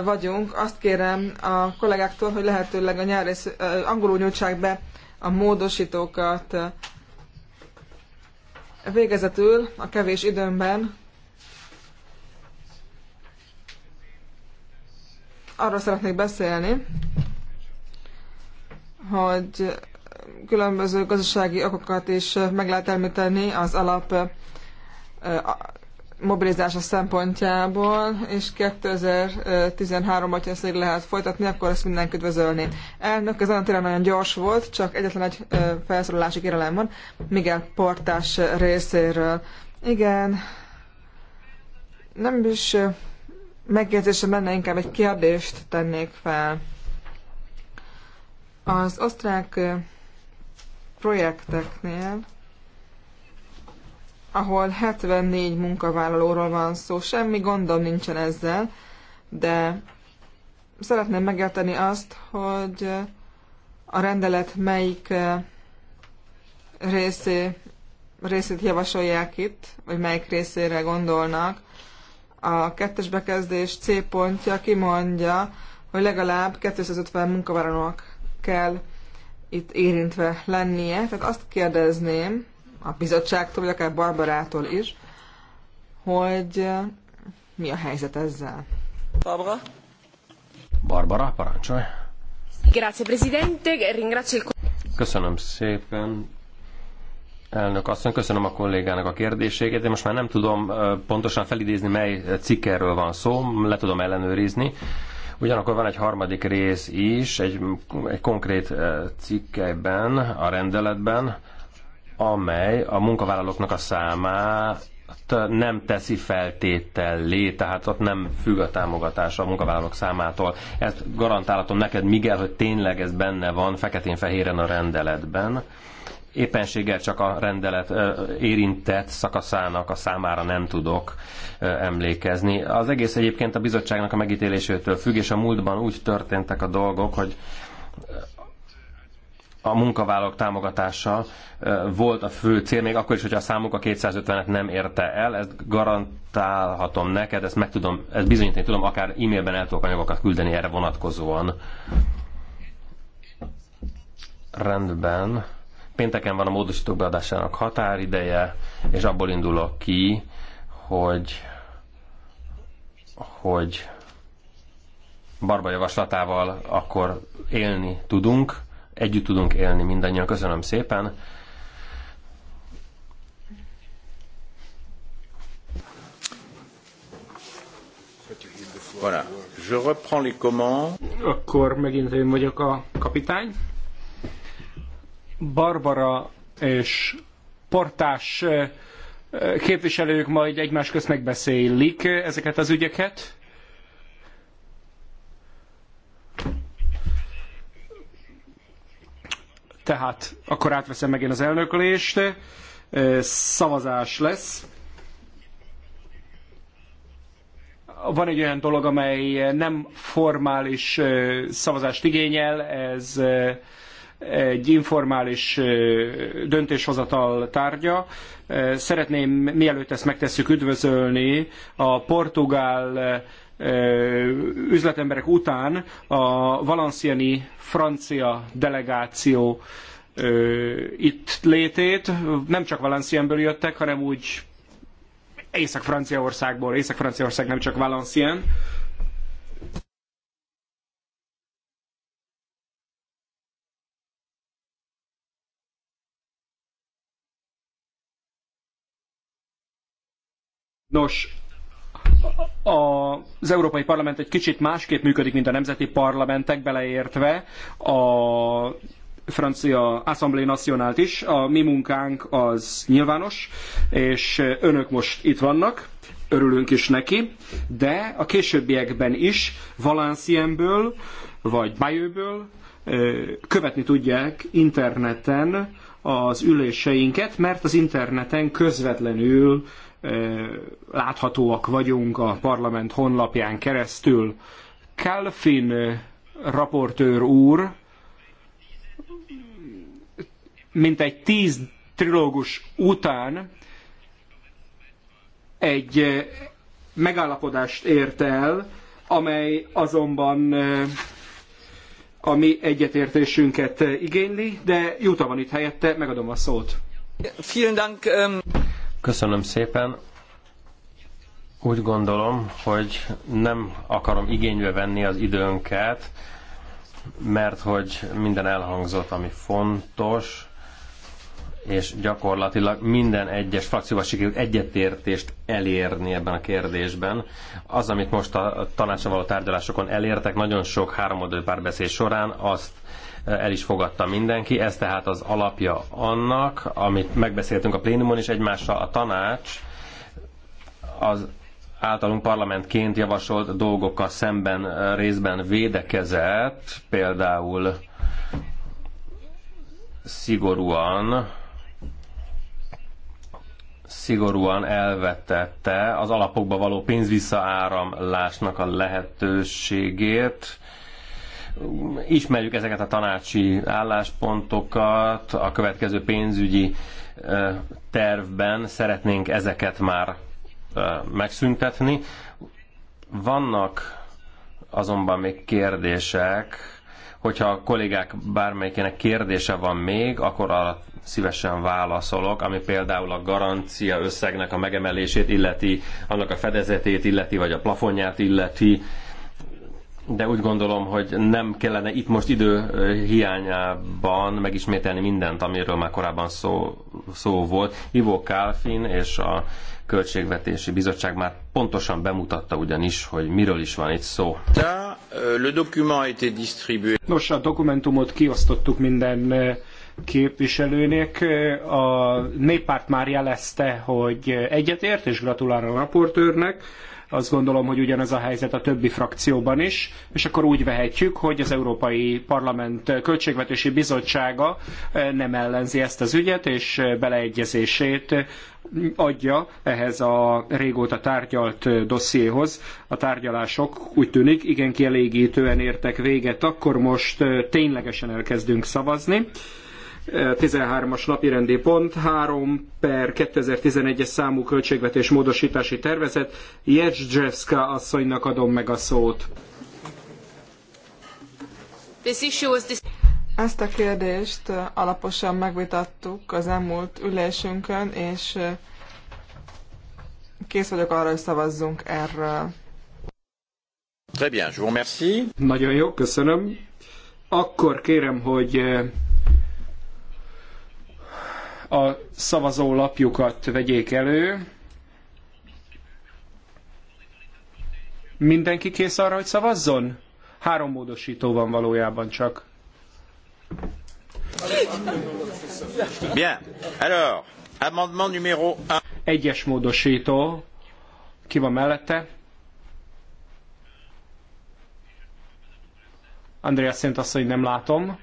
vagyunk, azt kérem a kollégáktól, hogy lehetőleg a nyári angolul nyújtsák be a módosítókat. Végezetül a kevés időmben arról szeretnék beszélni, hogy különböző gazdasági okokat is meg lehet említeni az alap mobilizása szempontjából, és 2013-ban, ha ezt így lehet folytatni, akkor ezt mindenki üdvözölni. Elnök, ez a tényleg nagyon gyors volt, csak egyetlen egy felszólalási kérelem van, Miguel Portás részéről. Igen, nem is megjegyzésem lenne, inkább egy kérdést tennék fel. Az osztrák projekteknél ahol 74 munkavállalóról van szó. Semmi gondom nincsen ezzel, de szeretném megérteni azt, hogy a rendelet melyik eh, részé, részét javasolják itt, vagy melyik részére gondolnak. A kettes bekezdés C pontja kimondja, hogy legalább 250 munkavállalónak kell itt érintve lennie. Tehát azt kérdezném, a bizottságtól, vagy akár Barbarától is, hogy mi a helyzet ezzel. Barbara? Barbara, parancsolj! Grazie, Presidente, ringrazio il... Köszönöm szépen, Elnök asszony, köszönöm a kollégának a kérdéséget. Én most már nem tudom pontosan felidézni, mely cikkerről van szó, le tudom ellenőrizni. Ugyanakkor van egy harmadik rész is, egy, egy konkrét cikkelyben, a rendeletben, amely a munkavállalóknak a számát nem teszi feltétellé, tehát ott nem függ a támogatás a munkavállalók számától. Ezt garantálatom neked, Miguel, hogy tényleg ez benne van feketén-fehéren a rendeletben. Éppenséggel csak a rendelet érintett szakaszának a számára nem tudok emlékezni. Az egész egyébként a bizottságnak a megítélésétől függ, és a múltban úgy történtek a dolgok, hogy a munkavállalók támogatása volt a fő cél, még akkor is, hogyha a számunk a 250-et nem érte el, ezt garantálhatom neked, ezt meg tudom, ezt bizonyítani tudom, akár e-mailben el tudok anyagokat küldeni erre vonatkozóan. Rendben. Pénteken van a módosítók beadásának határideje, és abból indulok ki, hogy hogy Barba javaslatával akkor élni tudunk, együtt tudunk élni mindannyian. Köszönöm szépen. Voilà. Je reprends les commandes. Akkor megint én vagyok a kapitány. Barbara és portás eh, képviselők majd egymás közt megbeszélik ezeket az ügyeket. Tehát akkor átveszem meg én az elnöklést, szavazás lesz. Van egy olyan dolog, amely nem formális szavazást igényel, ez egy informális döntéshozatal tárgya. Szeretném, mielőtt ezt megtesszük, üdvözölni a portugál üzletemberek után a valenciani francia delegáció itt létét. Nem csak Valencienből jöttek, hanem úgy Észak-Franciaországból. Észak-Franciaország nem csak Valencien. Nos, az Európai Parlament egy kicsit másképp működik, mint a nemzeti parlamentek, beleértve a francia Assemblée Nationalt is. A mi munkánk az nyilvános, és önök most itt vannak, örülünk is neki, de a későbbiekben is Valencienből vagy Bayeux-ből követni tudják interneten az üléseinket, mert az interneten közvetlenül láthatóak vagyunk a parlament honlapján keresztül. Calfin raportőr úr mintegy tíz trilógus után egy megállapodást ért el, amely azonban a mi egyetértésünket igényli, de Juta van itt helyette, megadom a szót. Köszönöm szépen. Úgy gondolom, hogy nem akarom igénybe venni az időnket, mert hogy minden elhangzott, ami fontos, és gyakorlatilag minden egyes frakcióval sikerült egyetértést elérni ebben a kérdésben. Az, amit most a tanácsa való tárgyalásokon elértek, nagyon sok háromoldalú párbeszéd során azt el is fogadta mindenki. Ez tehát az alapja annak, amit megbeszéltünk a plénumon, is egymással a tanács az általunk parlamentként javasolt dolgokkal szemben részben védekezett, például szigorúan szigorúan elvetette az alapokba való pénzvisszaáramlásnak a lehetőségét, Ismerjük ezeket a tanácsi álláspontokat, a következő pénzügyi tervben szeretnénk ezeket már megszüntetni. Vannak azonban még kérdések, hogyha a kollégák bármelyikének kérdése van még, akkor arra szívesen válaszolok, ami például a garancia összegnek a megemelését illeti, annak a fedezetét illeti, vagy a plafonját illeti, de úgy gondolom, hogy nem kellene itt most idő hiányában megismételni mindent, amiről már korábban szó, szó volt. Ivo Kálfin és a Költségvetési Bizottság már pontosan bemutatta ugyanis, hogy miről is van itt szó. Euh, Nos, a dokumentumot kiosztottuk minden képviselőnek. A néppárt már jelezte, hogy egyetért, és gratulál a raportőrnek azt gondolom, hogy ugyanez a helyzet a többi frakcióban is, és akkor úgy vehetjük, hogy az Európai Parlament Költségvetési Bizottsága eh, nem ellenzi ezt az ügyet, és eh, beleegyezését adja ehhez a régóta tárgyalt eh, dossziéhoz. A tárgyalások úgy tűnik igen kielégítően értek véget, akkor most ténylegesen elkezdünk szavazni. 13-as napirendi pont, 3 per 2011-es számú költségvetés módosítási tervezet. Jedzsevszka asszonynak adom meg a szót. Ezt a kérdést alaposan megvitattuk az elmúlt ülésünkön, és kész vagyok arra, hogy szavazzunk erről. Très bien, je vous remercie. Nagyon jó, köszönöm. Akkor kérem, hogy a szavazólapjukat vegyék elő. Mindenki kész arra, hogy szavazzon? Három módosító van valójában csak. Bien. Alors, amendement numéro 1. Egyes módosító. Ki van mellette? Andrea szerint azt, hogy nem látom.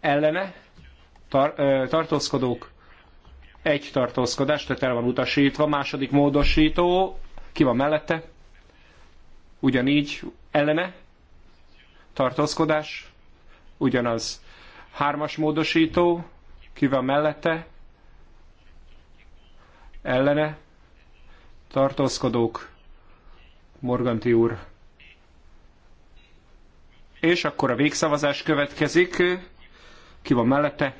Ellene? tar, tartózkodók, egy tartózkodás, tehát el van utasítva, második módosító, ki van mellette, ugyanígy ellene, tartózkodás, ugyanaz. Hármas módosító, ki van mellette, ellene, tartózkodók, Morganti úr. És akkor a végszavazás következik. Ki van mellette?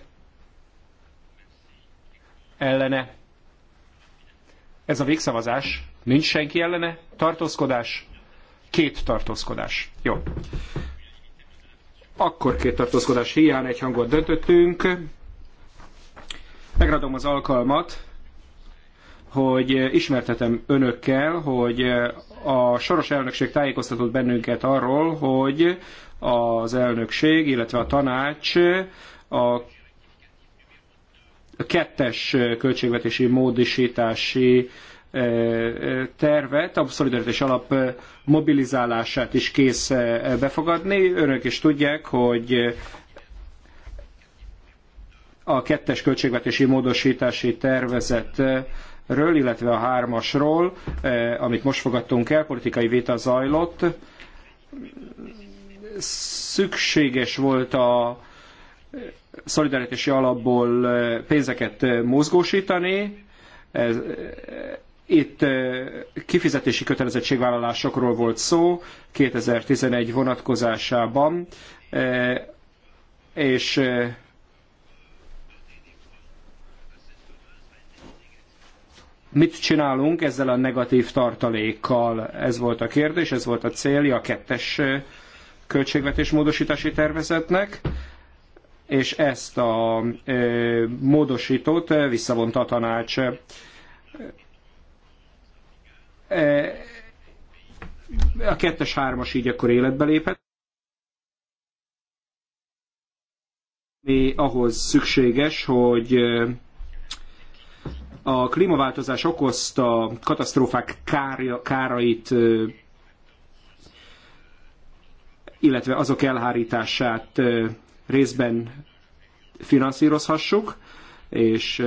ellene. Ez a végszavazás. Nincs senki ellene. Tartózkodás. Két tartózkodás. Jó. Akkor két tartózkodás hiány egy hangot döntöttünk. Megradom az alkalmat, hogy ismertetem önökkel, hogy a soros elnökség tájékoztatott bennünket arról, hogy az elnökség, illetve a tanács a kettes költségvetési módosítási tervet, a szolidaritás alap mobilizálását is kész befogadni. Önök is tudják, hogy a kettes költségvetési módosítási tervezet ről, illetve a hármasról, amit most fogadtunk el, politikai vita zajlott. Szükséges volt a szolidaritási alapból pénzeket mozgósítani. Ez, itt kifizetési kötelezettségvállalásokról volt szó 2011 vonatkozásában, és mit csinálunk ezzel a negatív tartalékkal? Ez volt a kérdés, ez volt a célja a kettes költségvetés módosítási tervezetnek és ezt a módosítót visszavonta a tanács. A kettes hármas így akkor életbe lépett. Ami ahhoz szükséges, hogy a klímaváltozás okozta katasztrófák kárja, kárait, illetve azok elhárítását részben finanszírozhassuk, és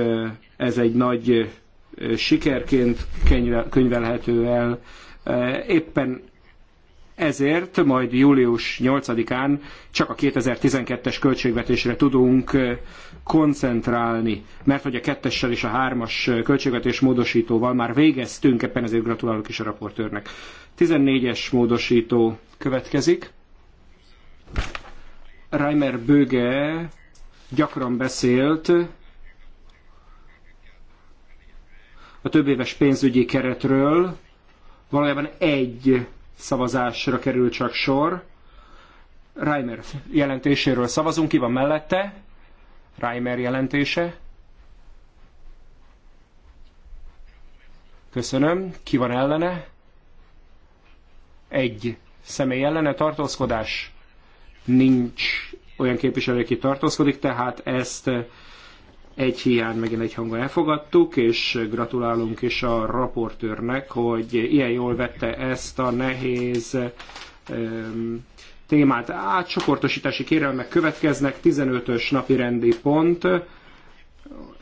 ez egy nagy sikerként könyvelhető el. Éppen ezért majd július 8-án csak a 2012-es költségvetésre tudunk koncentrálni, mert hogy a kettessel és a hármas költségvetés módosítóval már végeztünk, éppen ezért gratulálok is a raportőrnek. 14-es módosító következik. Reimer Böge gyakran beszélt a éves pénzügyi keretről, valójában egy szavazásra kerül csak sor. Reimer jelentéséről szavazunk, ki van mellette? Reimer jelentése. Köszönöm. Ki van ellene? Egy személy ellene tartózkodás nincs olyan képviselő, aki tartózkodik, tehát ezt eh, egy hiány megint egy hangon elfogadtuk, és gratulálunk is a raportőrnek, hogy ilyen jól vette ezt a nehéz um, témát. Átcsoportosítási kérelmek következnek, 15-ös napi rendi pont.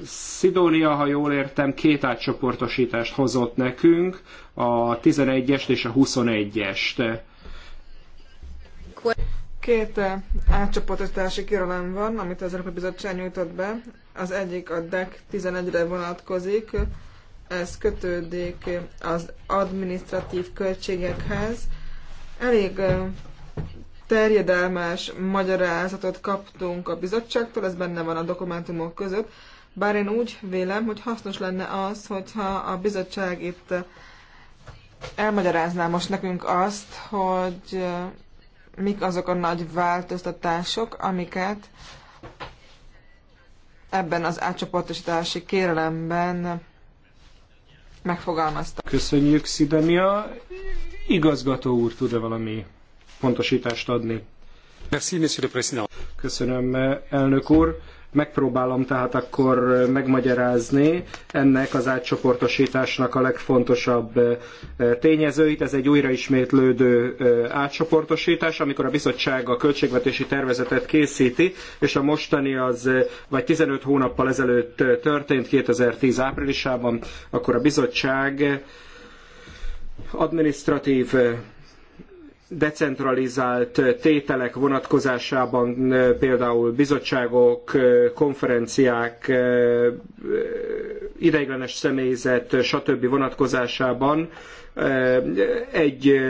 Szidónia, ha jól értem, két átcsoportosítást hozott nekünk, a 11-est és a 21-est. Két eh, átcsoportosítási kérelem van, amit az Európai Bizottság nyújtott be. Az egyik a DEC 11-re vonatkozik, ez kötődik az administratív költségekhez. Elég eh, terjedelmes magyarázatot kaptunk a bizottságtól, ez benne van a dokumentumok között, bár én úgy vélem, hogy hasznos lenne az, hogyha a bizottság itt eh, elmagyarázná most nekünk azt, hogy mik azok a nagy változtatások, amiket ebben az átcsoportosítási kérelemben megfogalmaztak. Köszönjük, Szidemia. Igazgató úr tud-e valami pontosítást adni? Merci, monsieur le président. Köszönöm, elnök úr. Megpróbálom tehát akkor megmagyarázni ennek az átcsoportosításnak a legfontosabb tényezőit. Ez egy újraismétlődő átcsoportosítás, amikor a bizottság a költségvetési tervezetet készíti, és a mostani az, vagy 15 hónappal ezelőtt történt, 2010 áprilisában, akkor a bizottság administratív decentralizált tételek vonatkozásában például bizottságok, konferenciák, ideiglenes személyzet, stb. vonatkozásában egy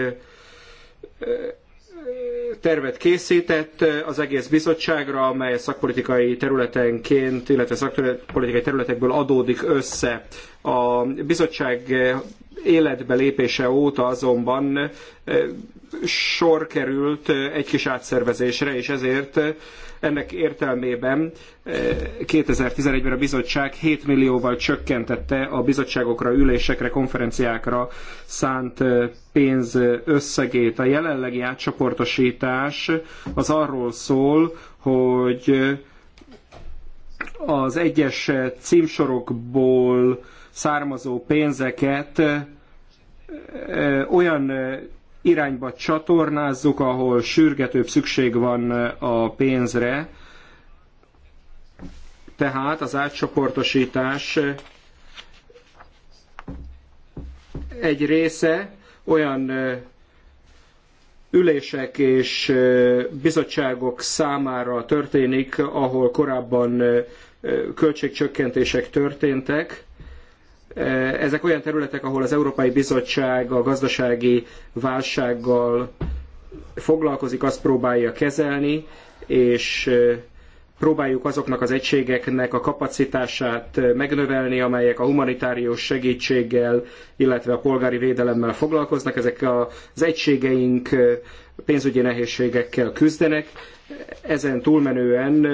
tervet készített az egész bizottságra, amely szakpolitikai területenként, illetve szakpolitikai területekből adódik össze. A bizottság életbe lépése óta azonban sor került egy kis átszervezésre, és ezért ennek értelmében 2011-ben a bizottság 7 millióval csökkentette a bizottságokra, ülésekre, konferenciákra szánt pénz összegét. A jelenlegi átcsoportosítás az arról szól, hogy az egyes címsorokból származó pénzeket olyan irányba csatornázzuk, ahol sürgetőbb szükség van eh, a pénzre, tehát az átcsoportosítás eh, egy része olyan eh, ülések és bizottságok számára történik, ahol korábban költségcsökkentések történtek, Eh, ezek olyan területek, ahol az Európai Bizottság a gazdasági válsággal foglalkozik, azt próbálja kezelni, és eh, próbáljuk azoknak az egységeknek a kapacitását eh, megnövelni, amelyek a humanitárius segítséggel, illetve a polgári védelemmel foglalkoznak. Ezek az egységeink pénzügyi nehézségekkel küzdenek. Ezen túlmenően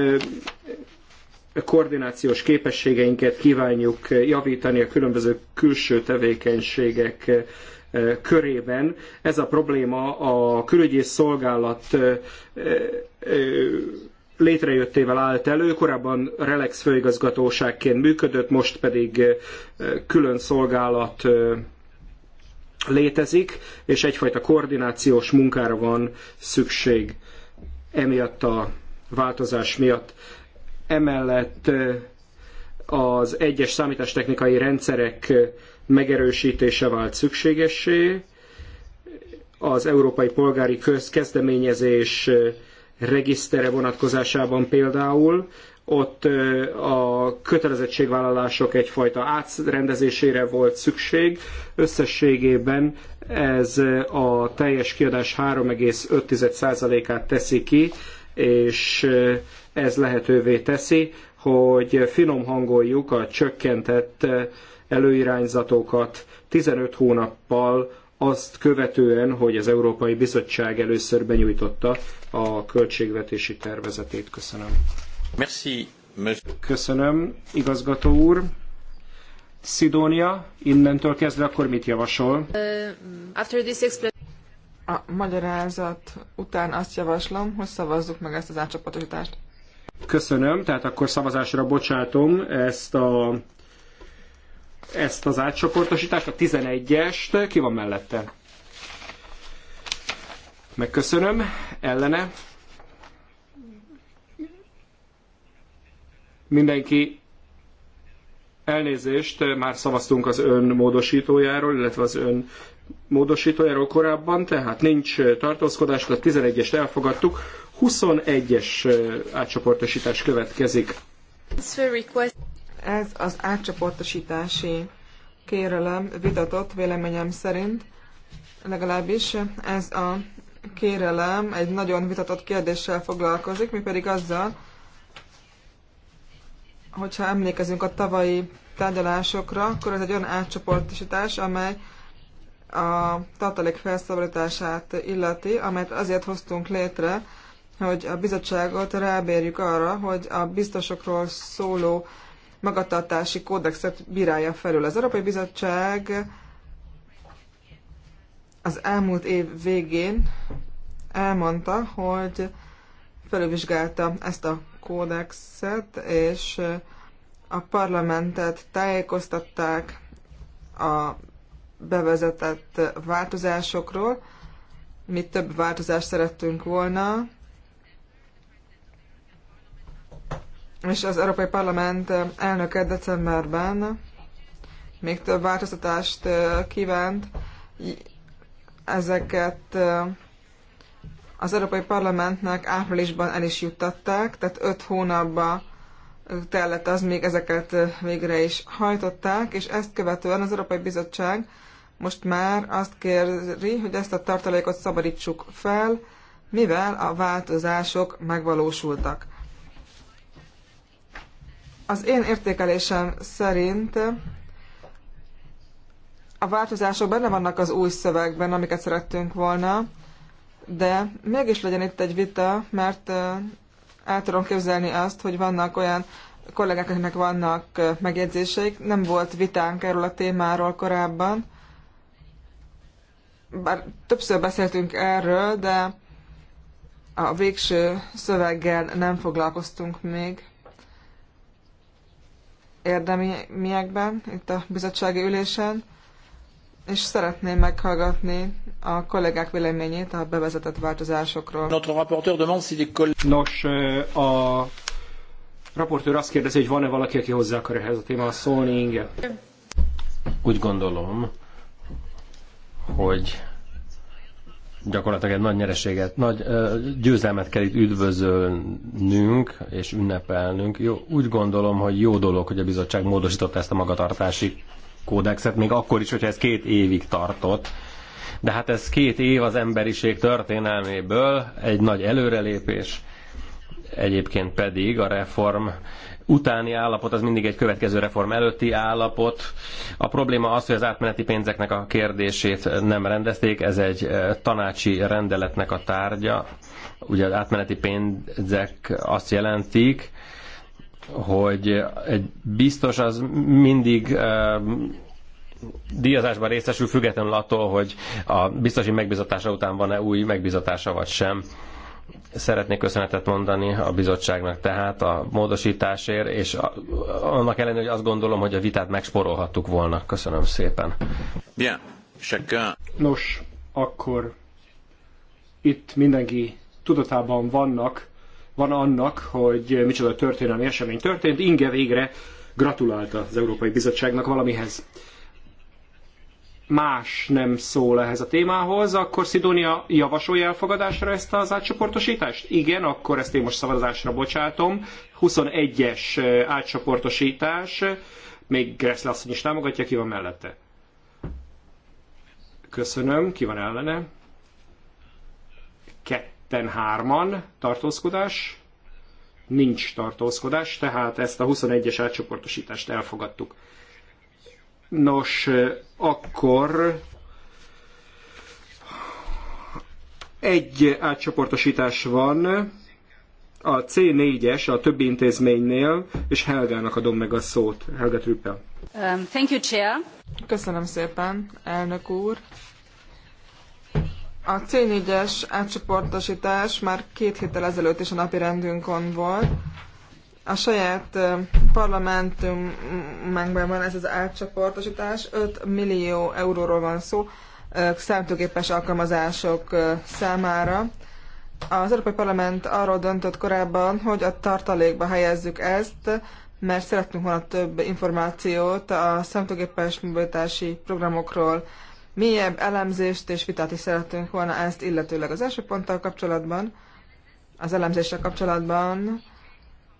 koordinációs képességeinket kívánjuk javítani a különböző külső tevékenységek eh, körében. Ez a probléma a külügyi szolgálat eh, eh, létrejöttével állt elő, korábban Relex főigazgatóságként működött, most pedig külön szolgálat létezik, és egyfajta koordinációs munkára van szükség emiatt a változás miatt. Emellett az egyes számítástechnikai rendszerek megerősítése vált szükségessé, az Európai Polgári Közkezdeményezés regisztere vonatkozásában például, ott a kötelezettségvállalások egyfajta átrendezésére volt szükség. Összességében ez a teljes kiadás 3,5%-át teszi ki, és ez lehetővé teszi, hogy finom hangoljuk a csökkentett előirányzatokat 15 hónappal azt követően, hogy az Európai Bizottság először benyújtotta a költségvetési tervezetét. Köszönöm. Merci. Köszönöm, igazgató úr. Szidónia, innentől kezdve akkor mit javasol? a magyarázat után azt javaslom, hogy szavazzuk meg ezt az átcsoportosítást. Köszönöm, tehát akkor szavazásra bocsátom ezt a ezt az átcsoportosítást, a 11-est, ki van mellette? Megköszönöm, ellene. Mindenki elnézést, már szavaztunk az ön módosítójáról, illetve az ön módosítójáról korábban, tehát nincs tartózkodás, a 11-est elfogadtuk, 21-es átcsoportosítás következik. Ez az átcsoportosítási kérelem vitatott véleményem szerint, legalábbis ez a kérelem egy nagyon vitatott kérdéssel foglalkozik, mi pedig azzal, hogyha emlékezünk a tavalyi tárgyalásokra, akkor ez egy olyan átcsoportosítás, amely a tartalék felszabadítását illeti, amelyet azért hoztunk létre, hogy a bizottságot rábérjük arra, hogy a biztosokról szóló magatartási kódexet bírálja felül. Az Európai Bizottság az elmúlt év végén elmondta, hogy felülvizsgálta ezt a kódexet, és a parlamentet tájékoztatták a bevezetett változásokról. Mi több változást szerettünk volna, és az Európai Parlament elnöke decemberben még több változtatást kívánt. Ezeket az Európai Parlamentnek áprilisban el is juttatták, tehát öt hónapba tellett az, még ezeket végre is hajtották, és ezt követően az Európai Bizottság most már azt kéri, hogy ezt a tartalékot szabadítsuk fel, mivel a változások megvalósultak. Az én értékelésem szerint a változások benne vannak az új szövegben, amiket szerettünk volna, de mégis legyen itt egy vita, mert el tudom képzelni azt, hogy vannak olyan kollégák, akiknek vannak megjegyzéseik. Nem volt vitánk erről a témáról korábban, bár többször beszéltünk erről, de a végső szöveggel nem foglalkoztunk még érdemiekben, itt a bizottsági ülésen, és szeretném meghallgatni a kollégák véleményét a bevezetett változásokról. Nos, a raportőr azt kérdezi, hogy van-e valaki, aki hozzá akar ehhez a témához szólni, Inge? Úgy gondolom, hogy gyakorlatilag egy nagy nyereséget, nagy győzelmet kell itt üdvözölnünk és ünnepelnünk. Jó, úgy gondolom, hogy jó dolog, hogy a bizottság módosította ezt a magatartási kódexet, még akkor is, hogyha ez két évig tartott. De hát ez két év az emberiség történelméből egy nagy előrelépés, egyébként pedig a reform utáni állapot az mindig egy következő reform előtti állapot. A probléma az, hogy az átmeneti pénzeknek a kérdését nem rendezték, ez egy eh, tanácsi rendeletnek a tárgya. Ugye az átmeneti pénzek azt jelentik, hogy egy biztos az mindig eh, díjazásban részesül, függetlenül attól, hogy a biztosi megbizatása után van-e új megbizatása vagy sem. Szeretnék köszönetet mondani a bizottságnak tehát a módosításért, és annak ellenére, hogy azt gondolom, hogy a vitát megsporolhattuk volna. Köszönöm szépen. Bien, Nos, akkor itt mindenki tudatában vannak, van annak, hogy micsoda történelmi esemény történt. Inge végre gratulálta az Európai Bizottságnak valamihez más nem szól ehhez a témához, akkor Szidónia javasolja elfogadásra ezt az átcsoportosítást? Igen, akkor ezt én most szavazásra bocsátom. 21-es eh, átcsoportosítás, még Gressle asszony is támogatja, ki van mellette? Köszönöm, ki van ellene? Ketten, hárman, tartózkodás? Nincs tartózkodás, tehát ezt a 21-es átcsoportosítást elfogadtuk. Nos, eh, akkor egy átcsoportosítás van a C4-es, a többi intézménynél, és Helgának adom meg a szót. Helga Trüppel. Um, thank you, Chair. Köszönöm szépen, elnök úr. A C4-es átcsoportosítás már két héttel ezelőtt is a napi rendünkön volt. A saját parlamentünkben van ez az átcsoportosítás, 5 millió euróról van szó számítógépes alkalmazások számára. Az Európai Parlament arról döntött korábban, hogy a tartalékba helyezzük ezt, mert szerettünk volna több információt a számítógépes mobilitási programokról. Mélyebb elemzést és vitát is szeretünk volna ezt illetőleg. Az első ponttal kapcsolatban, az elemzéssel kapcsolatban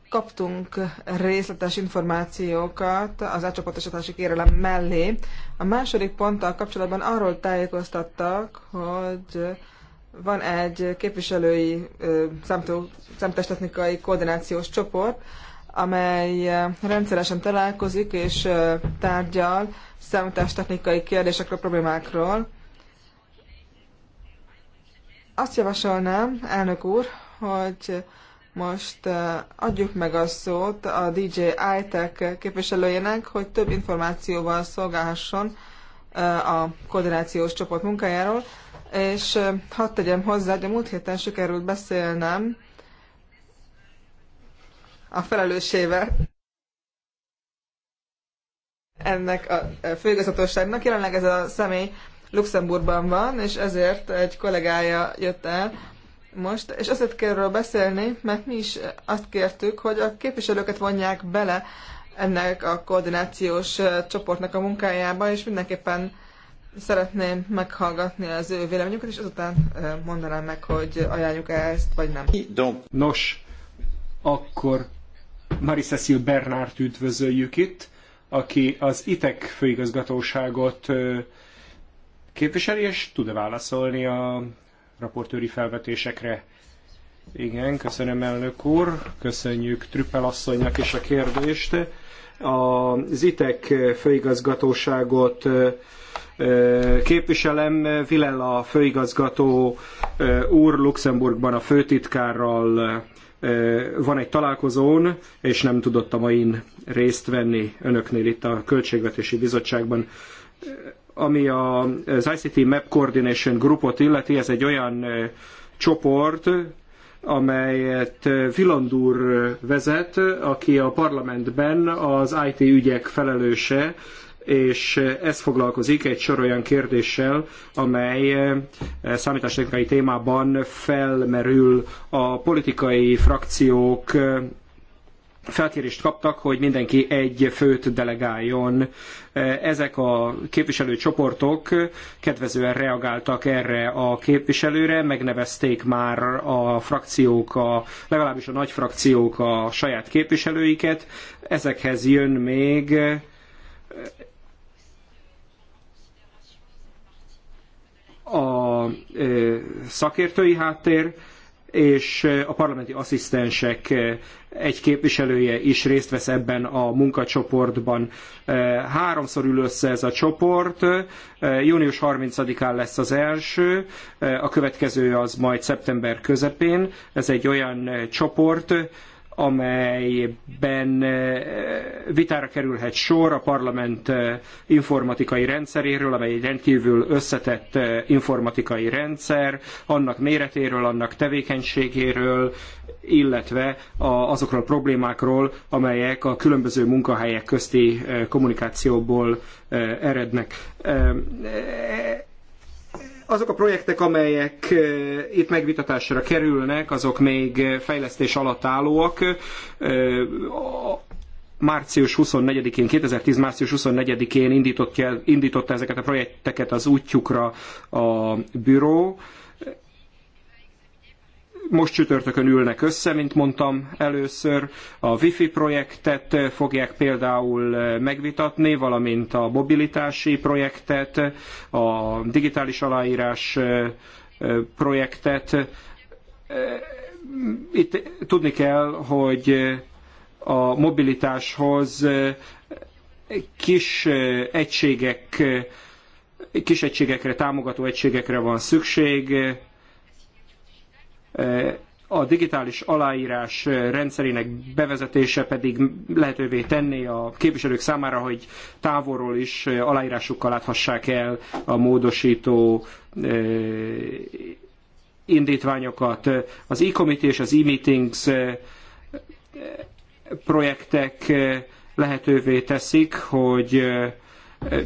kaptunk részletes információkat az átcsoportosítási kérelem mellé. A második ponttal kapcsolatban arról tájékoztattak, hogy van egy képviselői szemtestetnikai koordinációs csoport, amely rendszeresen találkozik és tárgyal szemtestetnikai kérdésekről, problémákról. Azt javasolnám, elnök úr, hogy most adjuk meg a szót a DJ ITEC képviselőjének, hogy több információval szolgálhasson a koordinációs csoport munkájáról, és hadd tegyem hozzá, hogy a múlt héten sikerült beszélnem a felelősével ennek a főigazgatóságnak. Jelenleg ez a személy Luxemburgban van, és ezért egy kollégája jött el, most, és azért kell erről beszélni, mert mi is azt kértük, hogy a képviselőket vonják bele ennek a koordinációs csoportnak a munkájába, és mindenképpen szeretném meghallgatni az ő véleményüket, és azután mondanám meg, hogy ajánljuk -e ezt, vagy nem. Nos, akkor Marie-Cécile Bernárt üdvözöljük itt, aki az ITEK főigazgatóságot képviseli, és tud-e válaszolni a raportőri felvetésekre. Igen, köszönöm elnök úr, köszönjük Trüppel asszonynak is a kérdést. A ZITEK főigazgatóságot képviselem, a főigazgató úr Luxemburgban a főtitkárral van egy találkozón, és nem tudott a mai részt venni önöknél itt a Költségvetési Bizottságban. Ami a, az ICT Map Coordination Groupot illeti, ez egy olyan csoport, amelyet Vilandúr vezet, aki a parlamentben az IT ügyek felelőse, és ez foglalkozik egy sor olyan kérdéssel, amely számítástechnikai témában felmerül a politikai frakciók felkérést kaptak, hogy mindenki egy főt delegáljon. Ezek a képviselőcsoportok kedvezően reagáltak erre a képviselőre, megnevezték már a frakciók, a, legalábbis a nagy frakciók a saját képviselőiket. Ezekhez jön még a szakértői háttér, és a parlamenti asszisztensek egy képviselője is részt vesz ebben a munkacsoportban. Eh, háromszor ül össze ez a csoport, eh, június 30-án lesz az első, eh, a következő az majd szeptember közepén. Ez egy olyan csoport, amelyben eh, vitára kerülhet sor a parlament eh, informatikai rendszeréről, amely egy rendkívül összetett eh, informatikai rendszer, annak méretéről, annak tevékenységéről, illetve azokról a problémákról, amelyek a különböző munkahelyek közti kommunikációból erednek azok a projektek, amelyek itt megvitatásra kerülnek, azok még fejlesztés alatt állóak március 24-én, 2010 március 24-én indította, indította ezeket a projekteket az útjukra a büró most csütörtökön ülnek össze, mint mondtam először. A Wi-Fi projektet fogják például megvitatni, valamint a mobilitási projektet, a digitális aláírás projektet. Itt tudni kell, hogy a mobilitáshoz kis egységek, kis egységekre, támogató egységekre van szükség, a digitális aláírás rendszerének bevezetése pedig lehetővé tenné a képviselők számára, hogy távolról is aláírásukkal láthassák el a módosító indítványokat. Az e-committee és az e-meetings projektek lehetővé teszik, hogy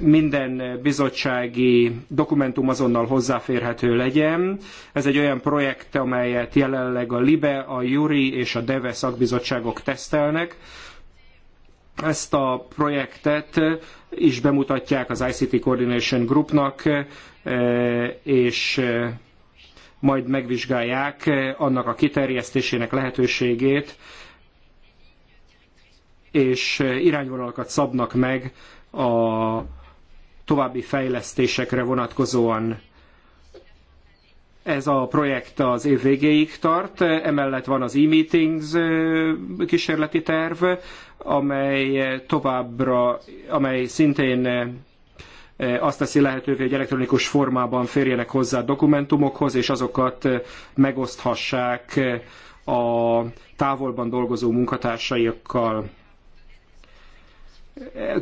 minden bizottsági dokumentum azonnal hozzáférhető legyen. Ez egy olyan projekt, amelyet jelenleg a LIBE, a JURI és a DEVE szakbizottságok tesztelnek. Ezt a projektet is bemutatják az ICT Coordination Groupnak, eh, és eh, majd megvizsgálják annak a kiterjesztésének lehetőségét, és eh, irányvonalakat szabnak meg a további fejlesztésekre vonatkozóan ez a projekt az év végéig tart, emellett van az e-meetings kísérleti terv, amely továbbra, amely szintén azt teszi lehetővé, hogy elektronikus formában férjenek hozzá dokumentumokhoz, és azokat megoszthassák a távolban dolgozó munkatársaikkal.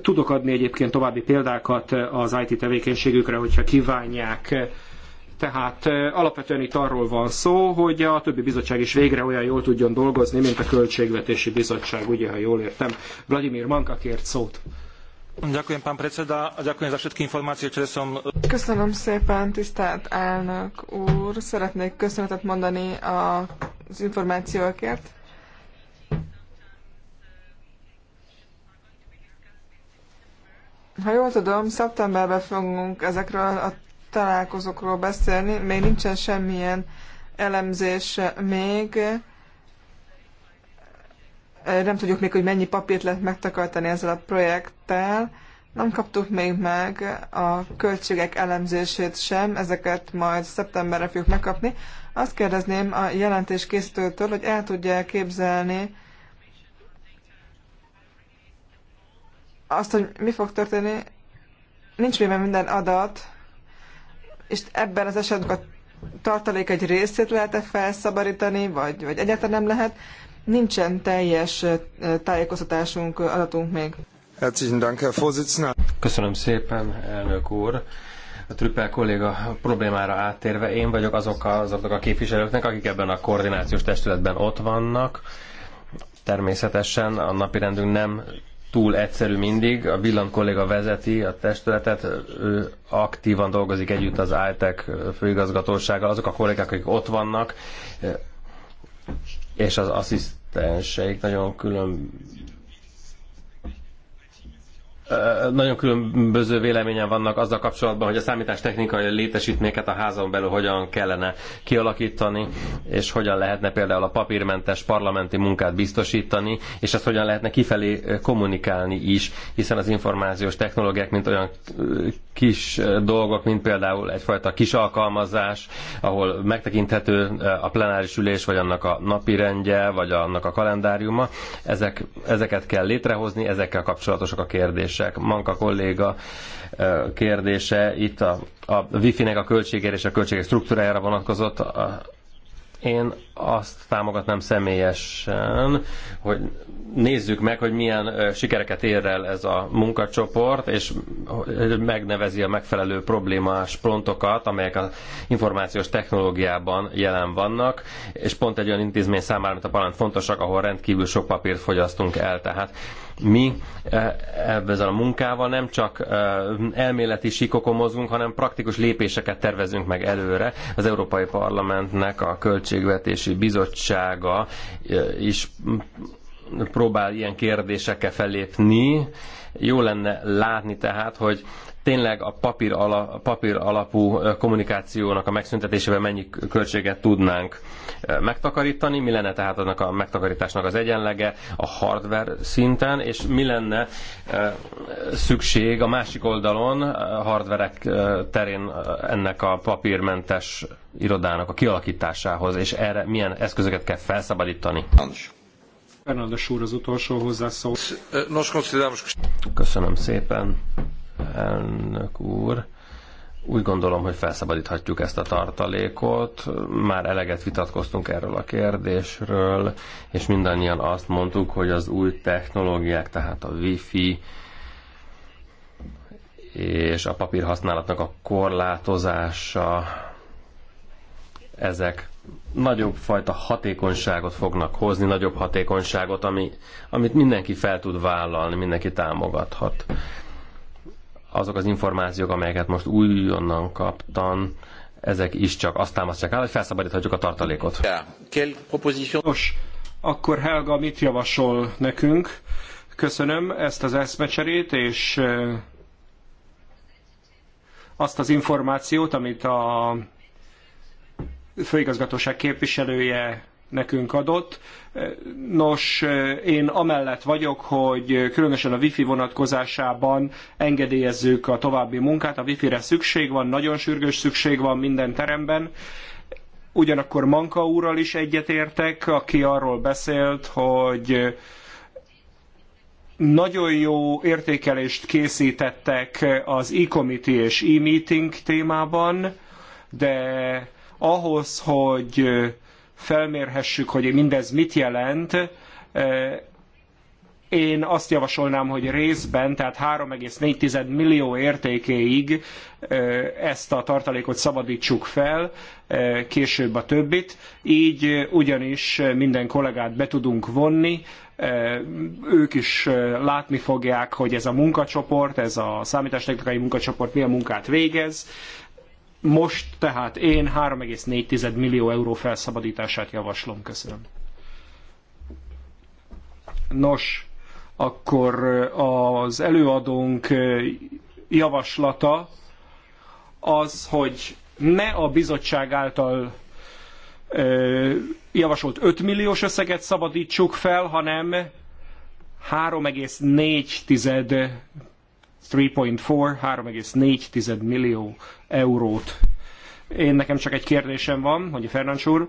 Tudok adni egyébként további példákat az IT tevékenységükre, hogyha kívánják. Tehát eh, alapvetően itt arról van szó, hogy a többi bizottság is végre olyan jól tudjon dolgozni, mint a Költségvetési Bizottság, ugye, ha jól értem. Vladimir Manka kért szót. Köszönöm szépen, tisztelt elnök úr! Szeretnék köszönetet mondani az információkért, Ha jól tudom, szeptemberben fogunk ezekről a találkozókról beszélni, még nincsen semmilyen elemzés még. Nem tudjuk még, hogy mennyi papírt lehet megtakartani ezzel a projekttel. Nem kaptuk még meg a költségek elemzését sem, ezeket majd szeptemberre fogjuk megkapni. Azt kérdezném a jelentés készítőtől, hogy el tudja képzelni, azt, hogy mi fog történni, nincs még minden adat, és ebben az esetben a tartalék egy részét lehet-e felszabadítani, vagy, vagy egyáltalán nem lehet. Nincsen teljes tájékoztatásunk, adatunk még. Köszönöm szépen, elnök úr. A Trüppel kolléga problémára áttérve, én vagyok azok a, azok a képviselőknek, akik ebben a koordinációs testületben ott vannak. Természetesen a napirendünk nem túl egyszerű mindig. A Villan kolléga vezeti a testületet, ő aktívan dolgozik együtt az ITEC főigazgatósággal, azok a kollégák, akik ott vannak, és az asszisztenseik nagyon külön nagyon különböző véleményen vannak azzal kapcsolatban, hogy a számítástechnikai létesítményeket a házon belül hogyan kellene kialakítani, és hogyan lehetne például a papírmentes parlamenti munkát biztosítani, és ezt hogyan lehetne kifelé kommunikálni is, hiszen az információs technológiák, mint olyan kis dolgok, mint például egyfajta kis alkalmazás, ahol megtekinthető a plenáris ülés, vagy annak a napi rendje, vagy annak a kalendáriuma, ezek, ezeket kell létrehozni, ezekkel kapcsolatosak a kérdés kérdések. Manka kolléga kérdése itt a, a fi nek a költségére és a költségek struktúrájára vonatkozott. Én azt támogatnám személyesen, hogy nézzük meg, hogy milyen sikereket ér el ez a munkacsoport, és megnevezi a megfelelő problémás pontokat, amelyek az információs technológiában jelen vannak, és pont egy olyan intézmény számára, mint a parlament fontosak, ahol rendkívül sok papírt fogyasztunk el. Tehát mi eh, ezzel a munkával nem csak eh, elméleti síkokon mozgunk, hanem praktikus lépéseket tervezünk meg előre. Az Európai Parlamentnek a Költségvetési Bizottsága eh, is próbál ilyen kérdésekkel felépni. Jó lenne látni tehát, hogy tényleg a papír, ala, papír alapú kommunikációnak a megszüntetésével mennyi költséget tudnánk megtakarítani, mi lenne tehát annak a megtakarításnak az egyenlege a hardware szinten, és mi lenne szükség a másik oldalon a hardverek terén ennek a papírmentes irodának a kialakításához, és erre milyen eszközöket kell felszabadítani. Fernandes úr az utolsó hozzászó. Köszönöm szépen elnök úr. Úgy gondolom, hogy felszabadíthatjuk ezt a tartalékot. Már eleget vitatkoztunk erről a kérdésről, és mindannyian azt mondtuk, hogy az új technológiák, tehát a wifi és a papírhasználatnak a korlátozása, ezek nagyobb fajta hatékonyságot fognak hozni, nagyobb hatékonyságot, ami, amit mindenki fel tud vállalni, mindenki támogathat azok az információk, amelyeket most újonnan kaptam, ezek is csak azt támasztják el, hogy felszabadíthatjuk a tartalékot. Nos, akkor Helga mit javasol nekünk? Köszönöm ezt az eszmecserét, és eh, azt az információt, amit a főigazgatóság képviselője nekünk adott. Nos, én amellett vagyok, hogy különösen a wifi vonatkozásában engedélyezzük a további munkát. A wifi-re szükség van, nagyon sürgős szükség van minden teremben. Ugyanakkor Manka úrral is egyetértek, aki arról beszélt, hogy nagyon jó értékelést készítettek az e-committee és e-meeting témában, de ahhoz, hogy felmérhessük, hogy mindez mit jelent, én azt javasolnám, hogy részben, tehát 3,4 millió értékéig ezt a tartalékot szabadítsuk fel, később a többit, így ugyanis minden kollégát be tudunk vonni, ők is látni fogják, hogy ez a munkacsoport, ez a számítástechnikai munkacsoport milyen munkát végez, most tehát én 3,4 millió euró felszabadítását javaslom. Köszönöm. Nos, akkor az előadónk javaslata az, hogy ne a bizottság által javasolt 5 milliós összeget szabadítsuk fel, hanem 3,4 3,4 millió eurót. Én nekem csak egy kérdésem van, hogy a Fernancs úr.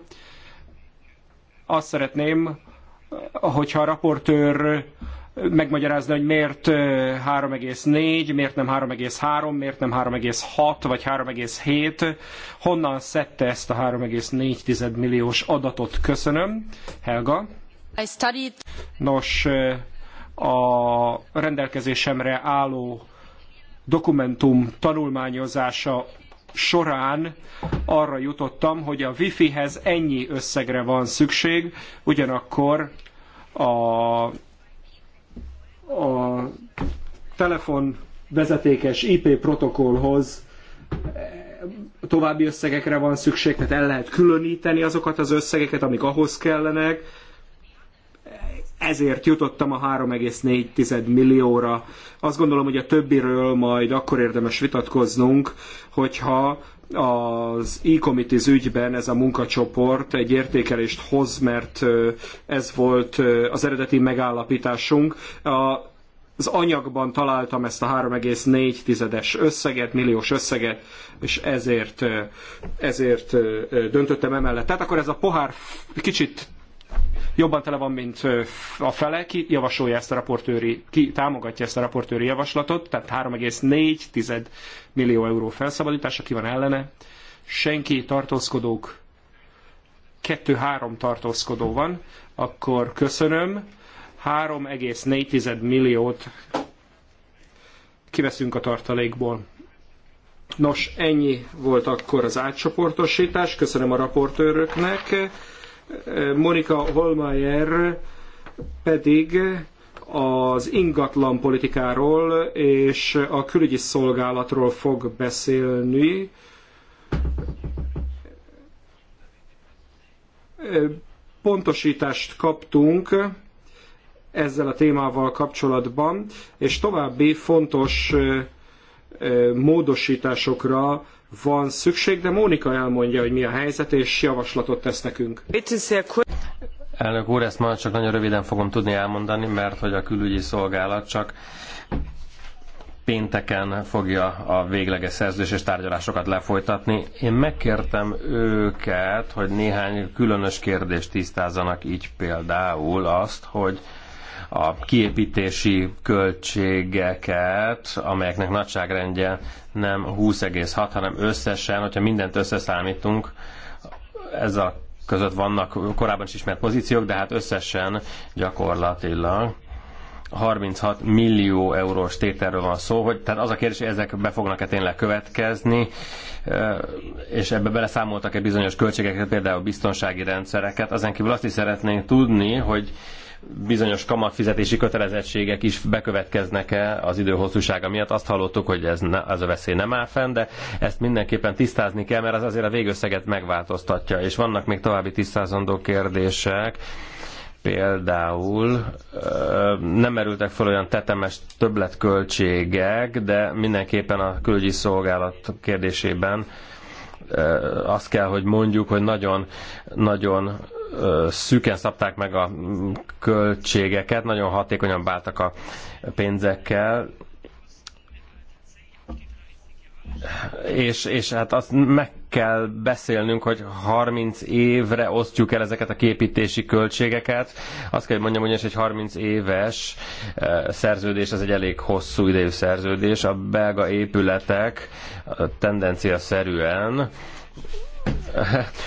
Azt szeretném, hogyha a raportőr megmagyarázni, hogy miért 3,4, miért nem 3,3, miért nem 3,6 vagy 3,7, honnan szedte ezt a 3,4 milliós adatot. Köszönöm. Helga. I studied... Nos, a rendelkezésemre álló dokumentum tanulmányozása során arra jutottam, hogy a wifi-hez ennyi összegre van szükség, ugyanakkor a, a telefon vezetékes IP protokollhoz további összegekre van szükség, tehát el lehet különíteni azokat az összegeket, amik ahhoz kellenek, ezért jutottam a 3,4 millióra. Azt gondolom, hogy a többiről majd akkor érdemes vitatkoznunk, hogyha az e-committees ügyben ez a munkacsoport egy értékelést hoz, mert ez volt az eredeti megállapításunk. A az anyagban találtam ezt a 3,4-es összeget, milliós összeget, és ezért, ezért döntöttem emellett. Tehát akkor ez a pohár kicsit jobban tele van, mint a fele. Ki javasolja ezt a raportőri, ki támogatja ezt a raportőri javaslatot, tehát 3,4 millió euró felszabadítása, ki van ellene. Senki tartózkodók, kettő-három tartózkodó van, akkor köszönöm. 3,4 milliót kiveszünk a tartalékból. Nos, ennyi volt akkor az átcsoportosítás. Köszönöm a raportőröknek. Monika Holmeyer pedig az ingatlan politikáról és a külügyi szolgálatról fog beszélni. Pontosítást kaptunk ezzel a témával kapcsolatban, és további fontos módosításokra van szükség, de Mónika elmondja, hogy mi a helyzet, és javaslatot tesz nekünk. Elnök úr, ezt ma csak nagyon röviden fogom tudni elmondani, mert hogy a külügyi szolgálat csak pénteken fogja a végleges és tárgyalásokat lefolytatni. Én megkértem őket, hogy néhány különös kérdést tisztázzanak, így például azt, hogy a kiépítési költségeket, amelyeknek nagyságrendje nem 20,6, hanem összesen, hogyha mindent összeszámítunk, ez a között vannak korábban is ismert pozíciók, de hát összesen gyakorlatilag 36 millió eurós tételről van szó, hogy tehát az a kérdés, hogy ezek be fognak-e tényleg következni, és ebbe beleszámoltak-e bizonyos költségeket, például biztonsági rendszereket. Azen kívül azt is szeretnénk tudni, hogy bizonyos kamatfizetési kötelezettségek is bekövetkeznek-e az idő hosszúsága miatt. Azt hallottuk, hogy ez, ne, ez a veszély nem áll fenn, de ezt mindenképpen tisztázni kell, mert az azért a végösszeget megváltoztatja. És vannak még további tisztázandó kérdések például nem merültek fel olyan tetemes többletköltségek, de mindenképpen a külügyi szolgálat kérdésében Eh, azt kell, hogy mondjuk, hogy nagyon, nagyon eh, szűken szabták meg a költségeket, nagyon hatékonyan báltak a pénzekkel, és, és hát azt meg kell beszélnünk, hogy 30 évre osztjuk el ezeket a képítési költségeket. Azt kell, hogy mondjam, hogy egy 30 éves eh, szerződés, ez egy elég hosszú idejű szerződés. A belga épületek tendencia szerűen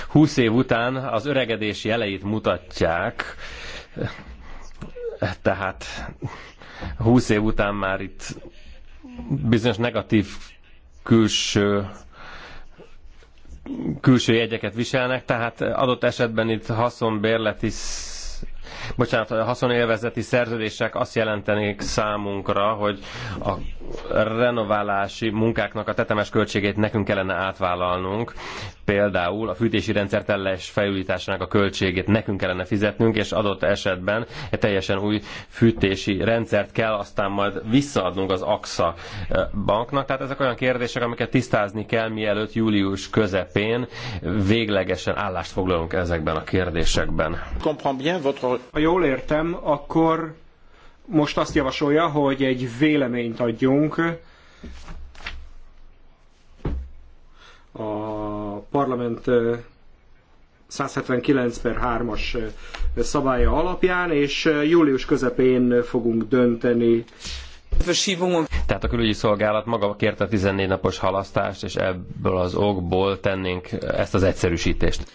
20 év után az öregedés jeleit mutatják, tehát 20 év után már itt bizonyos negatív külső külső jegyeket viselnek, tehát adott esetben itt haszonbérleti bocsánat, a haszonélvezeti szerződések azt jelentenék számunkra, hogy a renoválási munkáknak a tetemes költségét nekünk kellene átvállalnunk, például a fűtési rendszer teljes felújításának a költségét nekünk kellene fizetnünk, és adott esetben egy teljesen új fűtési rendszert kell aztán majd visszaadnunk az AXA banknak. Tehát ezek olyan kérdések, amiket tisztázni kell, mielőtt július közepén véglegesen állást foglalunk ezekben a kérdésekben. Comprend bien votre ha jól értem, akkor most azt javasolja, hogy egy véleményt adjunk a parlament 179 per 3-as szabálya alapján, és július közepén fogunk dönteni. Tehát a külügyi szolgálat maga kérte a 14 napos halasztást, és ebből az okból tennénk ezt az egyszerűsítést.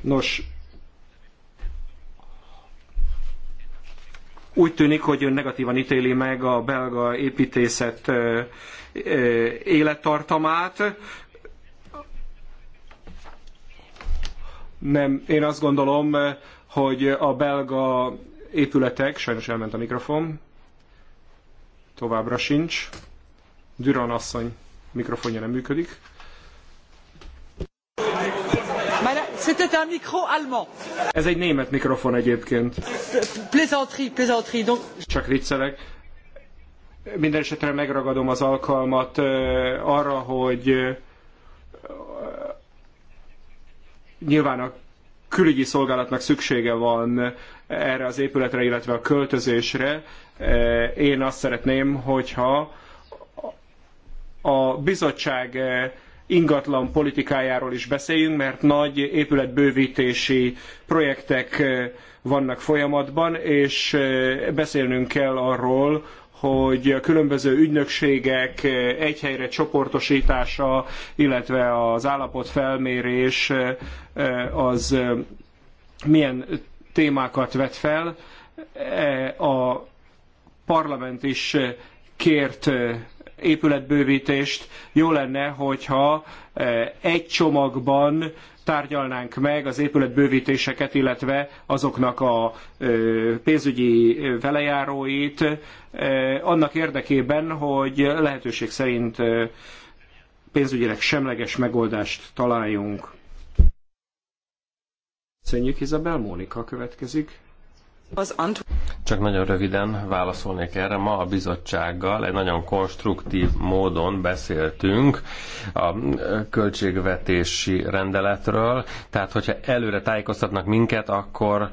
Nos, Úgy tűnik, hogy ön negatívan ítéli meg a belga építészet élettartamát. Nem, én azt gondolom, hogy a belga épületek, sajnos elment a mikrofon, továbbra sincs. Düran asszony mikrofonja nem működik. C'était un micro allemand. Ez egy német mikrofon egyébként. Plaisanterie, plaisanterie. Donc... Csak viccelek. Minden esetre megragadom az alkalmat arra, hogy nyilván a külügyi szolgálatnak szüksége van erre az épületre, illetve a költözésre. Én azt szeretném, hogyha a bizottság ingatlan politikájáról is beszéljünk, mert nagy épületbővítési projektek vannak folyamatban, és beszélnünk kell arról, hogy a különböző ügynökségek egy helyre csoportosítása, illetve az állapotfelmérés az milyen témákat vet fel. E, a parlament is kért épületbővítést. Jó lenne, hogyha e, egy csomagban tárgyalnánk meg az épületbővítéseket, illetve azoknak a e, pénzügyi velejáróit, e, annak érdekében, hogy lehetőség szerint pénzügyileg semleges megoldást találjunk. Köszönjük, Izabel, Mónika következik. Csak nagyon röviden válaszolnék erre. Ma a bizottsággal egy nagyon konstruktív módon beszéltünk a költségvetési rendeletről. Tehát, hogyha előre tájékoztatnak minket, akkor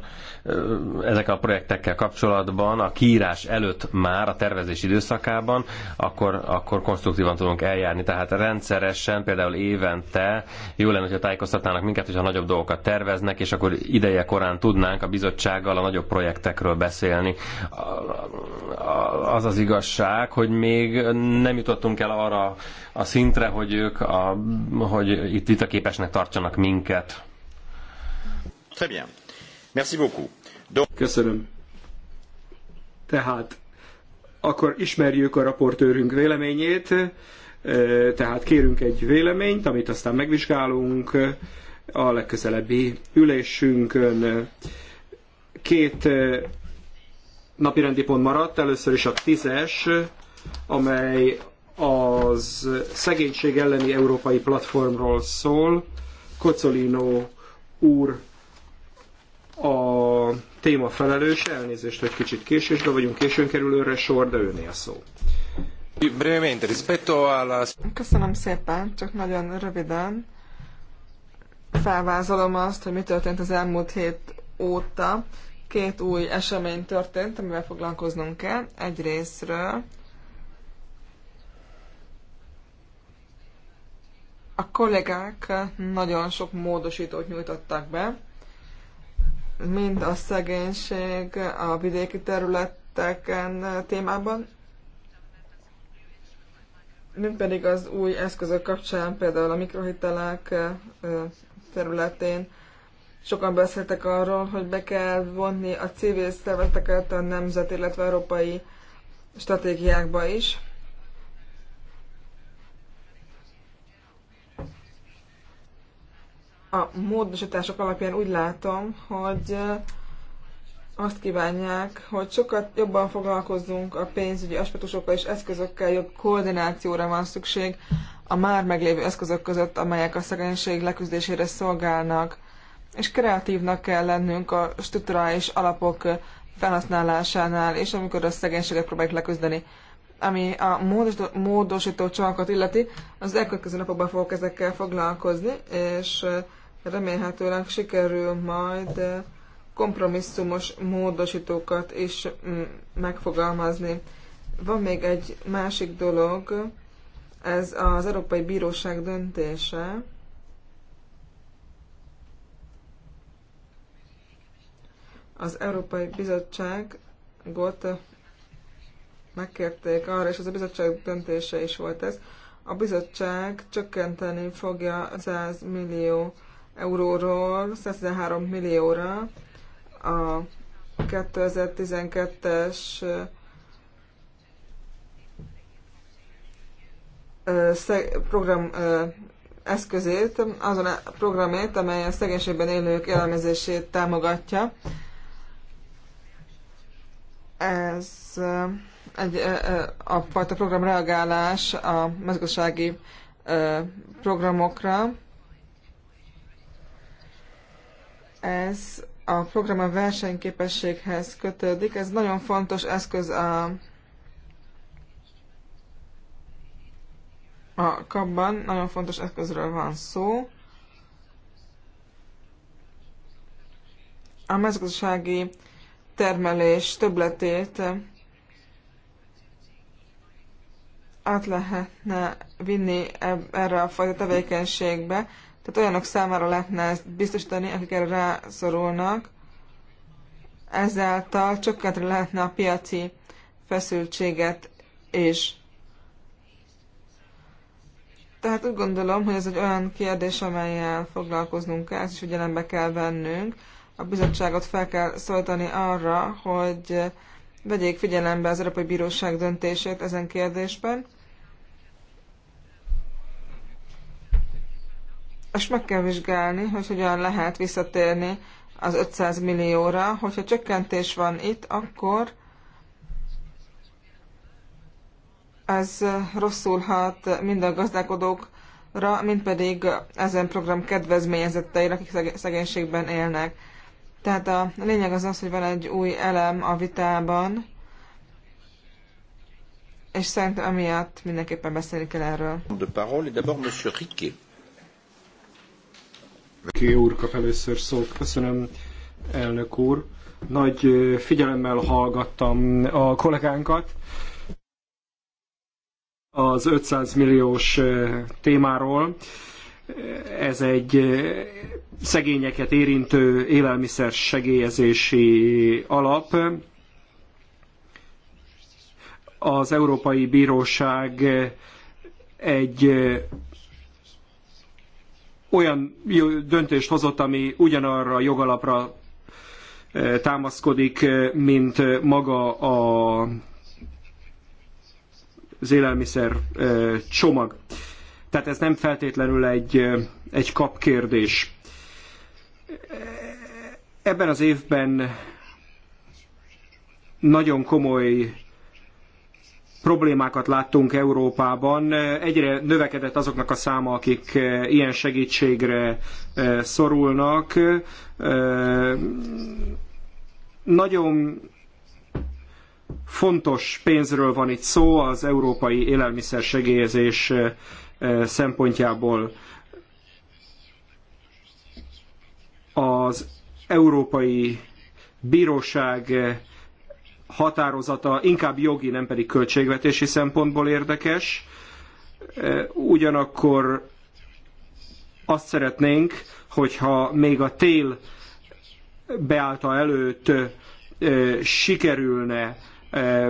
ezek a projektekkel kapcsolatban a kiírás előtt már a tervezés időszakában, akkor, akkor konstruktívan tudunk eljárni. Tehát rendszeresen, például évente jó lenne, hogyha tájékoztatnának minket, hogyha nagyobb dolgokat terveznek, és akkor ideje korán tudnánk a bizottsággal a nagyobb projektekről beszélni. Az az igazság, hogy még nem jutottunk el arra a szintre, hogy ők a, hogy itt vitaképesnek tartsanak minket. Très bien. Köszönöm. Tehát akkor ismerjük a raportőrünk véleményét, tehát kérünk egy véleményt, amit aztán megvizsgálunk a legközelebbi ülésünkön. Két napirendi pont maradt, először is a tízes, amely az szegénység elleni európai platformról szól. Kocolino úr a téma felelős, elnézést, hogy kicsit késésbe vagyunk, későn kerül őre sor, de őné a szó. Köszönöm szépen, csak nagyon röviden felvázolom azt, hogy mi történt az elmúlt hét óta. Két új esemény történt, amivel foglalkoznunk kell. Egy részről a kollégák nagyon sok módosítót nyújtottak be, mind a szegénység a vidéki területeken témában, mint pedig az új eszközök kapcsán, például a mikrohitelek területén. Sokan beszéltek arról, hogy be kell vonni a civil szervezeteket a nemzet, illetve európai stratégiákba is. a módosítások alapján úgy látom, hogy azt kívánják, hogy sokat jobban foglalkozzunk a pénzügyi aspektusokkal és eszközökkel, jobb koordinációra van szükség a már meglévő eszközök között, amelyek a szegénység leküzdésére szolgálnak, és kreatívnak kell lennünk a strukturális alapok felhasználásánál, és amikor a szegénységet próbáljuk leküzdeni. Ami a módosító, módosító csomagot illeti, az elkövetkező napokban fogok ezekkel foglalkozni, és remélhetőleg sikerül majd eh, kompromisszumos módosítókat is mm, megfogalmazni. Van még egy másik dolog, ez az Európai Bíróság döntése. Az Európai Bizottságot megkérték arra, és ez a bizottság döntése is volt ez. A bizottság csökkenteni fogja 100 millió euróról 113 millióra a 2012-es program eszközét, azon a programét, amely a szegénységben élők élelmezését támogatja. Ez egy, a fajta program reagálás a mezgazdasági programokra. ez a program a versenyképességhez kötődik. Ez nagyon fontos eszköz a, a kapban, nagyon fontos eszközről van szó. A mezgazdasági termelés többletét át lehetne vinni erre a fajta tevékenységbe, tehát olyanok számára lehetne ezt biztosítani, akik erre rászorulnak. Ezáltal csökkentre lehetne a piaci feszültséget és tehát úgy gondolom, hogy ez egy olyan kérdés, amelyel foglalkoznunk kell, ezt is figyelembe kell vennünk. A bizottságot fel kell szólítani arra, hogy vegyék figyelembe az Európai Bíróság döntését ezen kérdésben, Most meg kell vizsgálni, hogy hogyan lehet visszatérni az 500 millióra. Hogyha csökkentés van itt, akkor ez rosszul hat mind a gazdálkodókra, mind pedig ezen program kedvezményezetteire, akik szegénységben élnek. Tehát a lényeg az az, hogy van egy új elem a vitában, és szerintem emiatt mindenképpen beszélni kell erről. De parole, d'abord Monsieur Riquet. Ki úr kap először szót. Köszönöm, elnök úr. Nagy figyelemmel hallgattam a kollégánkat az 500 milliós témáról. Ez egy szegényeket érintő élelmiszer segélyezési alap. Az Európai Bíróság egy olyan döntést hozott, ami ugyanarra a jogalapra eh, támaszkodik, eh, mint eh, maga a, az élelmiszer csomag. Tehát ez nem feltétlenül egy, egy kapkérdés. Ebben az évben nagyon komoly problémákat láttunk Európában. Egyre növekedett azoknak a száma, akik eh, ilyen segítségre eh, szorulnak. Eh, nagyon fontos pénzről van itt szó az európai élelmiszersegélyezés szempontjából. Az Európai Bíróság határozata inkább jogi, nem pedig költségvetési szempontból érdekes. E, ugyanakkor azt szeretnénk, hogyha még a tél beállta előtt e, sikerülne e,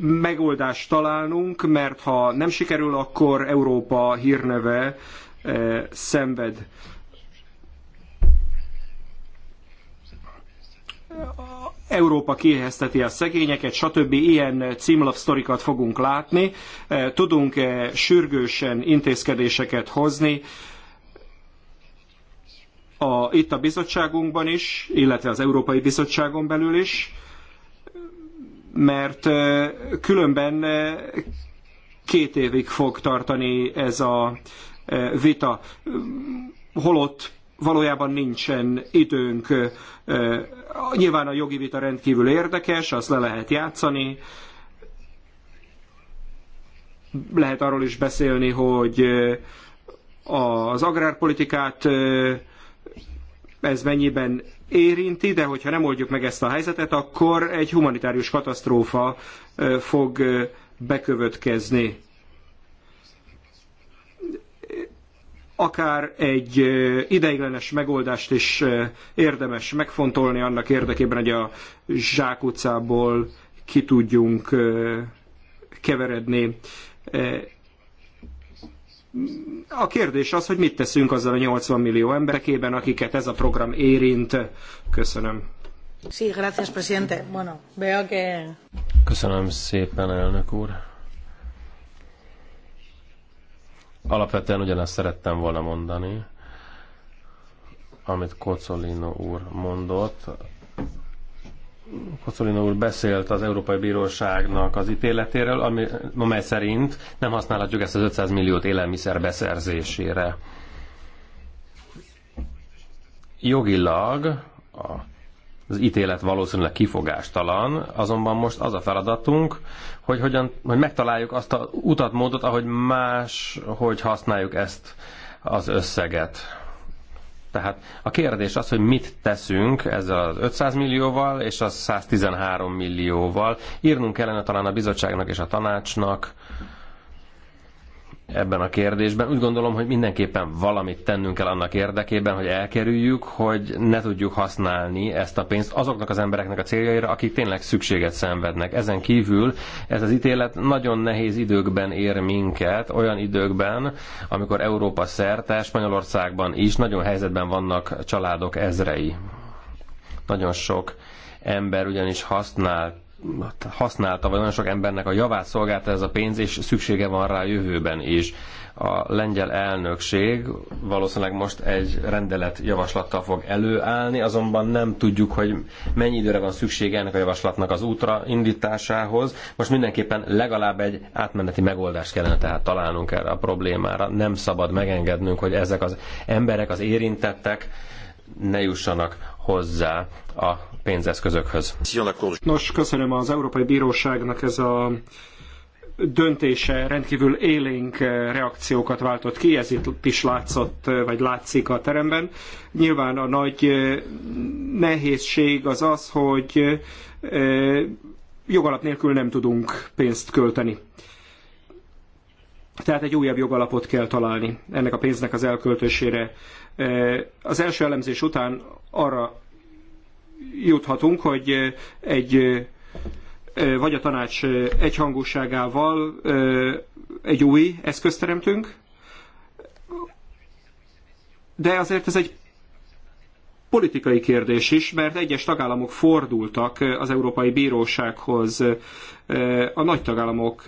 megoldást találnunk, mert ha nem sikerül, akkor Európa hírneve szenved. Európa kiéhezteti a szegényeket, stb. Ilyen címlap fogunk látni. Eh, tudunk -e sürgősen intézkedéseket hozni a, itt a bizottságunkban is, illetve az Európai Bizottságon belül is, mert eh, különben két évig fog tartani ez a vita. Holott valójában nincsen időnk. Nyilván a jogi vita rendkívül érdekes, azt le lehet játszani. Lehet arról is beszélni, hogy az agrárpolitikát ez mennyiben érinti, de hogyha nem oldjuk meg ezt a helyzetet, akkor egy humanitárius katasztrófa fog bekövetkezni. akár egy ideiglenes megoldást is érdemes megfontolni annak érdekében, hogy a zsákutcából ki tudjunk keveredni. A kérdés az, hogy mit teszünk azzal a 80 millió emberekében, akiket ez a program érint. Köszönöm. Sí, gracias, presidente. Bueno, veo que... Köszönöm szépen, elnök úr. Alapvetően ugyanezt szerettem volna mondani, amit Kocolino úr mondott. Kocolino úr beszélt az Európai Bíróságnak az ítéletéről, ami, amely szerint nem használhatjuk ezt az 500 milliót élelmiszer beszerzésére. Jogilag a az ítélet valószínűleg kifogástalan, azonban most az a feladatunk, hogy, hogyan, hogy megtaláljuk azt a utatmódot, ahogy más, hogy használjuk ezt az összeget. Tehát a kérdés az, hogy mit teszünk ezzel az 500 millióval és a 113 millióval. Írnunk kellene talán a bizottságnak és a tanácsnak, ebben a kérdésben. Úgy gondolom, hogy mindenképpen valamit tennünk kell annak érdekében, hogy elkerüljük, hogy ne tudjuk használni ezt a pénzt azoknak az embereknek a céljaira, akik tényleg szükséget szenvednek. Ezen kívül ez az ítélet nagyon nehéz időkben ér minket, olyan időkben, amikor Európa szerte, Spanyolországban is nagyon helyzetben vannak családok ezrei. Nagyon sok ember ugyanis használt használta, vagy nagyon sok embernek a javát szolgálta ez a pénz, és szüksége van rá a jövőben is. A lengyel elnökség valószínűleg most egy rendelet javaslattal fog előállni, azonban nem tudjuk, hogy mennyi időre van szüksége ennek a javaslatnak az útra indításához. Most mindenképpen legalább egy átmeneti megoldást kellene tehát találnunk erre a problémára. Nem szabad megengednünk, hogy ezek az emberek, az érintettek ne jussanak hozzá a pénzeszközökhöz. Nos, köszönöm az Európai Bíróságnak ez a döntése rendkívül élénk reakciókat váltott ki, ez itt is látszott, vagy látszik a teremben. Nyilván a nagy nehézség az az, hogy jogalap nélkül nem tudunk pénzt költeni. Tehát egy újabb jogalapot kell találni ennek a pénznek az elköltésére. Eh, az első elemzés után arra juthatunk, hogy eh, egy eh, vagy a tanács egyhangúságával egy új eszközt teremtünk, de azért ez egy politikai kérdés is, mert egyes tagállamok fordultak az Európai Bírósághoz, a nagy tagállamok,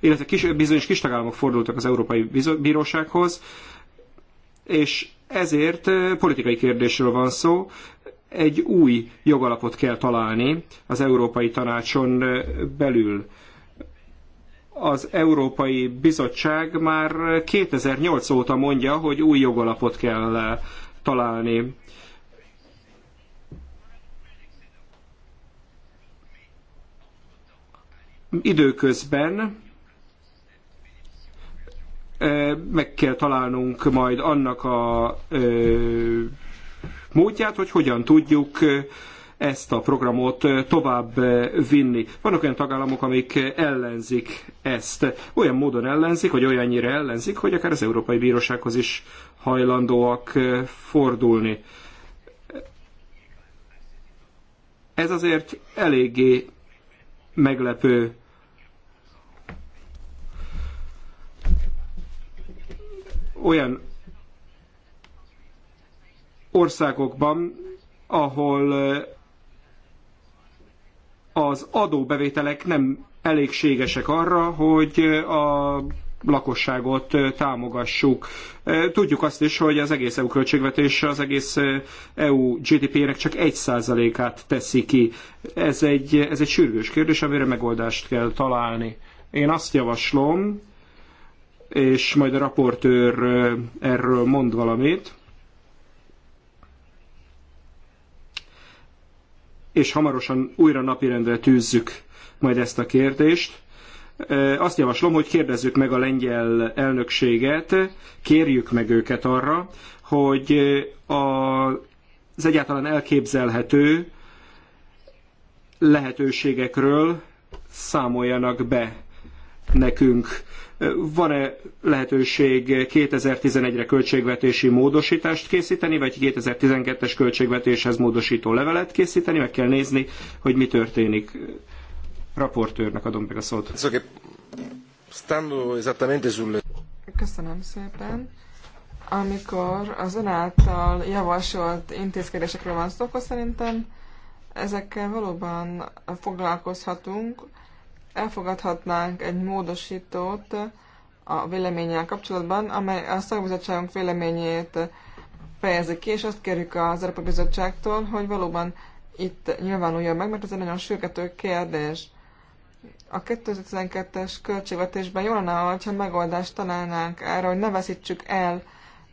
illetve kis, bizonyos kis tagállamok fordultak az Európai Bírósághoz, és ezért politikai kérdésről van szó, egy új jogalapot kell találni az Európai Tanácson belül. Az Európai Bizottság már 2008 óta mondja, hogy új jogalapot kell találni. Időközben meg kell találnunk majd annak a módját, hogy hogyan tudjuk ezt a programot tovább vinni. Vannak olyan tagállamok, amik ellenzik ezt. Olyan módon ellenzik, vagy olyannyira ellenzik, hogy akár az Európai Bírósághoz is hajlandóak fordulni. Ez azért eléggé meglepő. olyan országokban, ahol az adóbevételek nem elégségesek arra, hogy a lakosságot támogassuk. Tudjuk azt is, hogy az egész EU költségvetés az egész EU GDP-nek csak egy százalékát teszi ki. Ez egy, ez egy sürgős kérdés, amire megoldást kell találni. Én azt javaslom, és majd a raportőr erről mond valamit. És hamarosan újra napirendre tűzzük majd ezt a kérdést. Azt javaslom, hogy kérdezzük meg a lengyel elnökséget, kérjük meg őket arra, hogy az egyáltalán elképzelhető lehetőségekről számoljanak be nekünk. Van-e lehetőség 2011-re költségvetési módosítást készíteni, vagy 2012-es költségvetéshez módosító levelet készíteni? Meg kell nézni, hogy mi történik. Raportőrnek adom meg a szót. Köszönöm szépen. Amikor az ön által javasolt intézkedésekről van szó, akkor szerintem ezekkel valóban foglalkozhatunk elfogadhatnánk egy módosítót a véleménnyel kapcsolatban, amely a szakbizottságunk véleményét fejezi ki, és azt kérjük az Európai Bizottságtól, hogy valóban itt nyilvánuljon meg, mert ez egy nagyon sürgető kérdés. A 2012-es költségvetésben jól lenne, hogyha megoldást találnánk erre, hogy ne veszítsük el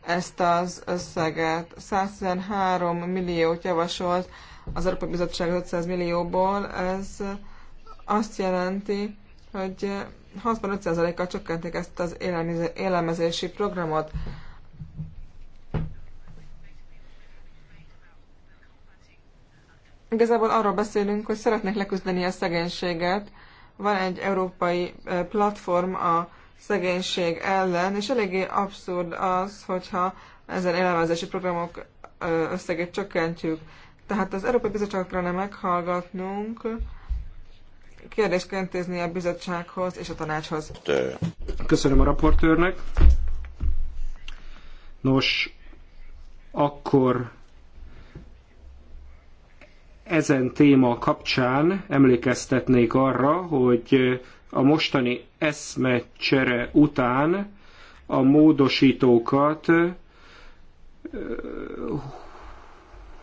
ezt az összeget. 113 milliót javasolt az Európai Bizottság 500 millióból, ez azt jelenti, hogy 65%-kal csökkentik ezt az élelmezési programot. Igazából arról beszélünk, hogy szeretnek leküzdeni a szegénységet. Van egy európai platform a szegénység ellen, és eléggé abszurd az, hogyha ezen élelmezési programok összegét csökkentjük. Tehát az Európai Bizottságra nem meghallgatnunk, kérdést kell intézni a bizottsághoz és a tanácshoz. Köszönöm a raportőrnek. Nos, akkor ezen téma kapcsán emlékeztetnék arra, hogy a mostani eszmecsere után a módosítókat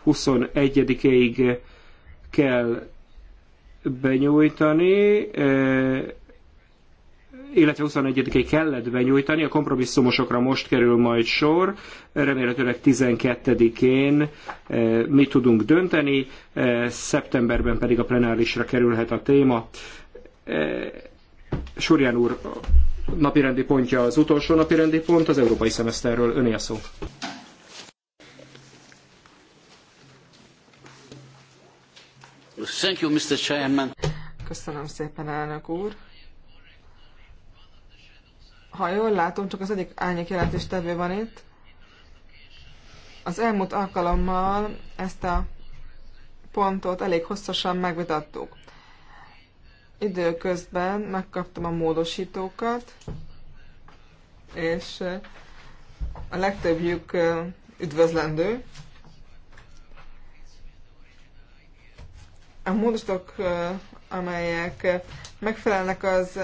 21-ig kell benyújtani, illetve 21 én kellett benyújtani, a kompromisszumosokra most kerül majd sor, remélhetőleg 12-én mi tudunk dönteni, szeptemberben pedig a plenárisra kerülhet a téma. Surján úr, napirendi pontja az utolsó napirendi pont, az európai szemeszterről öné a szó. Thank you, Mr. Chairman. Köszönöm szépen, elnök úr. Ha jól látom, csak az egyik álnyék jelentéstevő van itt. Az elmúlt alkalommal ezt a pontot elég hosszasan megvitattuk. Időközben megkaptam a módosítókat, és a legtöbbjük üdvözlendő. a módosítók, amelyek megfelelnek az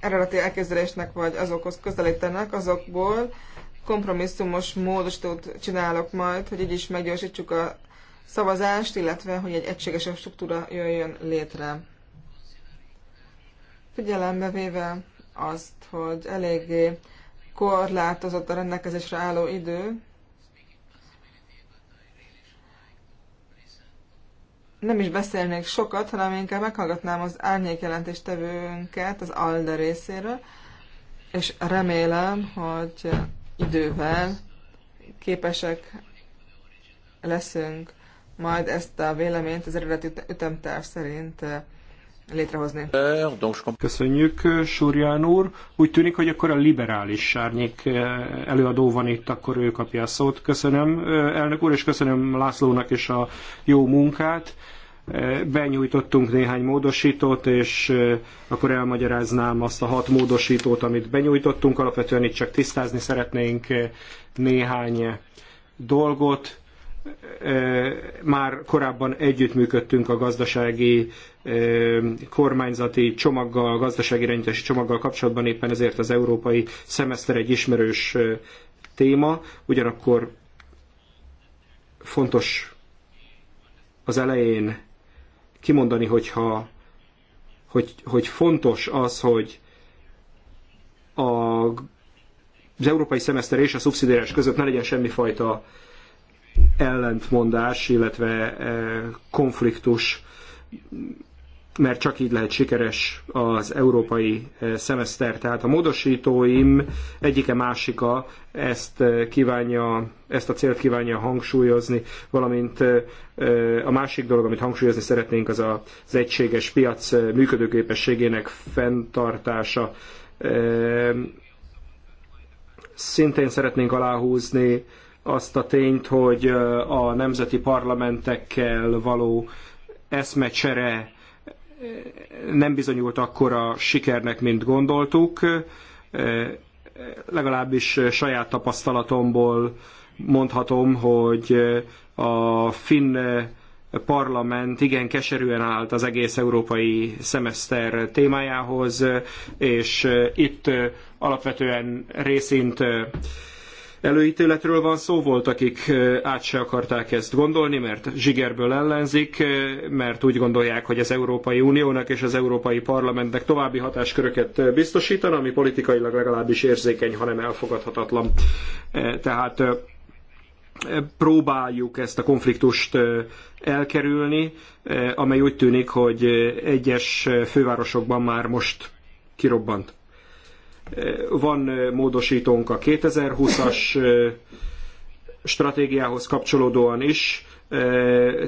eredeti elképzelésnek, vagy azokhoz közelítenek, azokból kompromisszumos módosítót csinálok majd, hogy így is meggyorsítsuk a szavazást, illetve hogy egy egységesebb struktúra jöjjön létre. Figyelembe véve azt, hogy eléggé korlátozott a rendelkezésre álló idő, nem is beszélnék sokat, hanem inkább meghallgatnám az árnyékjelentéstevőnket az ALDE részéről, és remélem, hogy idővel képesek leszünk majd ezt a véleményt az eredeti ütemterv szerint létrehozni. Köszönjük, Súrján úr. Úgy tűnik, hogy akkor a liberális sárnyék eh, előadó van itt, akkor ő kapja a szót. Köszönöm, eh, elnök úr, és köszönöm Lászlónak is a jó munkát. Eh, benyújtottunk néhány módosítót, és akkor elmagyaráznám azt a hat módosítót, amit benyújtottunk. Alapvetően itt csak tisztázni szeretnénk néhány dolgot már korábban együttműködtünk a gazdasági kormányzati csomaggal, gazdasági irányítási csomaggal kapcsolatban, éppen ezért az európai szemeszter egy ismerős téma, ugyanakkor fontos az elején kimondani, hogyha, hogy, hogy fontos az, hogy a, az európai szemeszter és a szubszidiárás között ne legyen semmifajta fajta ellentmondás, illetve e, konfliktus, mert csak így lehet sikeres az európai e, szemeszter. Tehát a módosítóim egyike másika ezt e, kívánja, ezt a célt kívánja hangsúlyozni, valamint a másik dolog, amit hangsúlyozni szeretnénk, az az egységes piac működőképességének fenntartása. Szintén szeretnénk aláhúzni azt a tényt, hogy a nemzeti parlamentekkel való eszmecsere nem bizonyult akkora sikernek, mint gondoltuk. Legalábbis saját tapasztalatomból mondhatom, hogy a finn parlament igen keserűen állt az egész európai szemeszter témájához, és itt alapvetően részint előítéletről van szó, volt, akik át se akarták ezt gondolni, mert zsigerből ellenzik, mert úgy gondolják, hogy az Európai Uniónak és az Európai Parlamentnek további hatásköröket biztosítana, ami politikailag legalábbis érzékeny, hanem elfogadhatatlan. Tehát próbáljuk ezt a konfliktust elkerülni, amely úgy tűnik, hogy egyes fővárosokban már most kirobbant. Van módosítónk a 2020-as stratégiához kapcsolódóan is.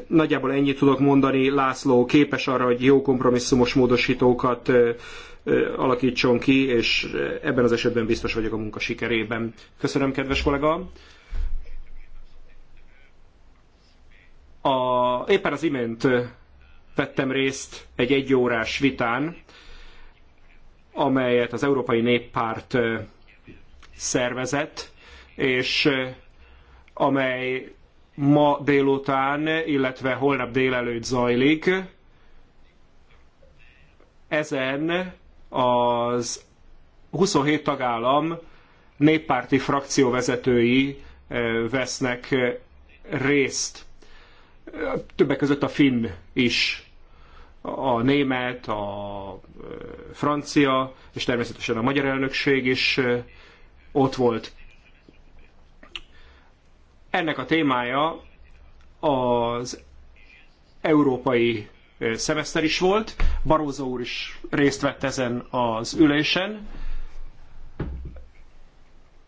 Nagyjából ennyit tudok mondani. László képes arra, hogy jó kompromisszumos módosítókat alakítson ki, és ebben az esetben biztos vagyok a munka sikerében. Köszönöm, kedves kollega! A, éppen az imént vettem részt egy egyórás vitán amelyet az Európai Néppárt szervezett, és amely ma délután, illetve holnap délelőtt zajlik. Ezen az 27 tagállam néppárti frakcióvezetői vesznek részt. Többek között a Finn is a német, a francia, és természetesen a magyar elnökség is ott volt. Ennek a témája az európai szemeszter is volt. Barózó úr is részt vett ezen az ülésen.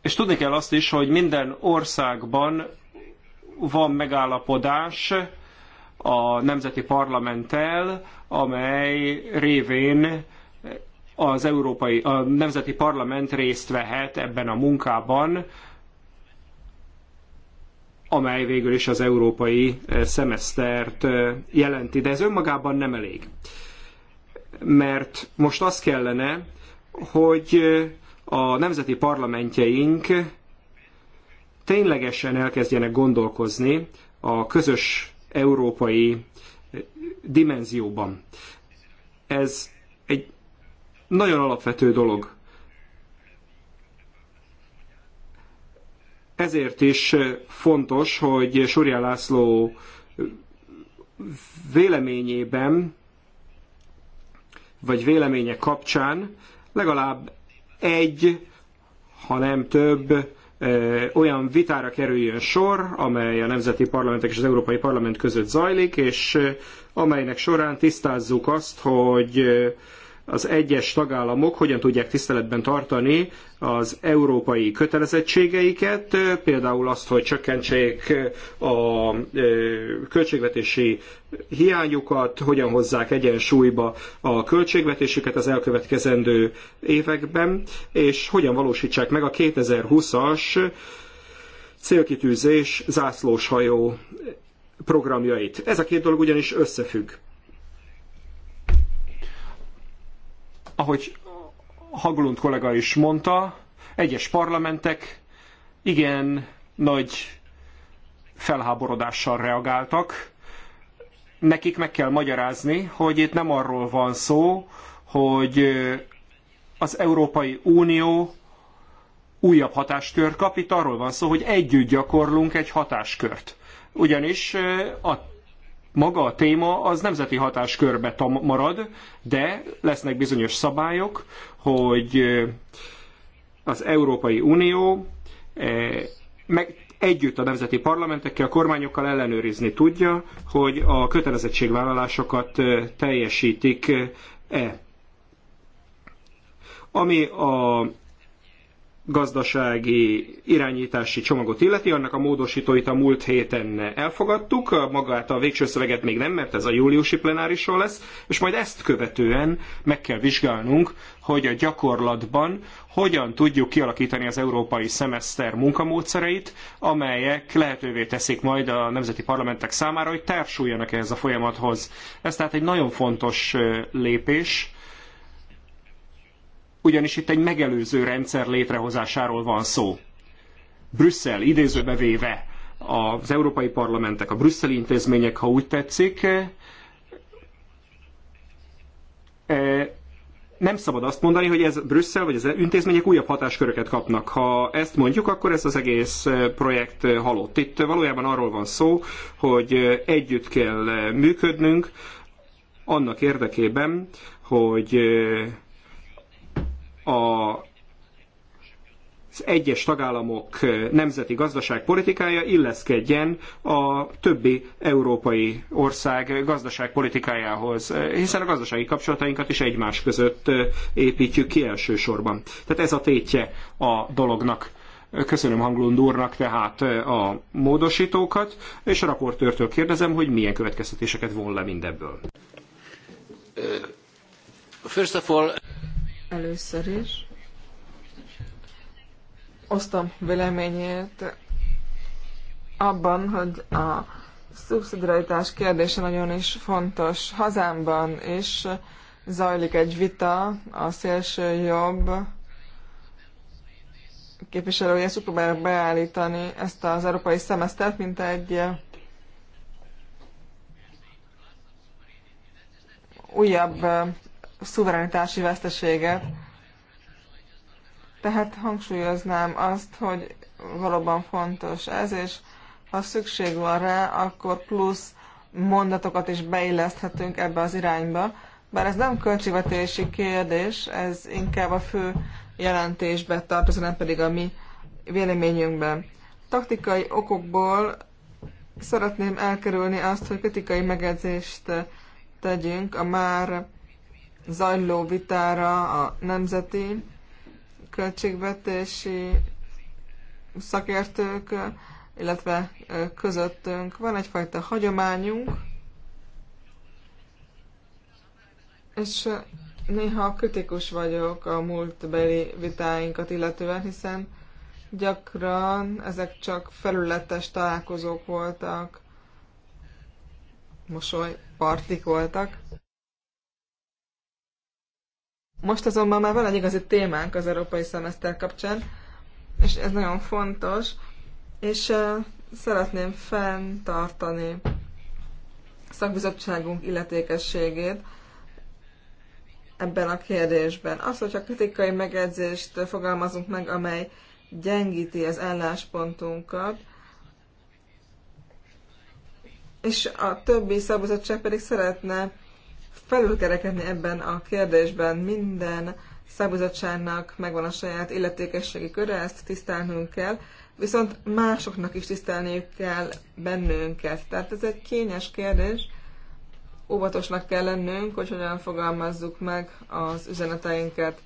És tudni kell azt is, hogy minden országban van megállapodás, a nemzeti parlamenttel, amely révén az európai, a nemzeti parlament részt vehet ebben a munkában, amely végül is az európai eh, szemesztert eh, jelenti. De ez önmagában nem elég. Mert most az kellene, hogy eh, a nemzeti parlamentjeink ténylegesen elkezdjenek gondolkozni a közös európai eh, dimenzióban. Ez egy nagyon alapvető dolog. Ezért is eh, fontos, hogy Surya László eh, véleményében, vagy véleménye kapcsán legalább egy, ha nem több olyan vitára kerüljön sor, amely a nemzeti parlamentek és az Európai Parlament között zajlik, és amelynek során tisztázzuk azt, hogy az egyes tagállamok hogyan tudják tiszteletben tartani az európai kötelezettségeiket, például azt, hogy csökkentsék a költségvetési hiányukat, hogyan hozzák egyensúlyba a költségvetésüket az elkövetkezendő években, és hogyan valósítsák meg a 2020-as célkitűzés zászlóshajó programjait. Ez a két dolog ugyanis összefügg. ahogy Haglund kollega is mondta, egyes parlamentek igen nagy felháborodással reagáltak. Nekik meg kell magyarázni, hogy itt nem arról van szó, hogy az Európai Unió újabb hatáskör kap, itt arról van szó, hogy együtt gyakorlunk egy hatáskört. Ugyanis a maga a téma az nemzeti hatáskörbe marad, de lesznek bizonyos szabályok, hogy az Európai Unió meg együtt a nemzeti parlamentekkel, a kormányokkal ellenőrizni tudja, hogy a kötelezettségvállalásokat teljesítik-e. Ami a gazdasági irányítási csomagot illeti, annak a módosítóit a múlt héten elfogadtuk, magát a végső szöveget még nem, mert ez a júliusi plenárison lesz, és majd ezt követően meg kell vizsgálnunk, hogy a gyakorlatban hogyan tudjuk kialakítani az európai szemeszter munkamódszereit, amelyek lehetővé teszik majd a nemzeti parlamentek számára, hogy társuljanak ehhez a folyamathoz. Ez tehát egy nagyon fontos lépés, ugyanis itt egy megelőző rendszer létrehozásáról van szó. Brüsszel idézőbe véve az európai parlamentek, a brüsszeli intézmények, ha úgy tetszik, e, e, nem szabad azt mondani, hogy ez Brüsszel vagy az intézmények újabb hatásköröket kapnak. Ha ezt mondjuk, akkor ez az egész e, projekt halott. Itt valójában arról van szó, hogy együtt kell működnünk annak érdekében, hogy a az egyes tagállamok nemzeti gazdaságpolitikája illeszkedjen a többi európai ország gazdaságpolitikájához, hiszen a gazdasági kapcsolatainkat is egymás között építjük ki elsősorban. Tehát ez a tétje a dolognak. Köszönöm Hanglund úrnak tehát a módosítókat, és a raportőrtől kérdezem, hogy milyen következtetéseket von le mindebből. First of all... Először is osztom véleményét abban, hogy a szubszidiaritás kérdése nagyon is fontos. Hazámban is zajlik egy vita a szélső jobb képviselője ezt beállítani ezt az európai szemesztert, mint egy újabb szuverenitási veszteséget. Tehát hangsúlyoznám azt, hogy valóban fontos ez, és ha szükség van rá, akkor plusz mondatokat is beilleszthetünk ebbe az irányba. Bár ez nem költségvetési kérdés, ez inkább a fő jelentésbe tartozik, nem pedig a mi véleményünkben. Taktikai okokból szeretném elkerülni azt, hogy kritikai megedzést tegyünk a már zajló vitára a nemzeti költségvetési szakértők, illetve közöttünk. Van egyfajta hagyományunk, és néha kritikus vagyok a múltbeli vitáinkat illetően, hiszen gyakran ezek csak felületes találkozók voltak, mosolypartik voltak. Most azonban már van egy igazi témánk az európai szemeszter kapcsán, és ez nagyon fontos, és szeretném fenntartani szakbizottságunk illetékességét ebben a kérdésben. Az, hogyha kritikai megjegyzést fogalmazunk meg, amely gyengíti az álláspontunkat, és a többi szabadság pedig szeretne felülkerekedni ebben a kérdésben. Minden szakbizottságnak megvan a saját illetékességi köre, ezt tisztelnünk kell, viszont másoknak is tisztelniük kell bennünket. Tehát ez egy kényes kérdés, óvatosnak kell lennünk, hogy hogyan fogalmazzuk meg az üzeneteinket.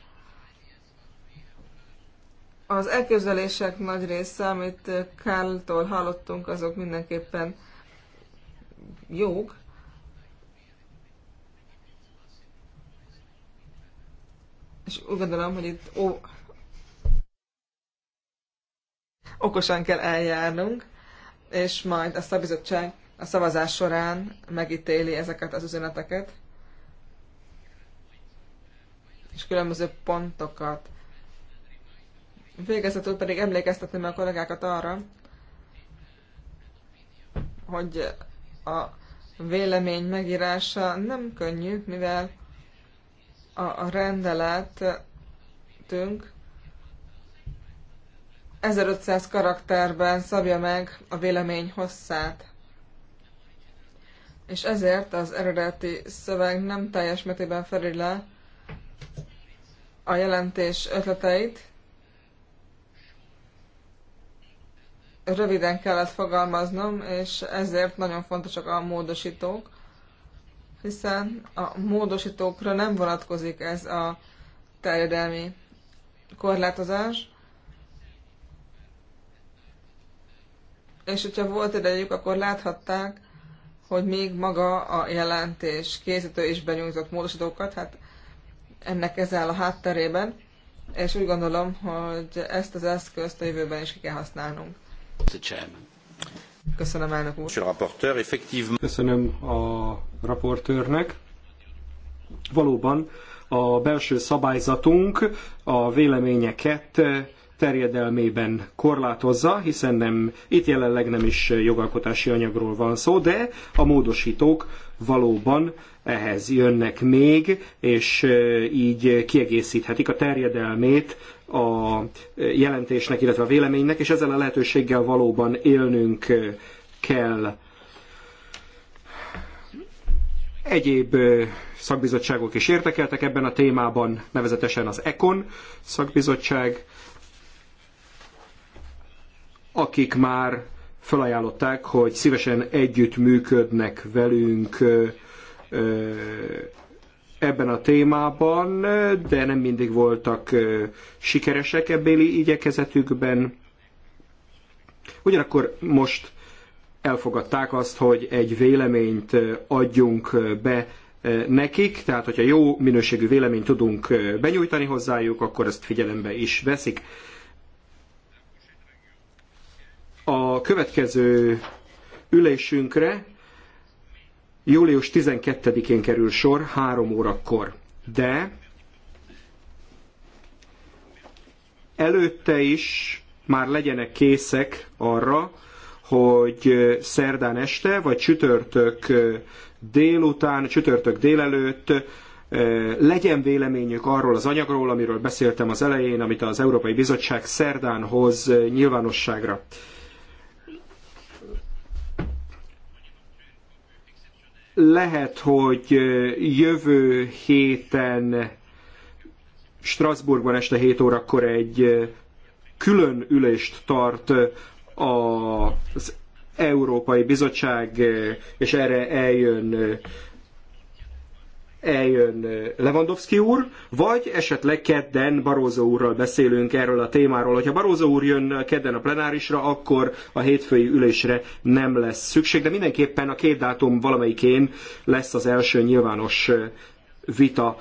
Az elképzelések nagy része, amit Kálltól hallottunk, azok mindenképpen jók, és úgy gondolom, hogy itt ó, okosan kell eljárnunk, és majd ezt a bizottság a szavazás során megítéli ezeket az üzeneteket, és különböző pontokat. Végezetül pedig emlékeztetném a kollégákat arra, hogy a vélemény megírása nem könnyű, mivel a rendeletünk 1500 karakterben szabja meg a vélemény hosszát. És ezért az eredeti szöveg nem teljes mértékben fedi le a jelentés ötleteit. Röviden kellett fogalmaznom, és ezért nagyon fontosak a módosítók hiszen a módosítókra nem vonatkozik ez a terjedelmi korlátozás. És hogyha volt idejük, akkor láthatták, hogy még maga a jelentés készítő is benyújtott módosítókat, hát ennek ez áll a hátterében, és úgy gondolom, hogy ezt az eszközt a jövőben is ki kell használnunk. Mr. Chairman. Köszönöm, elnök úr. Köszönöm a raportőrnek. Valóban a belső szabályzatunk a véleményeket terjedelmében korlátozza, hiszen nem, itt jelenleg nem is jogalkotási anyagról van szó, de a módosítók valóban ehhez jönnek még, és e, így kiegészíthetik a terjedelmét a jelentésnek, illetve a véleménynek, és ezzel a lehetőséggel valóban élnünk kell. Egyéb szakbizottságok is értekeltek ebben a témában, nevezetesen az ECON szakbizottság, akik már felajánlották, hogy szívesen együttműködnek velünk ebben a témában, de nem mindig voltak sikeresek ebbéli igyekezetükben. Ugyanakkor most elfogadták azt, hogy egy véleményt adjunk be nekik, tehát hogyha jó minőségű véleményt tudunk benyújtani hozzájuk, akkor ezt figyelembe is veszik. A következő ülésünkre Július 12-én kerül sor, három órakor. De előtte is már legyenek készek arra, hogy szerdán este, vagy csütörtök délután, csütörtök délelőtt legyen véleményük arról az anyagról, amiről beszéltem az elején, amit az Európai Bizottság szerdán hoz nyilvánosságra. Lehet, hogy jövő héten Strasbourgban este 7 órakor egy külön ülést tart az Európai Bizottság, és erre eljön eljön eh, Lewandowski úr, vagy esetleg kedden Barózó úrral beszélünk erről a témáról. Hogyha Barózó úr jön kedden a plenárisra, akkor a hétfői ülésre nem lesz szükség, de mindenképpen a két dátum valamelyikén lesz az első nyilvános eh, vita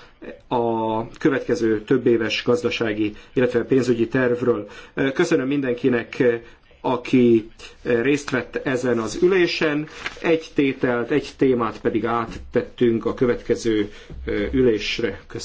a következő több éves gazdasági, illetve pénzügyi tervről. Eh, köszönöm mindenkinek aki eh, részt vett ezen az ülésen. Egy tételt, egy témát pedig áttettünk a következő eh, ülésre. Köszönöm.